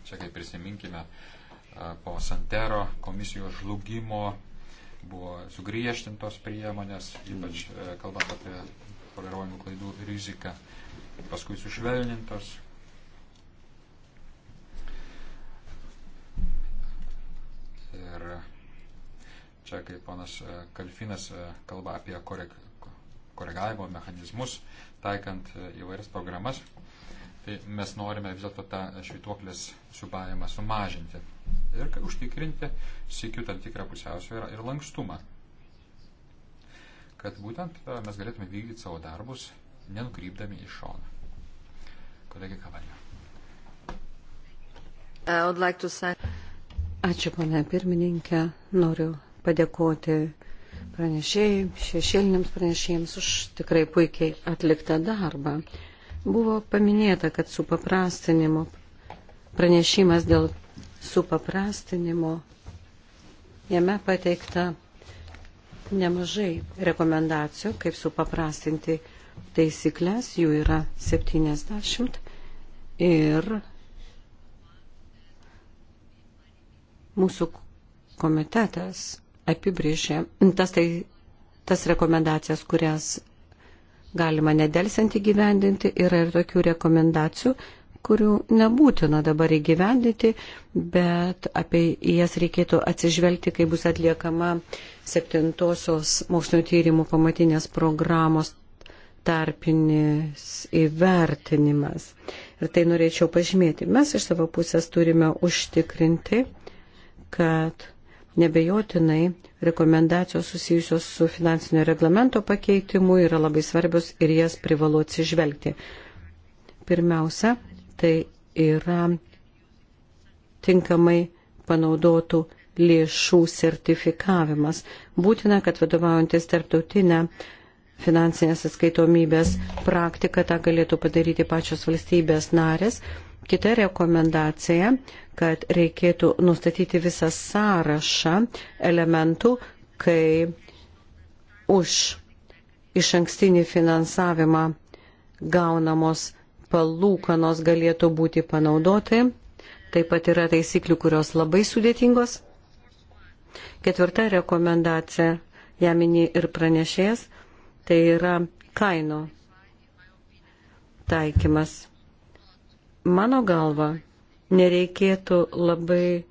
Čia kaip prisiminkime, e, po Santero komisijos žlugimo buvo sugriežtintos priemonės, ypač e, kalbant apie toleruojamų klaidų riziką, paskui sušvelnintos Čia, kai ponas e, Kalfinas e, kalba apie korek, koregavimo mechanizmus, taikant e, įvairias programas, tai mes norime vis dėlto tą švituoklės subavimą sumažinti ir užtikrinti sėkių tam tikrą pusiausvyrą ir lankstumą. Kad būtent mes galėtume vykdyti savo darbus, nenukrypdami į šoną. Kolegė Kavalio. Like Ačiū, ponia pirmininkė. Noriu padėkoti pranešėjai, šešėliniams pranešėjams už tikrai puikiai atliktą darbą. Buvo paminėta, kad supaprastinimo pranešimas dėl supaprastinimo jame pateikta nemažai rekomendacijų, kaip supaprastinti taisyklės, jų yra 70 ir mūsų komitetas apibrėžė tas, tai, tas rekomendacijas, kurias galima nedelsiant įgyvendinti. Yra ir tokių rekomendacijų, kurių nebūtina dabar įgyvendinti, bet apie jas reikėtų atsižvelgti, kai bus atliekama septintosios mokslinio tyrimų pamatinės programos tarpinis įvertinimas. Ir tai norėčiau pažymėti. Mes iš savo pusės turime užtikrinti, kad Nebejotinai rekomendacijos susijusios su finansinio reglamento pakeitimu yra labai svarbios ir jas privalu atsižvelgti. Pirmiausia, tai yra tinkamai panaudotų lėšų sertifikavimas. Būtina, kad vadovaujantis tarptautinę finansinės atskaitomybės praktiką tą galėtų padaryti pačios valstybės narės. Kita rekomendacija kad reikėtų nustatyti visą sąrašą elementų, kai už iš ankstinį finansavimą gaunamos palūkanos galėtų būti panaudoti. Taip pat yra taisyklių, kurios labai sudėtingos. Ketvirta rekomendacija, ją mini ir pranešėjas, tai yra kaino taikymas. Mano galva, nereikėtų labai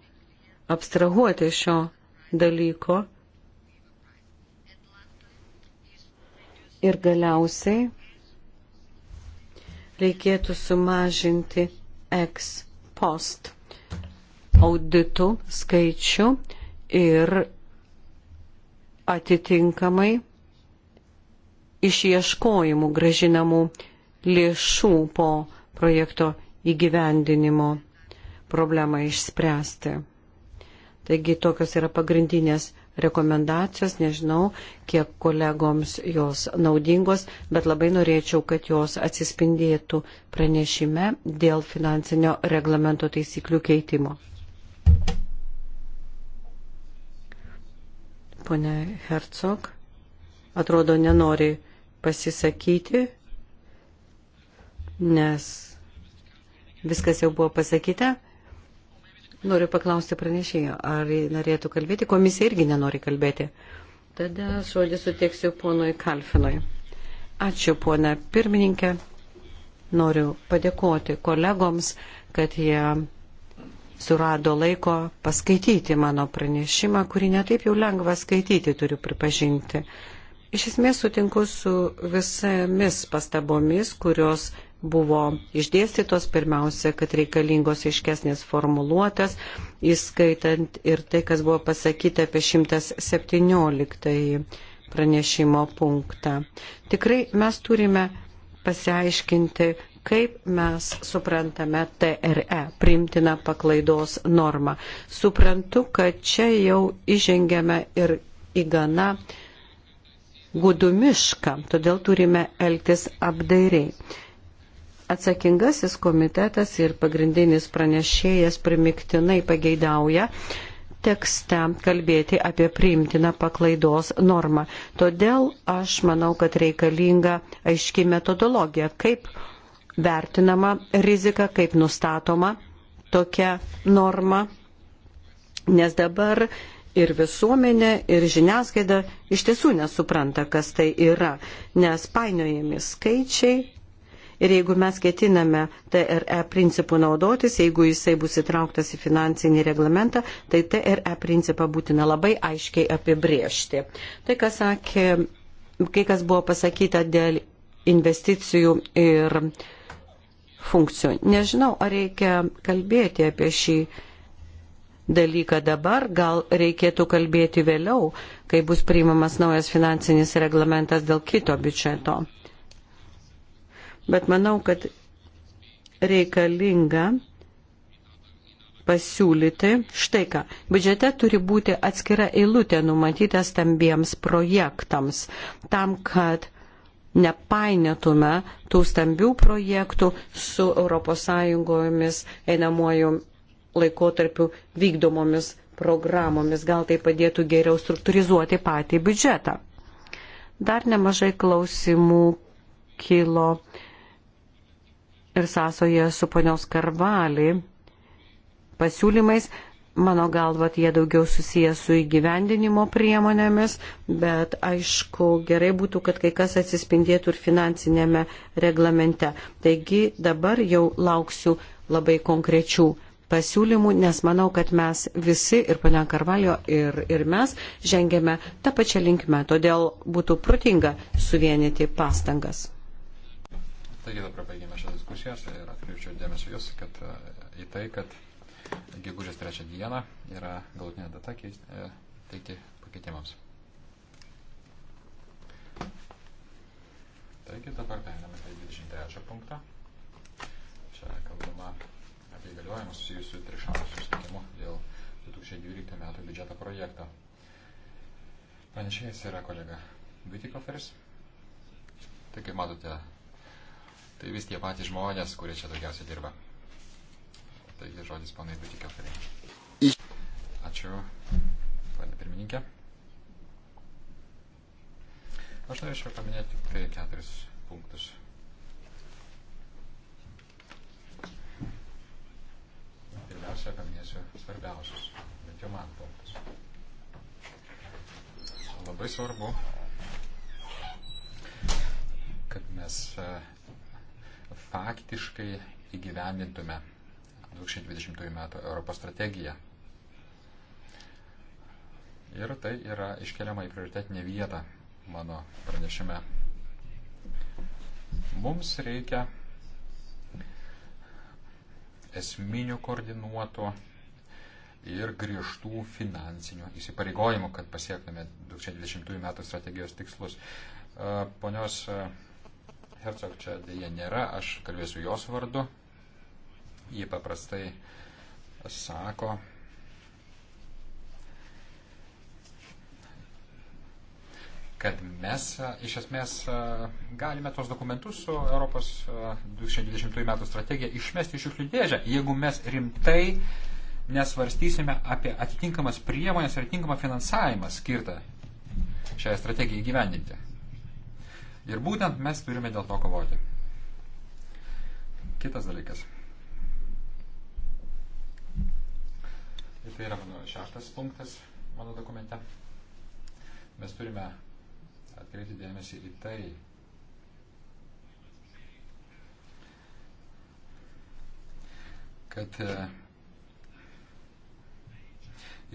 abstrahuoti šio dalyko. Ir galiausiai reikėtų sumažinti ex post auditų skaičių ir atitinkamai išieškojimų gražinamų lėšų po projekto įgyvendinimo problemą išspręsti. Taigi tokios yra pagrindinės rekomendacijos, nežinau, kiek kolegoms jos naudingos, bet labai norėčiau, kad jos atsispindėtų pranešime dėl finansinio reglamento taisyklių keitimo. Pone Hercog, atrodo, nenori pasisakyti, nes viskas jau buvo pasakyta. Noriu paklausti pranešėjo, ar norėtų kalbėti, komisija irgi nenori kalbėti. Tada žodį suteiksiu ponui Kalfinui. Ačiū, pona pirmininkė. Noriu padėkoti kolegoms, kad jie surado laiko paskaityti mano pranešimą, kurį netaip jau lengva skaityti, turiu pripažinti. Iš esmės sutinku su visomis pastabomis, kurios buvo išdėstytos, pirmiausia, kad reikalingos iškesnės formuluotės, įskaitant ir tai, kas buvo pasakyta apie 117 pranešimo punktą. Tikrai mes turime pasiaiškinti, kaip mes suprantame TRE, primtiną paklaidos normą. Suprantu, kad čia jau įžengėme ir į gana gudumišką, todėl turime elgtis apdairiai. Atsakingasis komitetas ir pagrindinis pranešėjas primiktinai pageidauja tekste kalbėti apie priimtiną paklaidos normą. Todėl aš manau, kad reikalinga aiški metodologija, kaip vertinama rizika, kaip nustatoma tokia norma, nes dabar ir visuomenė, ir žiniasklaida iš tiesų nesupranta, kas tai yra, nes painiojami skaičiai, Ir jeigu mes ketiname TRE principų naudotis, jeigu jisai bus įtrauktas į finansinį reglamentą, tai TRE principą būtina labai aiškiai apibriežti. Tai, kas sakė, kai kas buvo pasakyta dėl investicijų ir funkcijų. Nežinau, ar reikia kalbėti apie šį dalyką dabar, gal reikėtų kalbėti vėliau, kai bus priimamas naujas finansinis reglamentas dėl kito biudžeto bet manau, kad reikalinga pasiūlyti štai ką. Biudžete turi būti atskira eilutė numatyta stambiems projektams, tam, kad nepainėtume tų stambių projektų su ES einamuoju laikotarpiu vykdomomis programomis. Gal tai padėtų geriau struktūrizuoti patį biudžetą. Dar nemažai klausimų kilo ir sąsoje su ponios Karvalį pasiūlymais. Mano galva, tai jie daugiau susijęs su įgyvendinimo priemonėmis, bet aišku, gerai būtų, kad kai kas atsispindėtų ir finansinėme reglamente. Taigi dabar jau lauksiu labai konkrečių pasiūlymų, nes manau, kad mes visi, ir ponia Karvalio, ir, ir mes, žengėme tą pačią linkmę, todėl būtų protinga suvienyti pastangas. Taigi dabar baigėme šią diskusiją ir atkreipčiau dėmesį jūs kad, e, į tai, kad gegužės trečią dieną yra galutinė data e, teikti pakeitimams. Taigi dabar perėmėme prie 23 punktą. Čia kalbama apie įgaliojimus susijusių trišalų susitikimu dėl 2012 metų biudžeto projekto. Pranešėjas yra kolega Vitikoferis. Tai kaip matote, Tai vis tie patys žmonės, kurie čia daugiausiai dirba. Taigi žodis ponai Butikioferiai. Ačiū, pane pirmininkė. Aš norėčiau paminėti tik tai keturis punktus. Pirmiausia, paminėsiu svarbiausius, bent jau man punktus. Labai svarbu, kad mes uh, faktiškai įgyvendintume 2020 m. Europos strategiją. Ir tai yra iškeliama į prioritetinę vietą mano pranešime. Mums reikia esminių koordinuotų ir griežtų finansinių įsipareigojimų, kad pasiektume 2020 m. strategijos tikslus. Ponios Hercog čia dėja nėra, aš kalbėsiu jos vardu. Ji paprastai sako, kad mes iš esmės galime tos dokumentus su Europos 2020 metų strategija išmesti iš šiukšlių dėžę, jeigu mes rimtai nesvarstysime apie atitinkamas priemonės ir atitinkamą finansavimą skirtą šią strategiją įgyvendinti. Ir būtent mes turime dėl to kovoti. Kitas dalykas. Ir tai yra mano šeštas punktas mano dokumente. Mes turime atkreipti dėmesį į tai, kad e,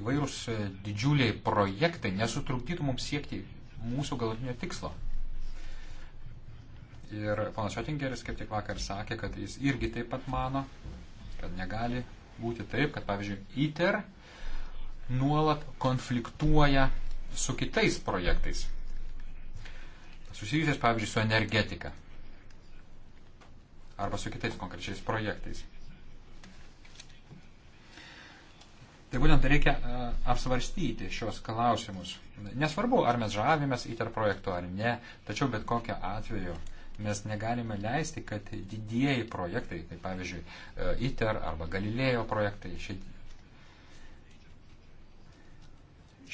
įvairūs e, didžiuliai projektai nesutrukdytų mums siekti mūsų galutinio tikslo. Ir ponas Šotingeris kaip tik vakar sakė, kad jis irgi taip pat mano, kad negali būti taip, kad pavyzdžiui ITER nuolat konfliktuoja su kitais projektais, susijusiais pavyzdžiui su energetika arba su kitais konkrečiais projektais. Tai būtent reikia e, apsvarstyti šios klausimus. Nesvarbu, ar mes žavimės įter projektu ar ne, tačiau bet kokiu atveju Mes negalime leisti, kad didieji projektai, tai pavyzdžiui, e, ITER arba Galilėjo projektai, šie,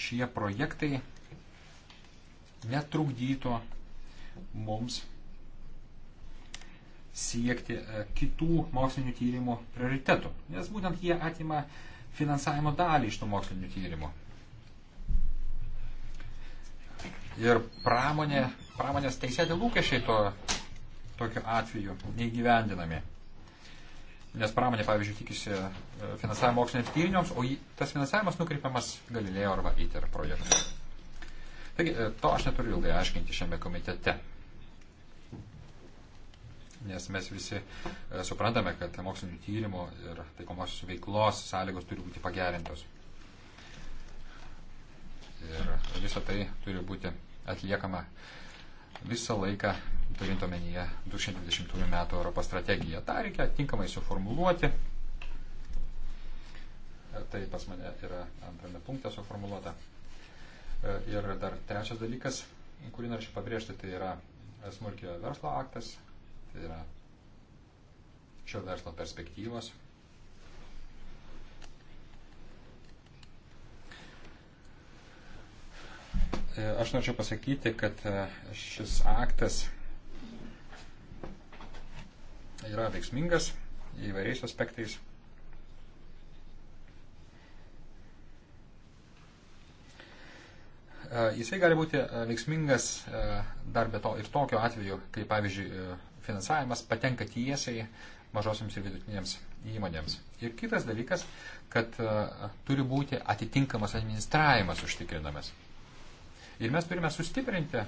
šie projektai netrukdytų mums siekti e, kitų mokslinių tyrimų prioritetų, nes būtent jie atima finansavimo dalį iš tų mokslinių tyrimų. Ir pramonė pramonės teisėti lūkesčiai to, tokiu atveju neįgyvendinami. Nes pramonė, pavyzdžiui, tikisi e, finansavimo moksliniams tyrimams, o tas finansavimas nukreipiamas Galilėjo arba ITER projektui. Taigi, e, to aš neturiu ilgai aiškinti šiame komitete. Nes mes visi e, suprantame, kad mokslinių tyrimų ir taikomosios veiklos sąlygos turi būti pagerintos. Ir visą tai turi būti atliekama visą laiką turint omenyje 2020 metų Europos strategiją. Ta reikia tinkamai suformuluoti. E, tai pas mane yra antrame punkte suformuluota. E, ir dar trečias dalykas, kurį norėčiau pabrėžti, tai yra smulkio verslo aktas, tai yra šio verslo perspektyvos E, aš norėčiau pasakyti, kad e, šis aktas yra veiksmingas įvairiais aspektais. E, jisai gali būti veiksmingas dar be to ir tokiu atveju, kai pavyzdžiui finansavimas patenka tiesiai mažosiams ir vidutinėms įmonėms. Ir kitas dalykas, kad turi būti atitinkamas administravimas užtikrinamas. Ir mes turime sustiprinti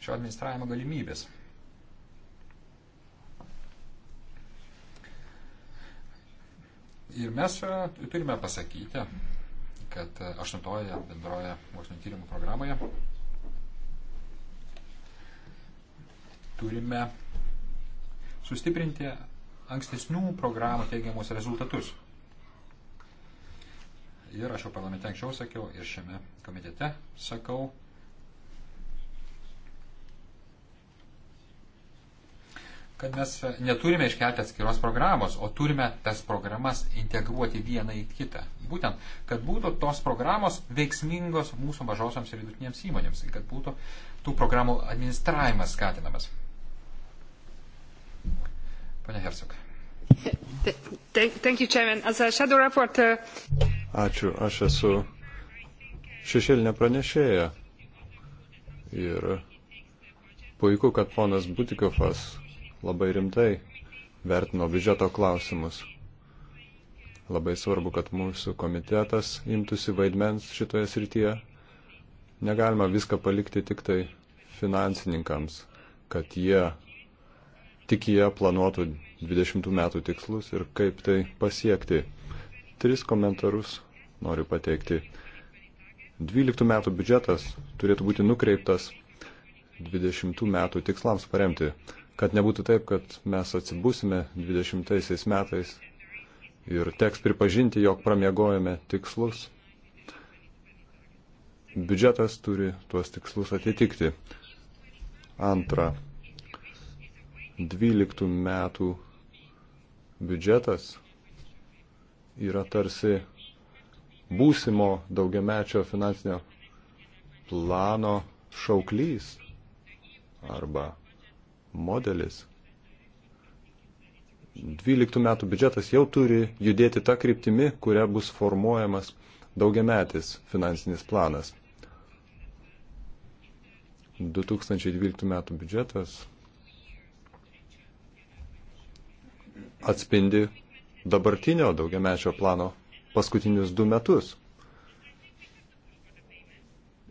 šio administravimo galimybės. Ir mes e, turime pasakyti, kad e, aštuntoje bendroje mokslinio tyrimų programoje turime sustiprinti ankstesnių programų teigiamus rezultatus. Ir aš jau parlamente anksčiau sakiau ir šiame komitete sakau, kad mes e, neturime iškelti atskiros programos, o turime tas programas integruoti vieną į kitą. Būtent, kad būtų tos programos veiksmingos mūsų mažosiams ir vidutinėms įmonėms, kad būtų tų programų administravimas skatinamas. Pane Hersuk. Ačiū, aš esu šešėlinė pranešėja ir puiku, kad ponas Butikovas labai rimtai vertino biudžeto klausimus. Labai svarbu, kad mūsų komitetas imtųsi vaidmens šitoje srityje. Negalima viską palikti tik tai finansininkams, kad jie tik jie planuotų 20 metų tikslus ir kaip tai pasiekti. Tris komentarus noriu pateikti. 12 metų biudžetas turėtų būti nukreiptas 20 metų tikslams paremti kad nebūtų taip, kad mes atsibūsime 20 metais ir teks pripažinti, jog pramiegojame tikslus. Biudžetas turi tuos tikslus atitikti. Antra, 12 metų biudžetas yra tarsi būsimo daugiamečio finansinio plano šauklys arba modelis. 12 metų biudžetas jau turi judėti tą kryptimi, kuria bus formuojamas daugiametis finansinis planas. 2012 metų biudžetas atspindi dabartinio daugiamečio plano paskutinius du metus.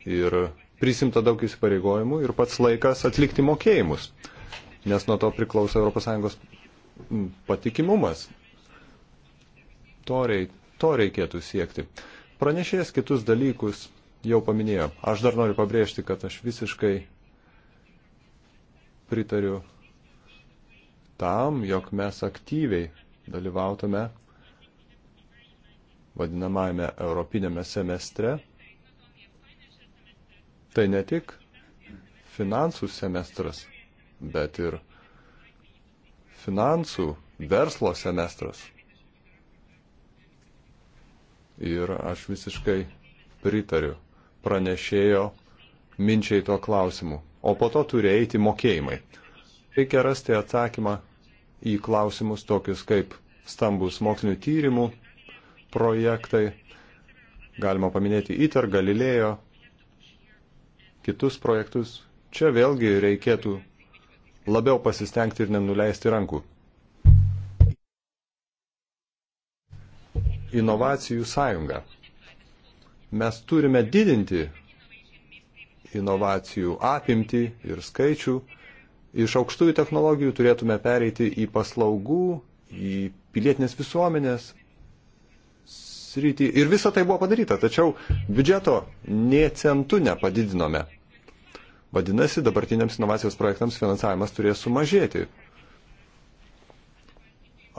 Ir prisimta daug įsipareigojimų ir pats laikas atlikti mokėjimus nes nuo to priklauso ES patikimumas. To, reik, to reikėtų siekti. Pranešėjas kitus dalykus jau paminėjo. Aš dar noriu pabrėžti, kad aš visiškai pritariu tam, jog mes aktyviai dalyvautume vadinamajame europinėme semestre. Tai ne tik finansų semestras, bet ir finansų verslo semestras. Ir aš visiškai pritariu pranešėjo minčiai tuo klausimu. O po to turi eiti mokėjimai. Reikia rasti atsakymą į klausimus tokius kaip stambus mokslinių tyrimų projektai. Galima paminėti ITER, Galilėjo, kitus projektus. Čia vėlgi reikėtų labiau pasistengti ir nenuleisti rankų. Inovacijų sąjunga. Mes turime didinti inovacijų apimtį ir skaičių. Iš aukštųjų technologijų turėtume pereiti į paslaugų, į pilietinės visuomenės sritį. Ir visa tai buvo padaryta, tačiau biudžeto nie centų nepadidinome. Vadinasi, dabartiniams inovacijos projektams finansavimas turės sumažėti.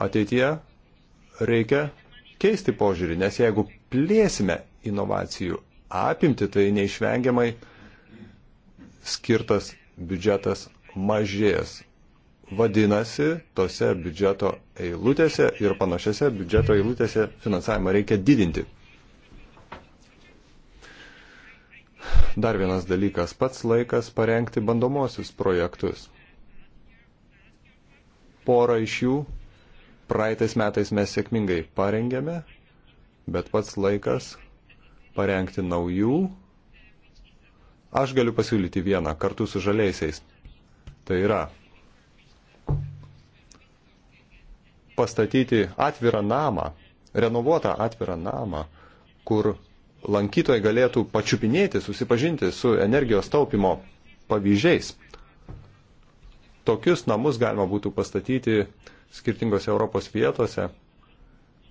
Ateityje reikia keisti požiūrį, nes jeigu plėsime inovacijų apimti, tai neišvengiamai skirtas biudžetas mažės. Vadinasi, tose biudžeto eilutėse ir panašiose biudžeto eilutėse finansavimą reikia didinti. Dar vienas dalykas - pats laikas parengti bandomosius projektus. Porą iš jų praeitais metais mes sėkmingai parengėme, bet pats laikas parengti naujų. Aš galiu pasiūlyti vieną kartu su žaliaisiais. Tai yra pastatyti atvirą namą, renovuotą atvirą namą, kur lankytojai galėtų pačiupinėti, susipažinti su energijos taupimo pavyzdžiais. Tokius namus galima būtų pastatyti skirtingose Europos vietose,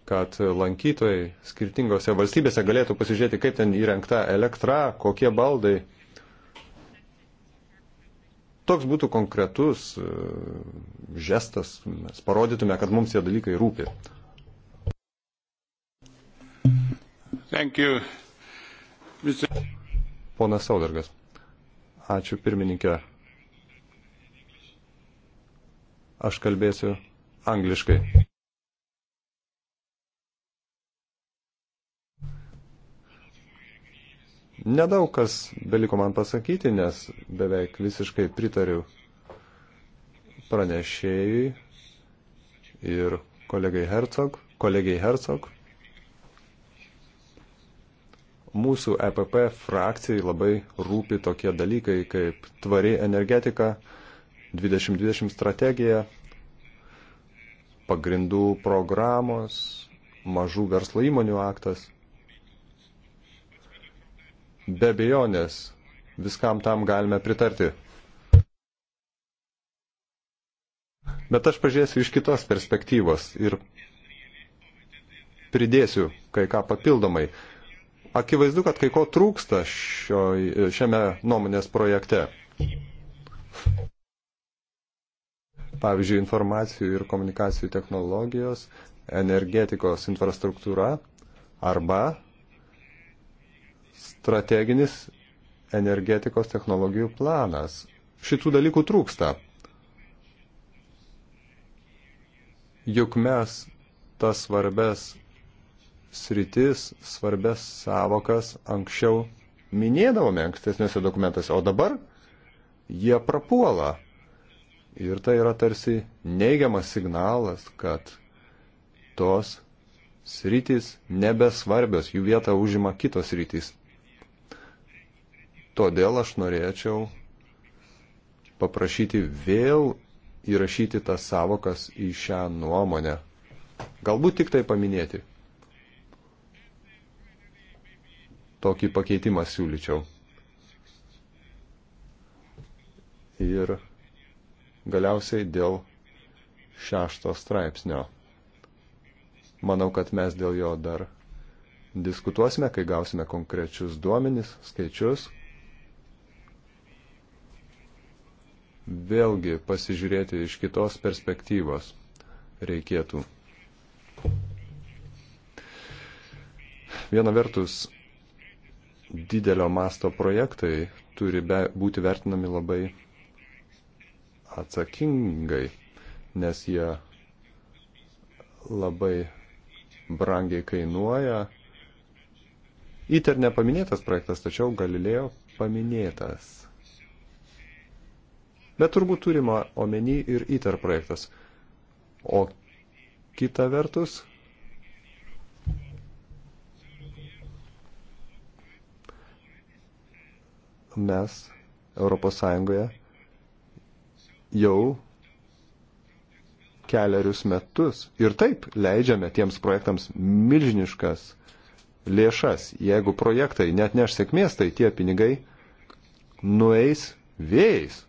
kad lankytojai skirtingose valstybėse galėtų pasižiūrėti, kaip ten įrengta elektra, kokie baldai. Toks būtų konkretus e, žestas, mes parodytume, kad mums tie dalykai rūpi. Mr... Ponas Saudargas. Ačiū pirmininkė. Aš kalbėsiu angliškai. Nedaug kas beliko man pasakyti, nes beveik visiškai pritariu pranešėjui ir kolegai Hercog, kolegiai Hercog mūsų EPP frakcijai labai rūpi tokie dalykai kaip tvari energetika, 2020 strategija, pagrindų programos, mažų verslo įmonių aktas. Be bejonės, viskam tam galime pritarti. Bet aš pažiūrėsiu iš kitos perspektyvos ir pridėsiu kai ką papildomai akivaizdu, kad kai ko trūksta šio, šiame nuomonės projekte. Pavyzdžiui, informacijų ir komunikacijų technologijos, energetikos infrastruktūra arba strateginis energetikos technologijų planas. Šitų dalykų trūksta. Juk mes tas svarbes sritis, svarbės savokas anksčiau minėdavome ankstesniuose dokumentuose, o dabar jie prapuola. Ir tai yra tarsi neigiamas signalas, kad tos sritys nebesvarbios, jų vietą užima kitos sritys. Todėl aš norėčiau paprašyti vėl įrašyti tas savokas į šią nuomonę. Galbūt tik tai paminėti. tokį pakeitimą siūlyčiau. Ir galiausiai dėl šešto straipsnio. Manau, kad mes dėl jo dar diskutuosime, kai gausime konkrečius duomenis, skaičius. Vėlgi pasižiūrėti iš kitos perspektyvos reikėtų. Viena vertus, didelio masto projektai turi be, būti vertinami labai atsakingai, nes jie labai brangiai kainuoja. ITER nepaminėtas projektas, tačiau Galilėjo paminėtas. Bet turbūt turima omeny ir ITER projektas. O kita vertus, mes ES jau keliarius metus ir taip leidžiame tiems projektams milžiniškas lėšas. Jeigu projektai net neš sėkmės, tai tie pinigai nueis vėjais.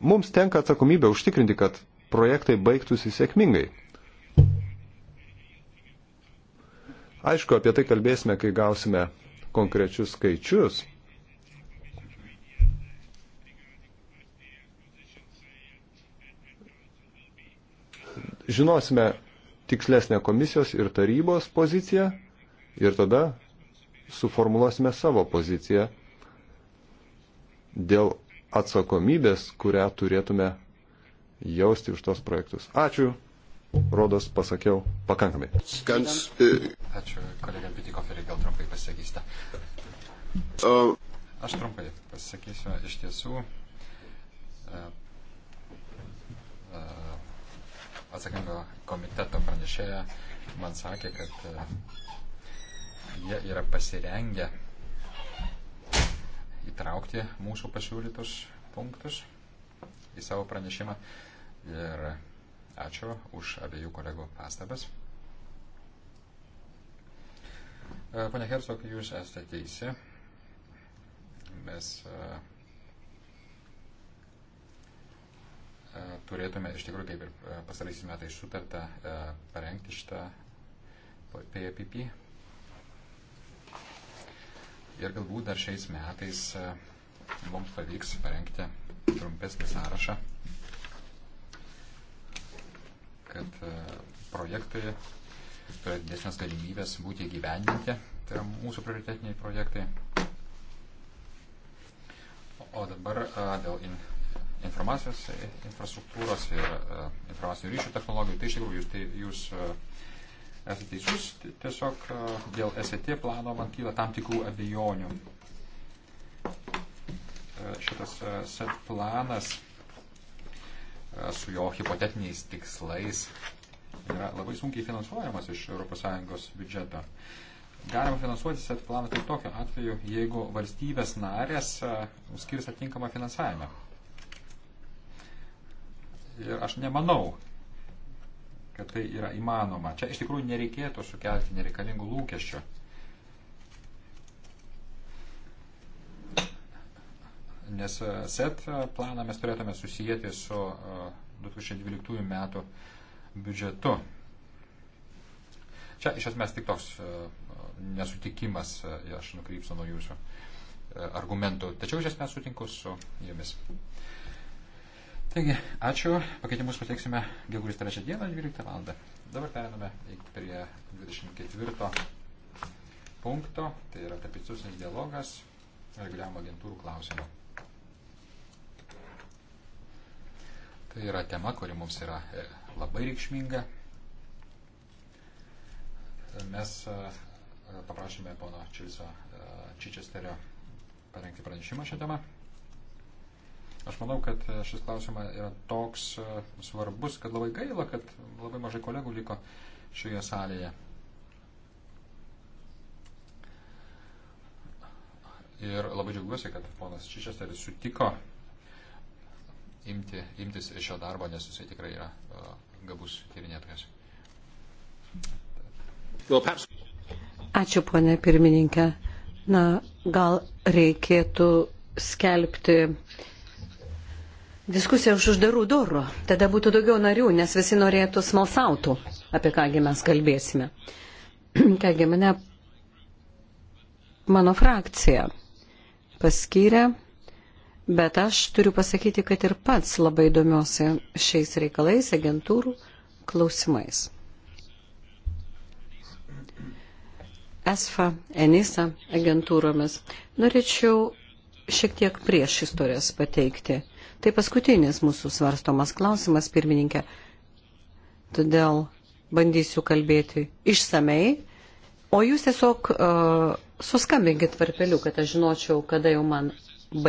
Mums tenka atsakomybė užtikrinti, kad projektai baigtųsi sėkmingai. Aišku, apie tai kalbėsime, kai gausime konkrečius skaičius. Žinosime tikslesnę komisijos ir tarybos poziciją ir tada suformuluosime savo poziciją dėl atsakomybės, kurią turėtume jausti už tos projektus. Ačiū rodos, pasakiau pakankamai. Skans. E, Ačiū, kolega Bitikoferi, gal trumpai pasakysite. Aš trumpai pasakysiu, iš tiesų e, e, atsakingo komiteto pranešėja man sakė, kad jie yra pasirengę įtraukti mūsų pasiūlytus punktus į savo pranešimą. Ir Ačiū už abiejų kolegų pastabas. E, Pane Hersok, jūs esate teisi. Mes e, e, turėtume iš tikrųjų, kaip ir pasaraisiais metais sutarta, parengti šitą PAPP. Ir galbūt dar šiais metais mums pavyks parengti trumpesnį sąrašą kad e, projektai turi didesnės galimybės būti įgyvendinti. Tai yra mūsų prioritetiniai projektai. O dabar e, dėl informacijos e, infrastruktūros ir informacinių ryšių technologijų, tai iš tikrųjų jūs, tai, jūs esate teisus, tiesiog dėl SET plano man kyla tam tikrų abejonių. Šitas SET planas E, su jo hipotetiniais tikslais yra labai sunkiai finansuojamas iš ES biudžeto. Galima finansuoti set planą tik tokiu atveju, jeigu valstybės narės e, skirs atinkamą finansavimą. Ir aš nemanau, kad tai yra įmanoma. Čia iš tikrųjų nereikėtų sukelti nereikalingų lūkesčių nes e, SET e, planą mes turėtume susijęti su 2012 e, metų biudžetu. Čia iš esmės tik toks nesutikimas, aš nukrypsiu nuo jūsų argumentų, tačiau iš esmės sutinku su jumis. Taigi, ačiū, pakeitimus pateiksime gegužės 3 dieną 12 val. Dabar perėmame prie 24 punkto, tai yra tapiciusinis dialogas reguliavimo agentūrų klausimų. Tai yra tema, kuri mums yra e, labai reikšminga. Mes e, e, paprašėme pono Čiliso Čičesterio parengti pranešimą šią temą. Aš manau, kad šis klausimas yra toks svarbus, kad labai gaila, kad labai mažai kolegų liko šioje salėje. Ir labai džiaugiuosi, kad ponas Čičesteris sutiko imti, imtis šio darbo, nes jisai tikrai yra uh, gabus tyrinėtojas. Ačiū, ponė pirmininkė. Na, gal reikėtų skelbti diskusiją už uždarų durų. Tada būtų daugiau narių, nes visi norėtų smalsautų, apie kągi mes kalbėsime. Kągi mane mano frakcija paskyrė Bet aš turiu pasakyti, kad ir pats labai domiuosi šiais reikalais, agentūrų klausimais. ESFA, ENISA agentūromis. Norėčiau šiek tiek prieš istorijas pateikti. Tai paskutinis mūsų svarstomas klausimas, pirmininkė. Todėl bandysiu kalbėti išsamei, o jūs tiesiog uh, suskambinkit varpeliu, kad aš žinočiau, kada jau man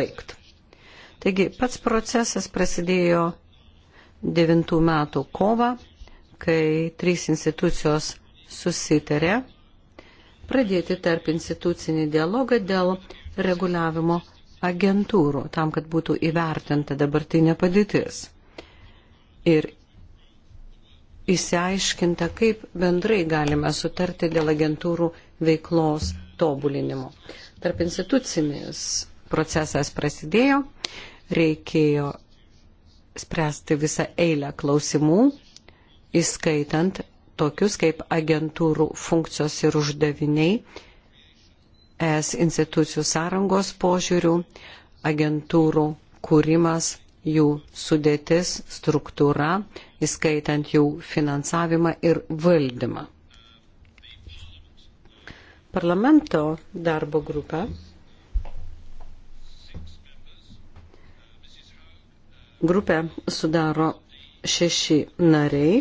baigt. Taigi pats procesas prasidėjo 9 metų kovą, kai trys institucijos susitarė pradėti tarp institucinį dialogą dėl reguliavimo agentūrų, tam, kad būtų įvertinta dabartinė padėtis. Ir įsiaiškinta, kaip bendrai galime sutarti dėl agentūrų veiklos tobulinimo. Tarp institucinis procesas prasidėjo reikėjo spręsti visą eilę klausimų, įskaitant tokius kaip agentūrų funkcijos ir uždaviniai, es institucijų sąrangos požiūrių, agentūrų kūrimas, jų sudėtis, struktūra, įskaitant jų finansavimą ir valdymą. Parlamento darbo grupė Grupę sudaro šeši nariai.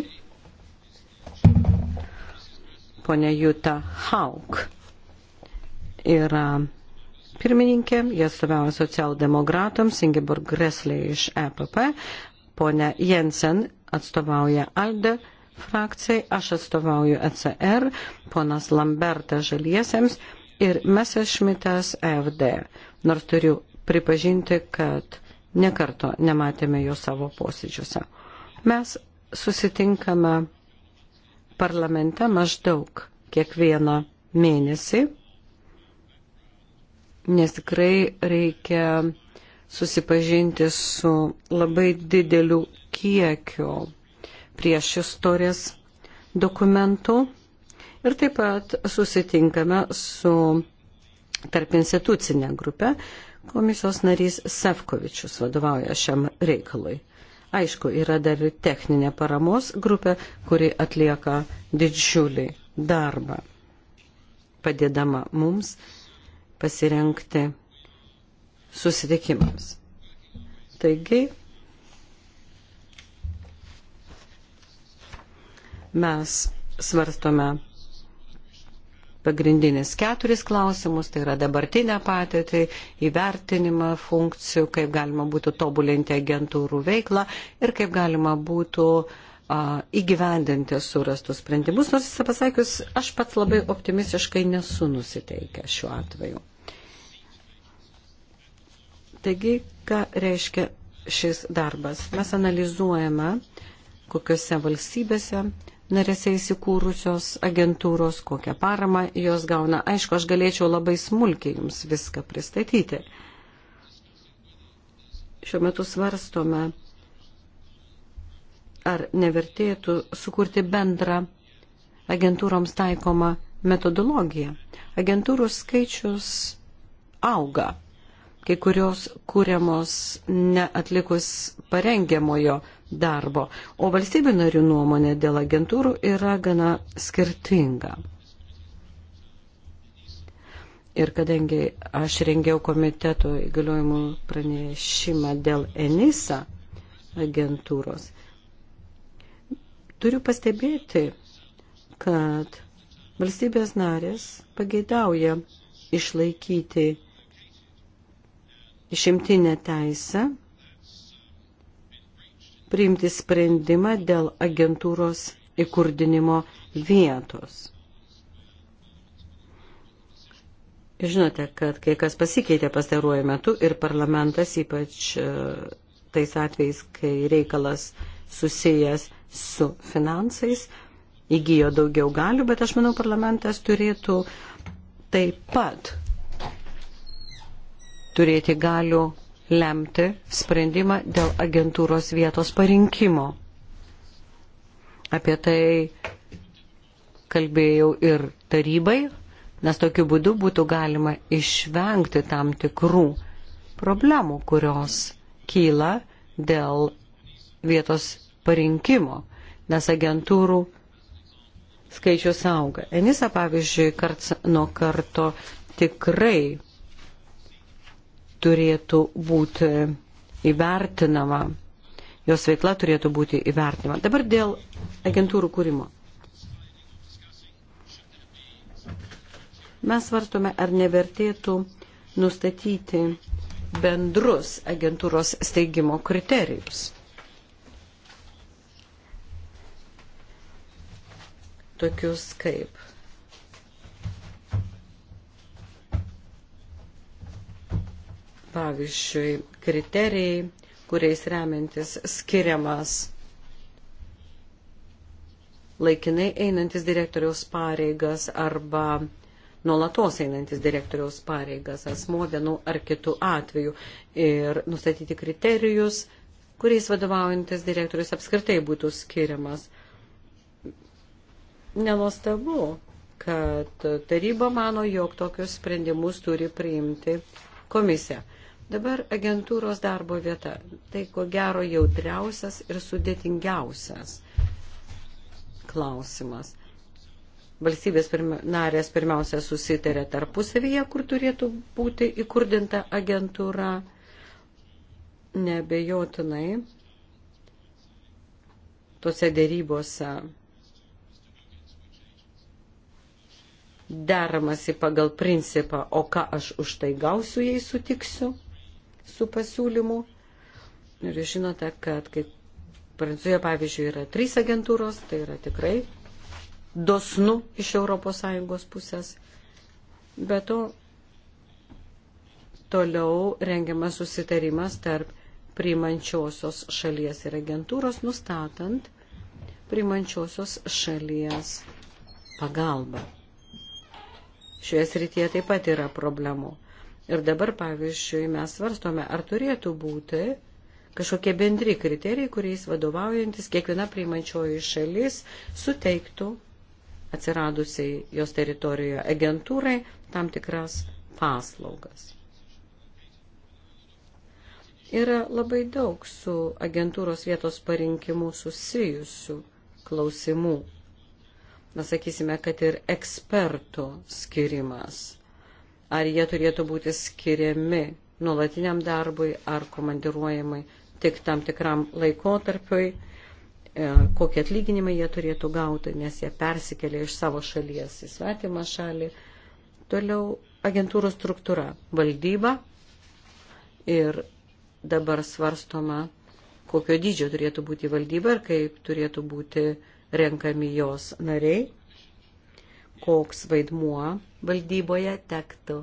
Pone Juta Hauk yra pirmininkė, jie stovėjo socialdemokratams, Ingeborg Greslė iš EPP, ponia Jensen atstovauja ALDE frakcijai, aš atstovauju ECR, ponas Lambertas žaliesiems ir Mesešmitas e FD. Nors turiu pripažinti, kad nekarto nematėme jo savo posėdžiuose. Mes susitinkame parlamente maždaug kiekvieną mėnesį, nes tikrai reikia susipažinti su labai dideliu kiekiu prieš istorijas dokumentų ir taip pat susitinkame su tarp institucinė grupė, Komisijos narys Sefkovičius vadovauja šiam reikalui. Aišku, yra dar ir techninė paramos grupė, kuri atlieka didžiulį darbą, padėdama mums pasirenkti susitikimams. Taigi, mes svarstome pagrindinis keturis klausimus, tai yra dabartinę patirtį, įvertinimą funkcijų, kaip galima būtų tobulinti agentūrų veiklą ir kaip galima būtų a, įgyvendinti surastus sprendimus. Nors jis pasakius, aš pats labai optimistiškai nesu nusiteikęs šiuo atveju. Taigi, ką reiškia šis darbas? Mes analizuojame, kokiuose valstybėse narėse įsikūrusios agentūros, kokią paramą jos gauna. Aišku, aš galėčiau labai smulkiai jums viską pristatyti. Šiuo metu svarstome, ar nevertėtų sukurti bendrą agentūroms taikomą metodologiją. Agentūrų skaičius auga, kai kurios kūriamos neatlikus parengiamojo darbo, o valstybių narių nuomonė dėl agentūrų yra gana skirtinga. Ir kadangi aš rengiau komiteto įgaliojimų pranešimą dėl ENISA agentūros, turiu pastebėti, kad valstybės narės pageidauja išlaikyti išimtinę teisę priimti sprendimą dėl agentūros įkurdinimo vietos. Žinote, kad kai kas pasikeitė pastaruoju metu ir parlamentas, ypač e, tais atvejais, kai reikalas susijęs su finansais, įgyjo daugiau galių, bet aš manau, parlamentas turėtų taip pat turėti galių lemti sprendimą dėl agentūros vietos parinkimo. Apie tai kalbėjau ir tarybai, nes tokiu būdu būtų galima išvengti tam tikrų problemų, kurios kyla dėl vietos parinkimo, nes agentūrų skaičius auga. Enisa, pavyzdžiui, karts nuo karto tikrai turėtų būti įvertinama, jos veikla turėtų būti įvertinama. Dabar dėl agentūrų kūrimo. Mes svarstome, ar nevertėtų nustatyti bendrus agentūros steigimo kriterijus. Tokius kaip pavyzdžiui, kriterijai, kuriais remiantis skiriamas laikinai einantis direktoriaus pareigas arba nuolatos einantis direktoriaus pareigas asmo vienu ar kitu atveju ir nustatyti kriterijus, kuriais vadovaujantis direktorius apskritai būtų skiriamas. Nenuostabu, kad taryba mano, jog tokius sprendimus turi priimti komisija. Dabar agentūros darbo vieta. Tai ko gero jautriausias ir sudėtingiausias klausimas. Valstybės pirma, narės pirmiausia susitarė tarpusavyje, kur turėtų būti įkurdinta agentūra. Nebejotinai tose dėrybose deramasi pagal principą, o ką aš už tai gausiu, jei sutiksiu su pasiūlymu. Ir jūs žinote, kad kaip Prancūzijoje, pavyzdžiui, yra trys agentūros, tai yra tikrai dosnu iš ES pusės. Be to, toliau rengiamas susitarimas tarp priimančiosios šalies ir agentūros, nustatant priimančiosios šalies pagalbą. Šioje srityje taip pat yra problemų. Ir dabar, pavyzdžiui, mes svarstome, ar turėtų būti kažkokie bendri kriterijai, kuriais vadovaujantis kiekviena priimančioji šalis suteiktų atsiradusiai jos teritorijoje agentūrai tam tikras paslaugas. Yra labai daug su agentūros vietos parinkimu susijusių klausimų. Na, sakysime, kad ir ekspertų skirimas ar jie turėtų būti skiriami nuolatiniam darbui ar komandiruojamai tik tam tikram laikotarpiui, e, kokie atlyginimai jie turėtų gauti, nes jie persikėlė iš savo šalies į svetimą šalį. Toliau agentūrų struktūra - valdyba ir dabar svarstoma, kokio dydžio turėtų būti valdyba ir kaip turėtų būti renkami jos nariai, koks vaidmuo valdyboje tektų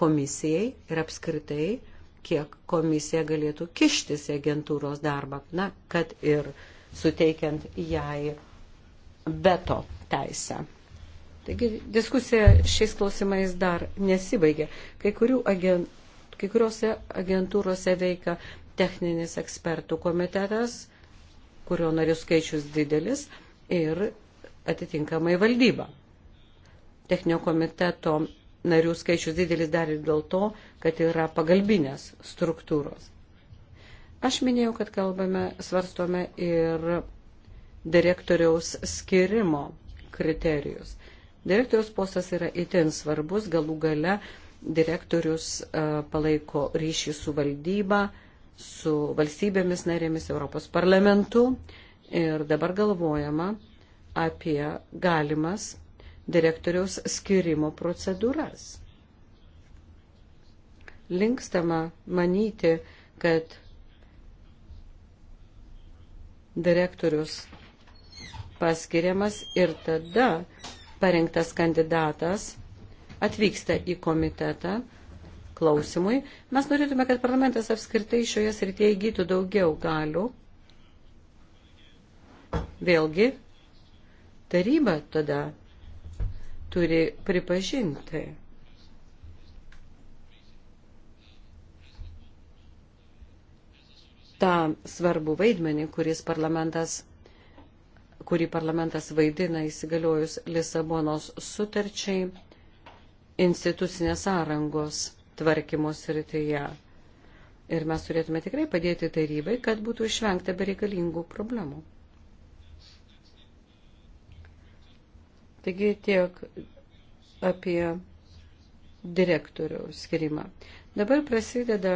komisijai ir apskritai, kiek komisija galėtų kištis į agentūros darbą, na, kad ir suteikiant jai veto teisę. Taigi diskusija šiais klausimais dar nesibaigė. Kai, agen, kai kuriuose agentūrose veikia techninis ekspertų komitetas, kurio narių skaičius didelis ir atitinkamai valdyba techninio komiteto narių skaičius didelis dar ir dėl to, kad yra pagalbinės struktūros. Aš minėjau, kad kalbame, svarstome ir direktoriaus skirimo kriterijus. Direktoriaus postas yra itin svarbus, galų gale direktorius e, palaiko ryšį su valdyba, su valstybėmis narėmis Europos parlamentu ir dabar galvojama apie galimas direktoriaus skirimo procedūras. Linkstama manyti, kad direktorius paskiriamas ir tada parengtas kandidatas atvyksta į komitetą klausimui. Mes norėtume, kad parlamentas apskritai šioje srityje įgytų daugiau galių. Vėlgi, taryba tada turi pripažinti. tą svarbų vaidmenį, parlamentas, kurį parlamentas vaidina įsigaliojus Lisabonos sutarčiai institucinės sąrangos tvarkymo srityje. Ir mes turėtume tikrai padėti tarybai, kad būtų išvengta bereikalingų problemų. Taigi tiek apie direktorių skirimą. Dabar prasideda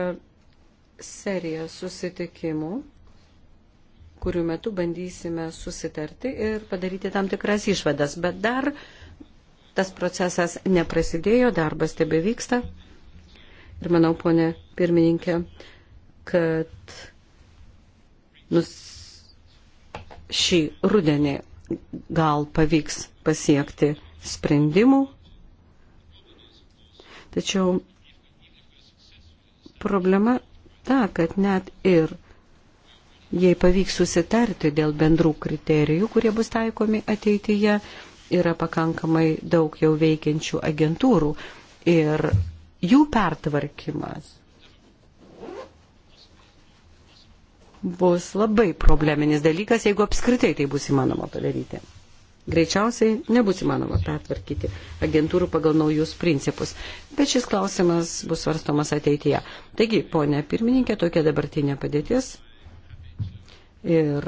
serija susitikimų, kurių metu bandysime susitarti ir padaryti tam tikras išvadas. Bet dar tas procesas neprasidėjo, darbas tebe vyksta. Ir manau, ponė pirmininkė, kad nus šį rudenį gal pavyks pasiekti sprendimų. Tačiau problema ta, kad net ir jei pavyks susitarti dėl bendrų kriterijų, kurie bus taikomi ateityje, yra pakankamai daug jau veikiančių agentūrų ir jų pertvarkymas bus labai probleminis dalykas, jeigu apskritai tai bus įmanoma padaryti. Greičiausiai nebus įmanoma pertvarkyti agentūrų pagal naujus principus, bet šis klausimas bus svarstomas ateityje. Taigi, ponė pirmininkė, tokia dabartinė padėtis ir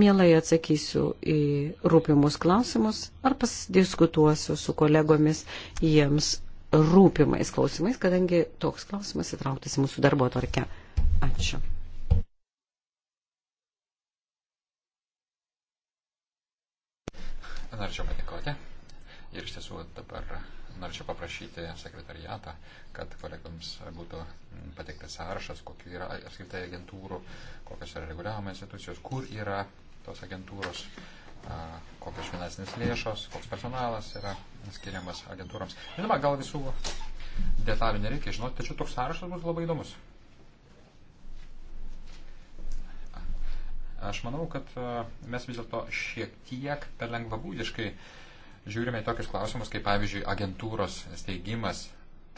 mielai atsakysiu į rūpimus klausimus ar pasidiskutuosiu su kolegomis jiems rūpimais klausimais, kadangi toks klausimas įtrauktas į mūsų darbo tvarkę. Ačiū. Norėčiau patikoti. Ir iš tiesų dabar norėčiau paprašyti sekretariatą, kad kolegams būtų pateiktas sąrašas, kokiu yra apskritai agentūrų, kokios yra reguliavimo institucijos, kur yra tos agentūros. Uh, kokios finansinės lėšos, koks personalas yra skiriamas agentūrams. Žinoma, gal visų detalių nereikia žinoti, tačiau toks sąrašas bus labai įdomus. Aš manau, kad mes vis dėlto šiek tiek per lengvabūdiškai žiūrime į tokius klausimus, kaip pavyzdžiui agentūros steigimas.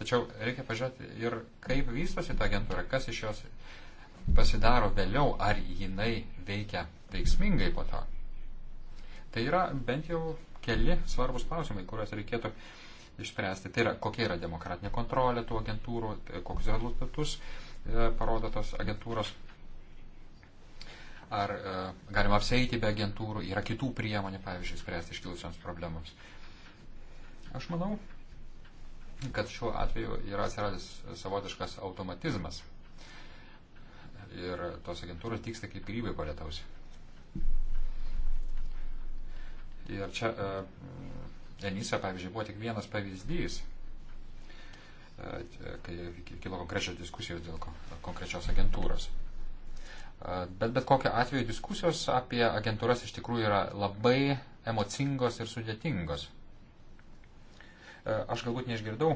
Tačiau reikia pažiūrėti ir kaip vystosi ta agentūra, kas iš jos pasidaro vėliau, ar jinai veikia veiksmingai po to. Tai yra bent jau keli svarbus klausimai, kuriuos reikėtų išspręsti. Tai yra, kokia yra demokratinė kontrolė tų agentūrų, tai kokius rezultatus e, parodo tos agentūros, ar e, galima apseiti be agentūrų, yra kitų priemonių, pavyzdžiui, spręsti iškilusiams problemams. Aš manau, kad šiuo atveju yra atsiradęs savotiškas automatizmas. Ir tos agentūros tiksta kaip grybai palėtausi. Ir čia e, Enisa, pavyzdžiui, buvo tik vienas pavyzdys, e, kai kilo konkrečios diskusijos dėl konkrečios agentūros. E, bet bet kokiu atveju diskusijos apie agentūras iš tikrųjų yra labai emocingos ir sudėtingos. Aš galbūt neišgirdau,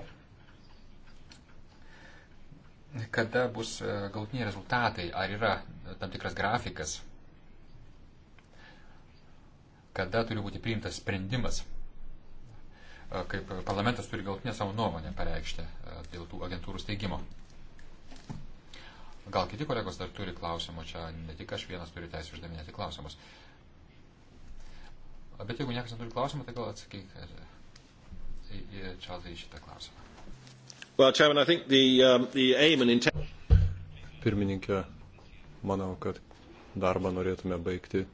kada bus galutiniai rezultatai, ar yra tam tikras grafikas, kada turi būti priimtas sprendimas, kaip parlamentas turi galtinę savo nuomonę pareikšti dėl tų agentūrų steigimo. Gal kiti kolegos dar turi klausimų, čia ne tik aš vienas turiu teisę uždavinėti klausimus. Bet jeigu niekas neturi klausimų, tai gal atsakyk e, Čarlzai į šitą klausimą. Well, Chairman, I think the, um, the aim and intent... Pirmininkė, manau, kad darbą norėtume baigti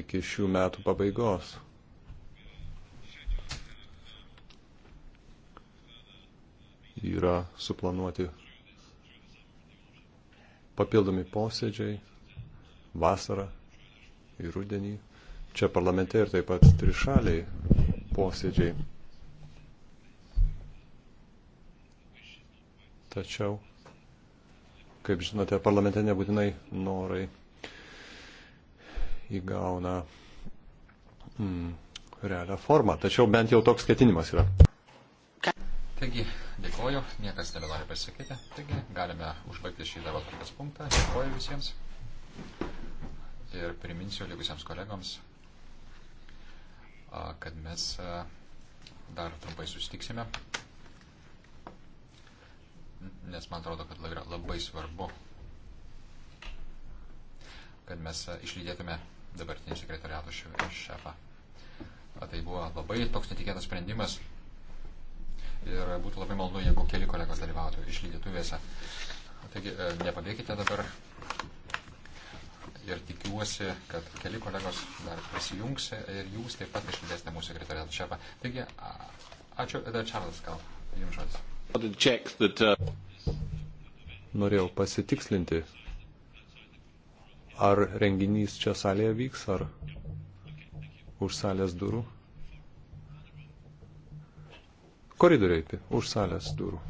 iki šių metų pabaigos. Yra suplanuoti papildomi posėdžiai vasarą ir rudenį. Čia parlamente ir taip pat trišaliai posėdžiai. Tačiau, kaip žinote, parlamente nebūtinai norai įgauna mm, realią formą. Tačiau bent jau toks ketinimas yra. Taigi, dėkoju, niekas nebenori pasakyti. Taigi, galime užbaigti šį darbo atvarkės punktą. Dėkoju visiems. Ir priminsiu likusiems kolegoms, kad mes dar trumpai susitiksime, nes man atrodo, kad tai yra labai svarbu kad mes išlydėtume dabartinį sekretariato šefą. Tai buvo labai toks netikėtas sprendimas ir būtų labai malonu, jeigu keli kolegos dalyvautų išlydėtuvėse. Taigi e, nepabėgite dabar ir tikiuosi, kad keli kolegos dar prisijungs ir jūs taip pat išlydėsite mūsų sekretariato šefą. Taigi, ačiū, dar Čarlis gal, jums žodis. Uh, Norėjau pasitikslinti, Ar renginys čia salėje vyks, ar už salės durų? Koridoriai, už salės durų.